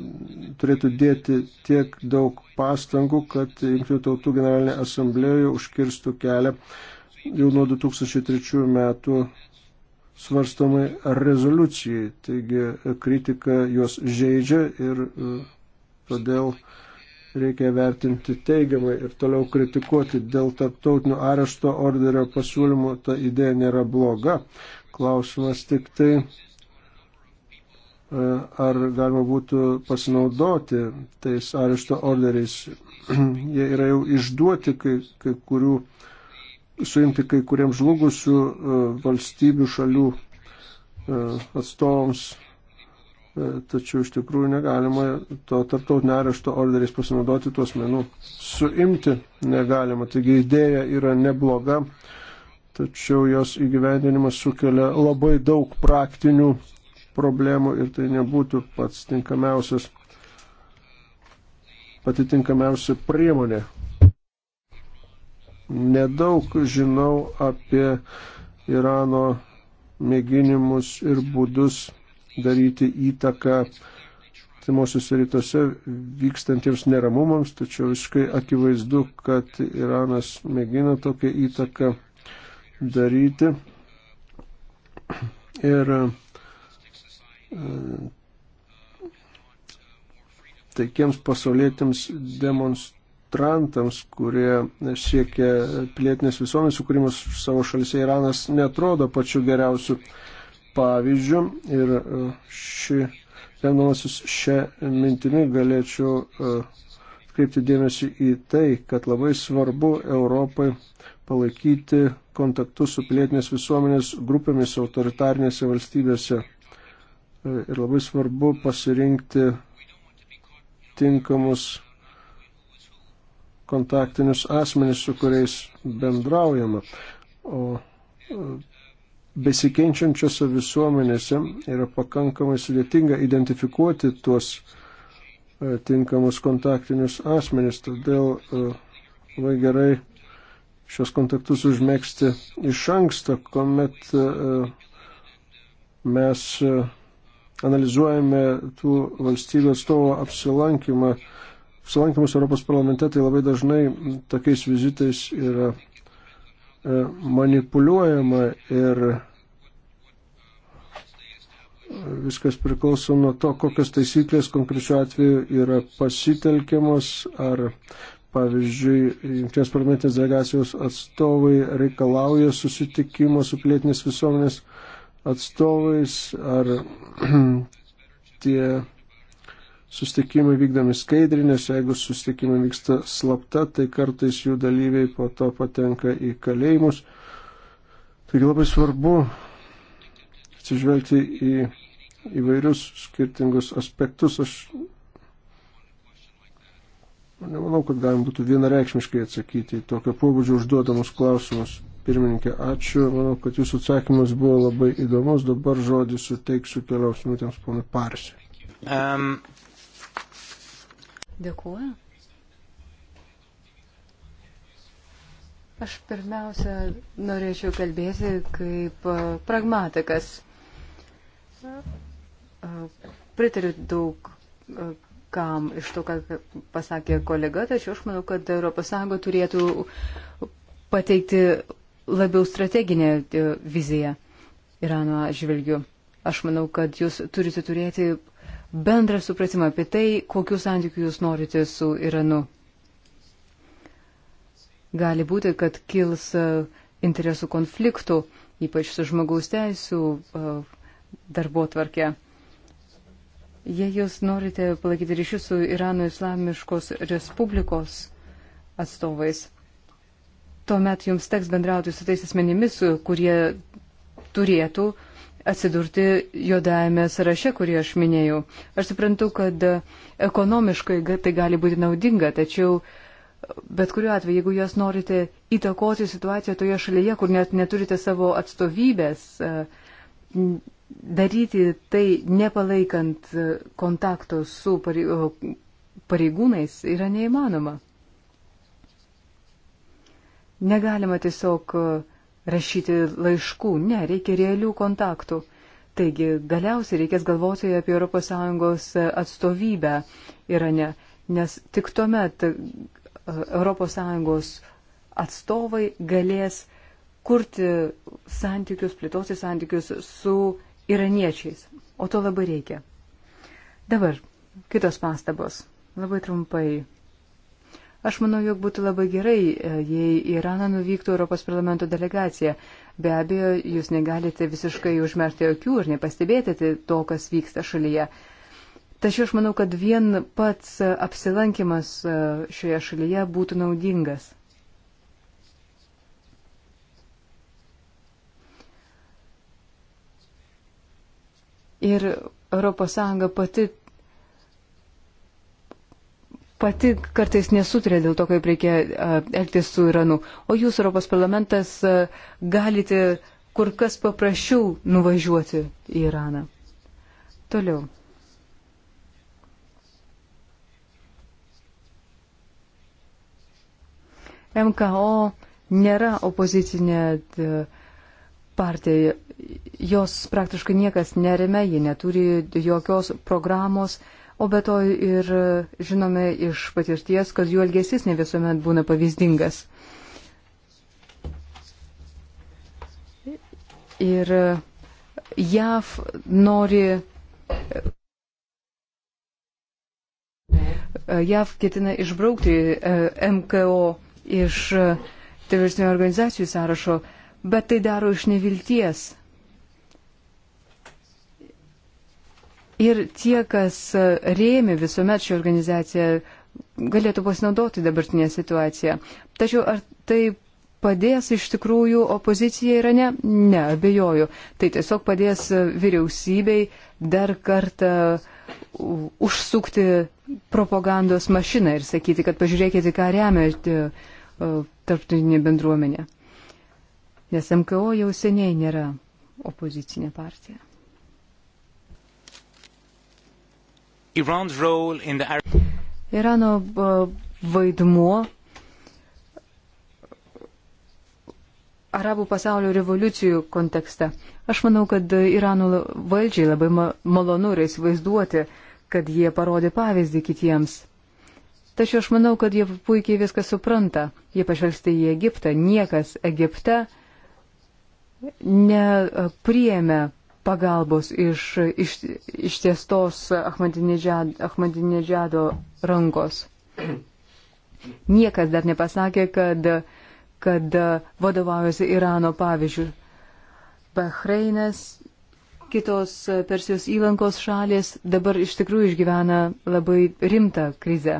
turėtų dėti tiek daug pastangų, kad Junktinių tautų generalinė asamblėja užkirstų kelią jau nuo 2003 metų svarstomai rezoliucijai. Taigi e, kritika juos žaidžia ir e, todėl reikia vertinti teigiamai ir toliau kritikuoti. Dėl tarptautinio arešto orderio pasiūlymų ta idėja nėra bloga. Klausimas tik tai, e, ar galima būtų pasinaudoti tais arešto orderiais. Jie yra jau išduoti kai, kai kurių uh, suimti kai kuriems žlugusių e, valstybių šalių e, atstovams, e, tačiau iš tikrųjų negalima to tarptautinio arešto orderiais pasinaudoti tuos menų. Suimti negalima, taigi idėja yra nebloga, tačiau jos įgyvendinimas sukelia labai daug praktinių problemų ir tai nebūtų pats tinkamiausias, pati tinkamiausia priemonė Nedaug žinau apie Irano mėginimus ir būdus daryti įtaką artimuosiuose rytuose vykstantiems neramumams, tačiau visiškai akivaizdu, kad Iranas mėgina tokią įtaką daryti. Ir e, taikiems pasaulietėms demonstruoti demonstrantams, kurie siekia pilietinės visuomenės sukūrimas savo šalise, Iranas netrodo pačiu geriausiu pavyzdžiu. Ir e, ši, remdamasis šią mintimį, galėčiau e, kreipti dėmesį į tai, kad labai svarbu Europai palaikyti kontaktus su pilietinės visuomenės grupėmis autoritarnėse valstybėse. E, ir labai svarbu pasirinkti tinkamus kontaktinius asmenys, su kuriais bendraujama. O e, besikeičiančiose visuomenėse yra pakankamai sudėtinga identifikuoti tuos e, tinkamus kontaktinius asmenys, todėl e, labai gerai šios kontaktus užmėgsti iš anksto, kuomet mes analizuojame tų valstybių atstovo apsilankymą apsilankimus Europos parlamente, tai labai dažnai tokiais vizitais yra e, manipuliuojama ir viskas priklauso nuo to, kokios taisyklės konkrečiu atveju yra pasitelkiamos, ar, pavyzdžiui, Junktinės parlamentinės delegacijos atstovai reikalauja susitikimo su plėtinės visuomenės atstovais, ar tie sustikimai vykdami skaidri, nes jeigu sustikimai vyksta slapta, tai kartais jų dalyviai po to patenka į kalėjimus. Taigi labai svarbu atsižvelgti į įvairius skirtingus aspektus. Aš nemanau, kad galim būtų vienareikšmiškai atsakyti į tokio pobūdžio užduodamus klausimus. Pirmininkė, ačiū. Manau, kad jūsų atsakymas buvo labai įdomus. Dabar žodį suteiksiu kelioms minutėms ponui Parsi. Um, Dėkuoju. Aš pirmiausia norėčiau kalbėti kaip pragmatikas. Pritariu daug kam iš to, ką pasakė kolega, tačiau aš manau, kad ES turėtų pateikti labiau strateginę viziją Irano atžvilgių. Aš manau, kad jūs turite turėti bendrą supratimą apie tai, kokius santykius jūs norite su Iranu. Gali būti, kad kils e, interesų konfliktų, ypač su žmogaus teisų e, darbo tvarkė. Jei jūs norite palaikyti ryšius su Irano Islamiškos Respublikos atstovais, tuomet jums teks bendrauti su tais asmenimis, kurie turėtų uh, atsidurti juodajame sąraše, kurį aš minėjau. Aš suprantu, kad ekonomiškai tai gali būti naudinga, tačiau bet kuriuo atveju, jeigu jūs norite įtakoti situaciją toje šalyje, kur net neturite savo atstovybės, e, daryti tai nepalaikant e, kontakto su pareigūnais yra neįmanoma. Negalima tiesiog uh, rašyti laiškų, ne, reikia realių kontaktų. Taigi, galiausiai reikės galvoti apie ES atstovybę Irane, nes tik tuomet e, ES atstovai galės kurti santykius, plėtoti santykius su iraniečiais. O to labai reikia. Dabar kitos pastabos. Labai trumpai. Aš manau, jog būtų labai gerai, e, jei Iraną nuvyktų Europos parlamento delegacija. Be abejo, jūs negalite visiškai užmerkti akių ir nepastebėti tai to, kas vyksta šalyje. Tačiau aš manau, kad vien pats apsilankimas e, šioje šalyje būtų naudingas. Ir ES pati pati kartais nesutrė dėl to, kaip reikia elgtis su Iranu. O jūs, Europos parlamentas, galite kur kas paprasčiau nuvažiuoti į Iraną. Toliau. MKO nėra opozicinė partija, jos praktiškai niekas nerime, ji neturi jokios programos, uh, O be to ir žinome iš patirties, kad jų elgesys ne visuomet būna pavyzdingas. Ir JAV nori. JAV ketina išbraukti e, MKO iš teroristinių organizacijų sąrašo, bet tai daro iš nevilties. Ir tie, kas e, rėmė visuomet šią organizaciją, galėtų pasinaudoti dabartinę situaciją. Tačiau ar tai padės iš tikrųjų opozicija Irane? Ne, abejoju. Tai tiesiog padės e, vyriausybei dar kartą užsukti propagandos mašiną ir sakyti, kad pažiūrėkite, ką remia e, tarptautinė bendruomenė. Nes MKO jau seniai nėra opozicinė partija. Irano uh, vaidmuo arabų pasaulio revoliucijų kontekste. Aš manau, kad Irano valdžiai labai malonu yra įsivaizduoti, kad jie parodė pavyzdį kitiems. Tačiau aš manau, kad jie puikiai viską supranta. Jie pažvelgsta į Egiptą. Niekas Egipte nepriemė pagalbos iš, iš, iš tiestos Ahmadinedžado rankos. Niekas dar nepasakė, kad, kad vadovaujasi Irano pavyzdžių. Bahreinas, kitos Persijos įlankos šalės dabar iš tikrųjų išgyvena labai rimtą krizę.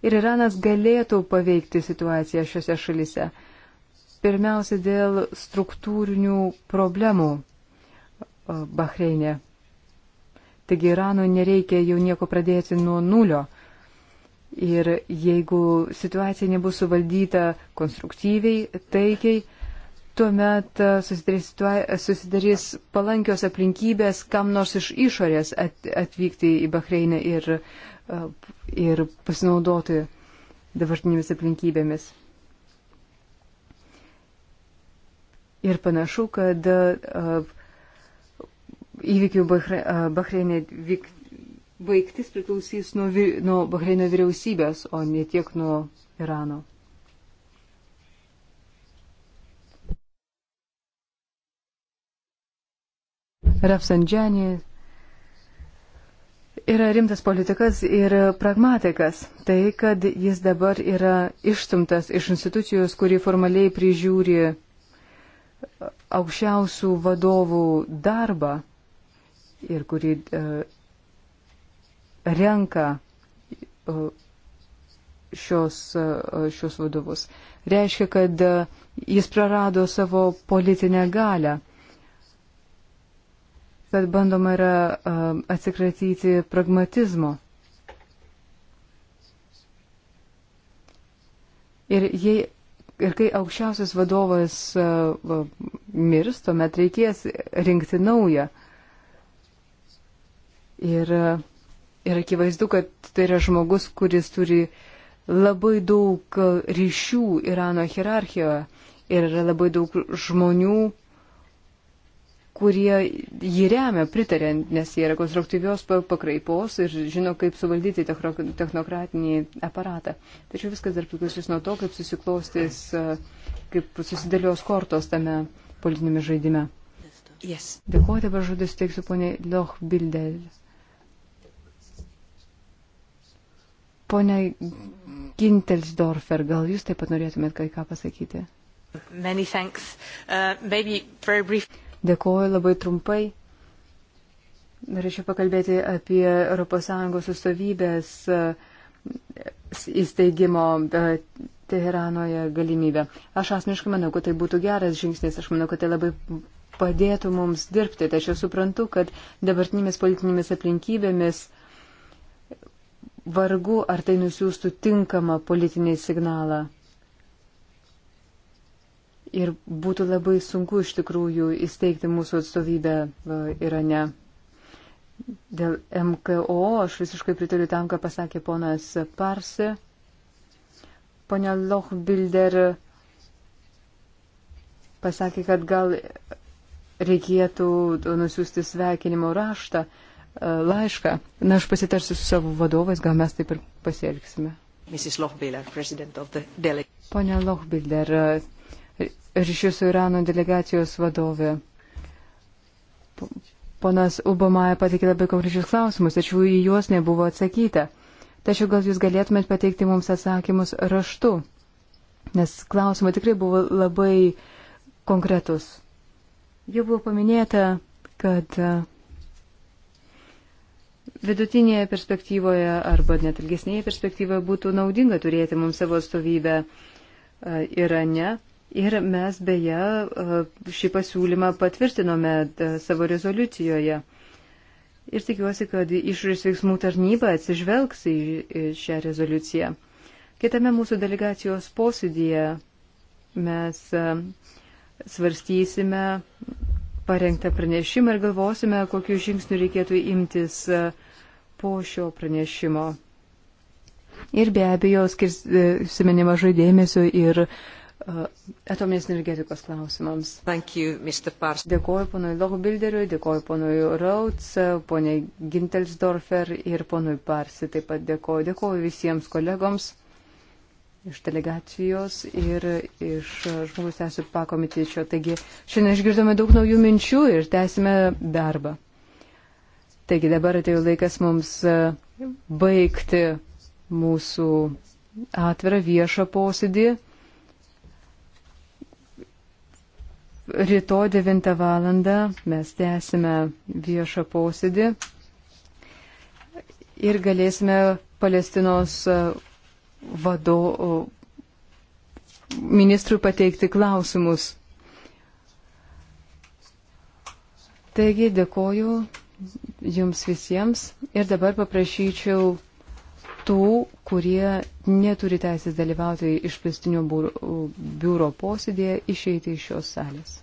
Ir Iranas galėtų paveikti situaciją šiuose šalise. Pirmiausia, dėl struktūrinių problemų Bahreinė. Taigi Iranui nereikia jau nieko pradėti nuo nulio. Ir jeigu situacija nebus suvaldyta konstruktyviai, taikiai, tuomet susidarys, susidarys palankios aplinkybės kam nors iš išorės atvykti į Bahreinę ir, ir pasinaudoti dabartinėmis aplinkybėmis. Ir panašu, kad uh, įvykių Bahreinė baigtis priklausys nuo, nuo Bahreino vyriausybės, o ne tiek nuo Irano. Rafsanjani yra rimtas politikas ir pragmatikas. Tai, kad jis dabar yra išstumtas iš institucijos, kuri formaliai prižiūri aukščiausių vadovų darbą ir kuri e, renka e, šios, e, šios vadovus. Reiškia, kad jis prarado savo politinę galę kad bandoma yra atsikratyti pragmatizmo. Ir, jei, ir kai aukščiausias vadovas mirs, tuomet reikės rinkti naują. Uh, Ir, ir akivaizdu, kad tai yra žmogus, kuris turi labai daug ryšių Irano hierarchijoje ir yra labai daug žmonių, kurie jį remia, pritarė, nes jie yra konstruktyvios pakraipos ir žino, kaip suvaldyti technokratinį aparatą. Tačiau viskas dar priklausys nuo to, kaip susiklostys, kaip susidėlios kortos tame politinėme žaidime. Yes. Dėkuoju, dabar žodis teiksiu ponė Loch Bildel. Pone Gintelsdorfer, gal jūs taip pat norėtumėt kai ką pasakyti? Many thanks. Uh, maybe very brief. Dėkuoju labai trumpai. Norėčiau pakalbėti apie ES sustovybės uh, įsteigimo uh, Teheranoje galimybę. Aš asmeniškai manau, kad tai būtų geras žingsnis, aš manau, kad tai labai padėtų mums dirbti, tačiau suprantu, kad dabartinėmis politinėmis aplinkybėmis vargu ar tai nusiųstų tinkamą politinį signalą. Ir būtų labai sunku iš tikrųjų įsteigti mūsų atstovybę Irane. Dėl MKO aš visiškai pritariu tam, ką pasakė ponas Parsi. Pone Lochbilder pasakė, kad gal reikėtų nusiųsti sveikinimo raštą. Uh, E, laišką. Na, aš pasitarsiu su savo vadovais, gal mes taip ir pasielgsime. Pone Lochbilder, e, ryšių su Irano delegacijos vadovė. Ponas Ubamaja patikė labai konkrečius klausimus, tačiau į juos nebuvo atsakyta. Tačiau gal jūs galėtumėt pateikti mums atsakymus raštu, nes klausimai tikrai buvo labai konkretus. Jau buvo paminėta, kad e, vidutinėje perspektyvoje arba net ilgesnėje perspektyvoje būtų naudinga turėti mums savo atstovybę e, Irane. Ir mes beje e, šį pasiūlymą patvirtinome e, savo rezoliucijoje. Ir tikiuosi, kad išorės veiksmų tarnyba atsižvelgs į šią rezoliuciją. Kitame mūsų delegacijos posėdėje mes svarstysime parengtą pranešimą ir galvosime, kokiu žingsniu reikėtų imtis uh, po šio pranešimo. Ir be abejo, skirsime e, nemažai dėmesio ir uh, atominės energetikos klausimams. You, dėkoju ponui Lohbilderiui, dėkoju ponui Rauts, poniai Gintelsdorfer ir ponui Parsi taip pat dėkoju. Dėkoju visiems kolegoms iš delegacijos ir iš žmogus teisų pakomitečio. Taigi šiandien išgirdome daug naujų minčių ir tęsime darbą. Taigi dabar atėjo laikas mums e, baigti mūsų atvirą viešą posėdį. Rytoj 9 val. mes tęsime viešą posėdį ir galėsime Palestinos e, vado ministrui pateikti klausimus. Taigi dėkoju jums visiems. Ir dabar paprašyčiau tų, kurie neturi teisės dalyvauti išplėstinio biuro posėdėje, išeiti iš šios salės.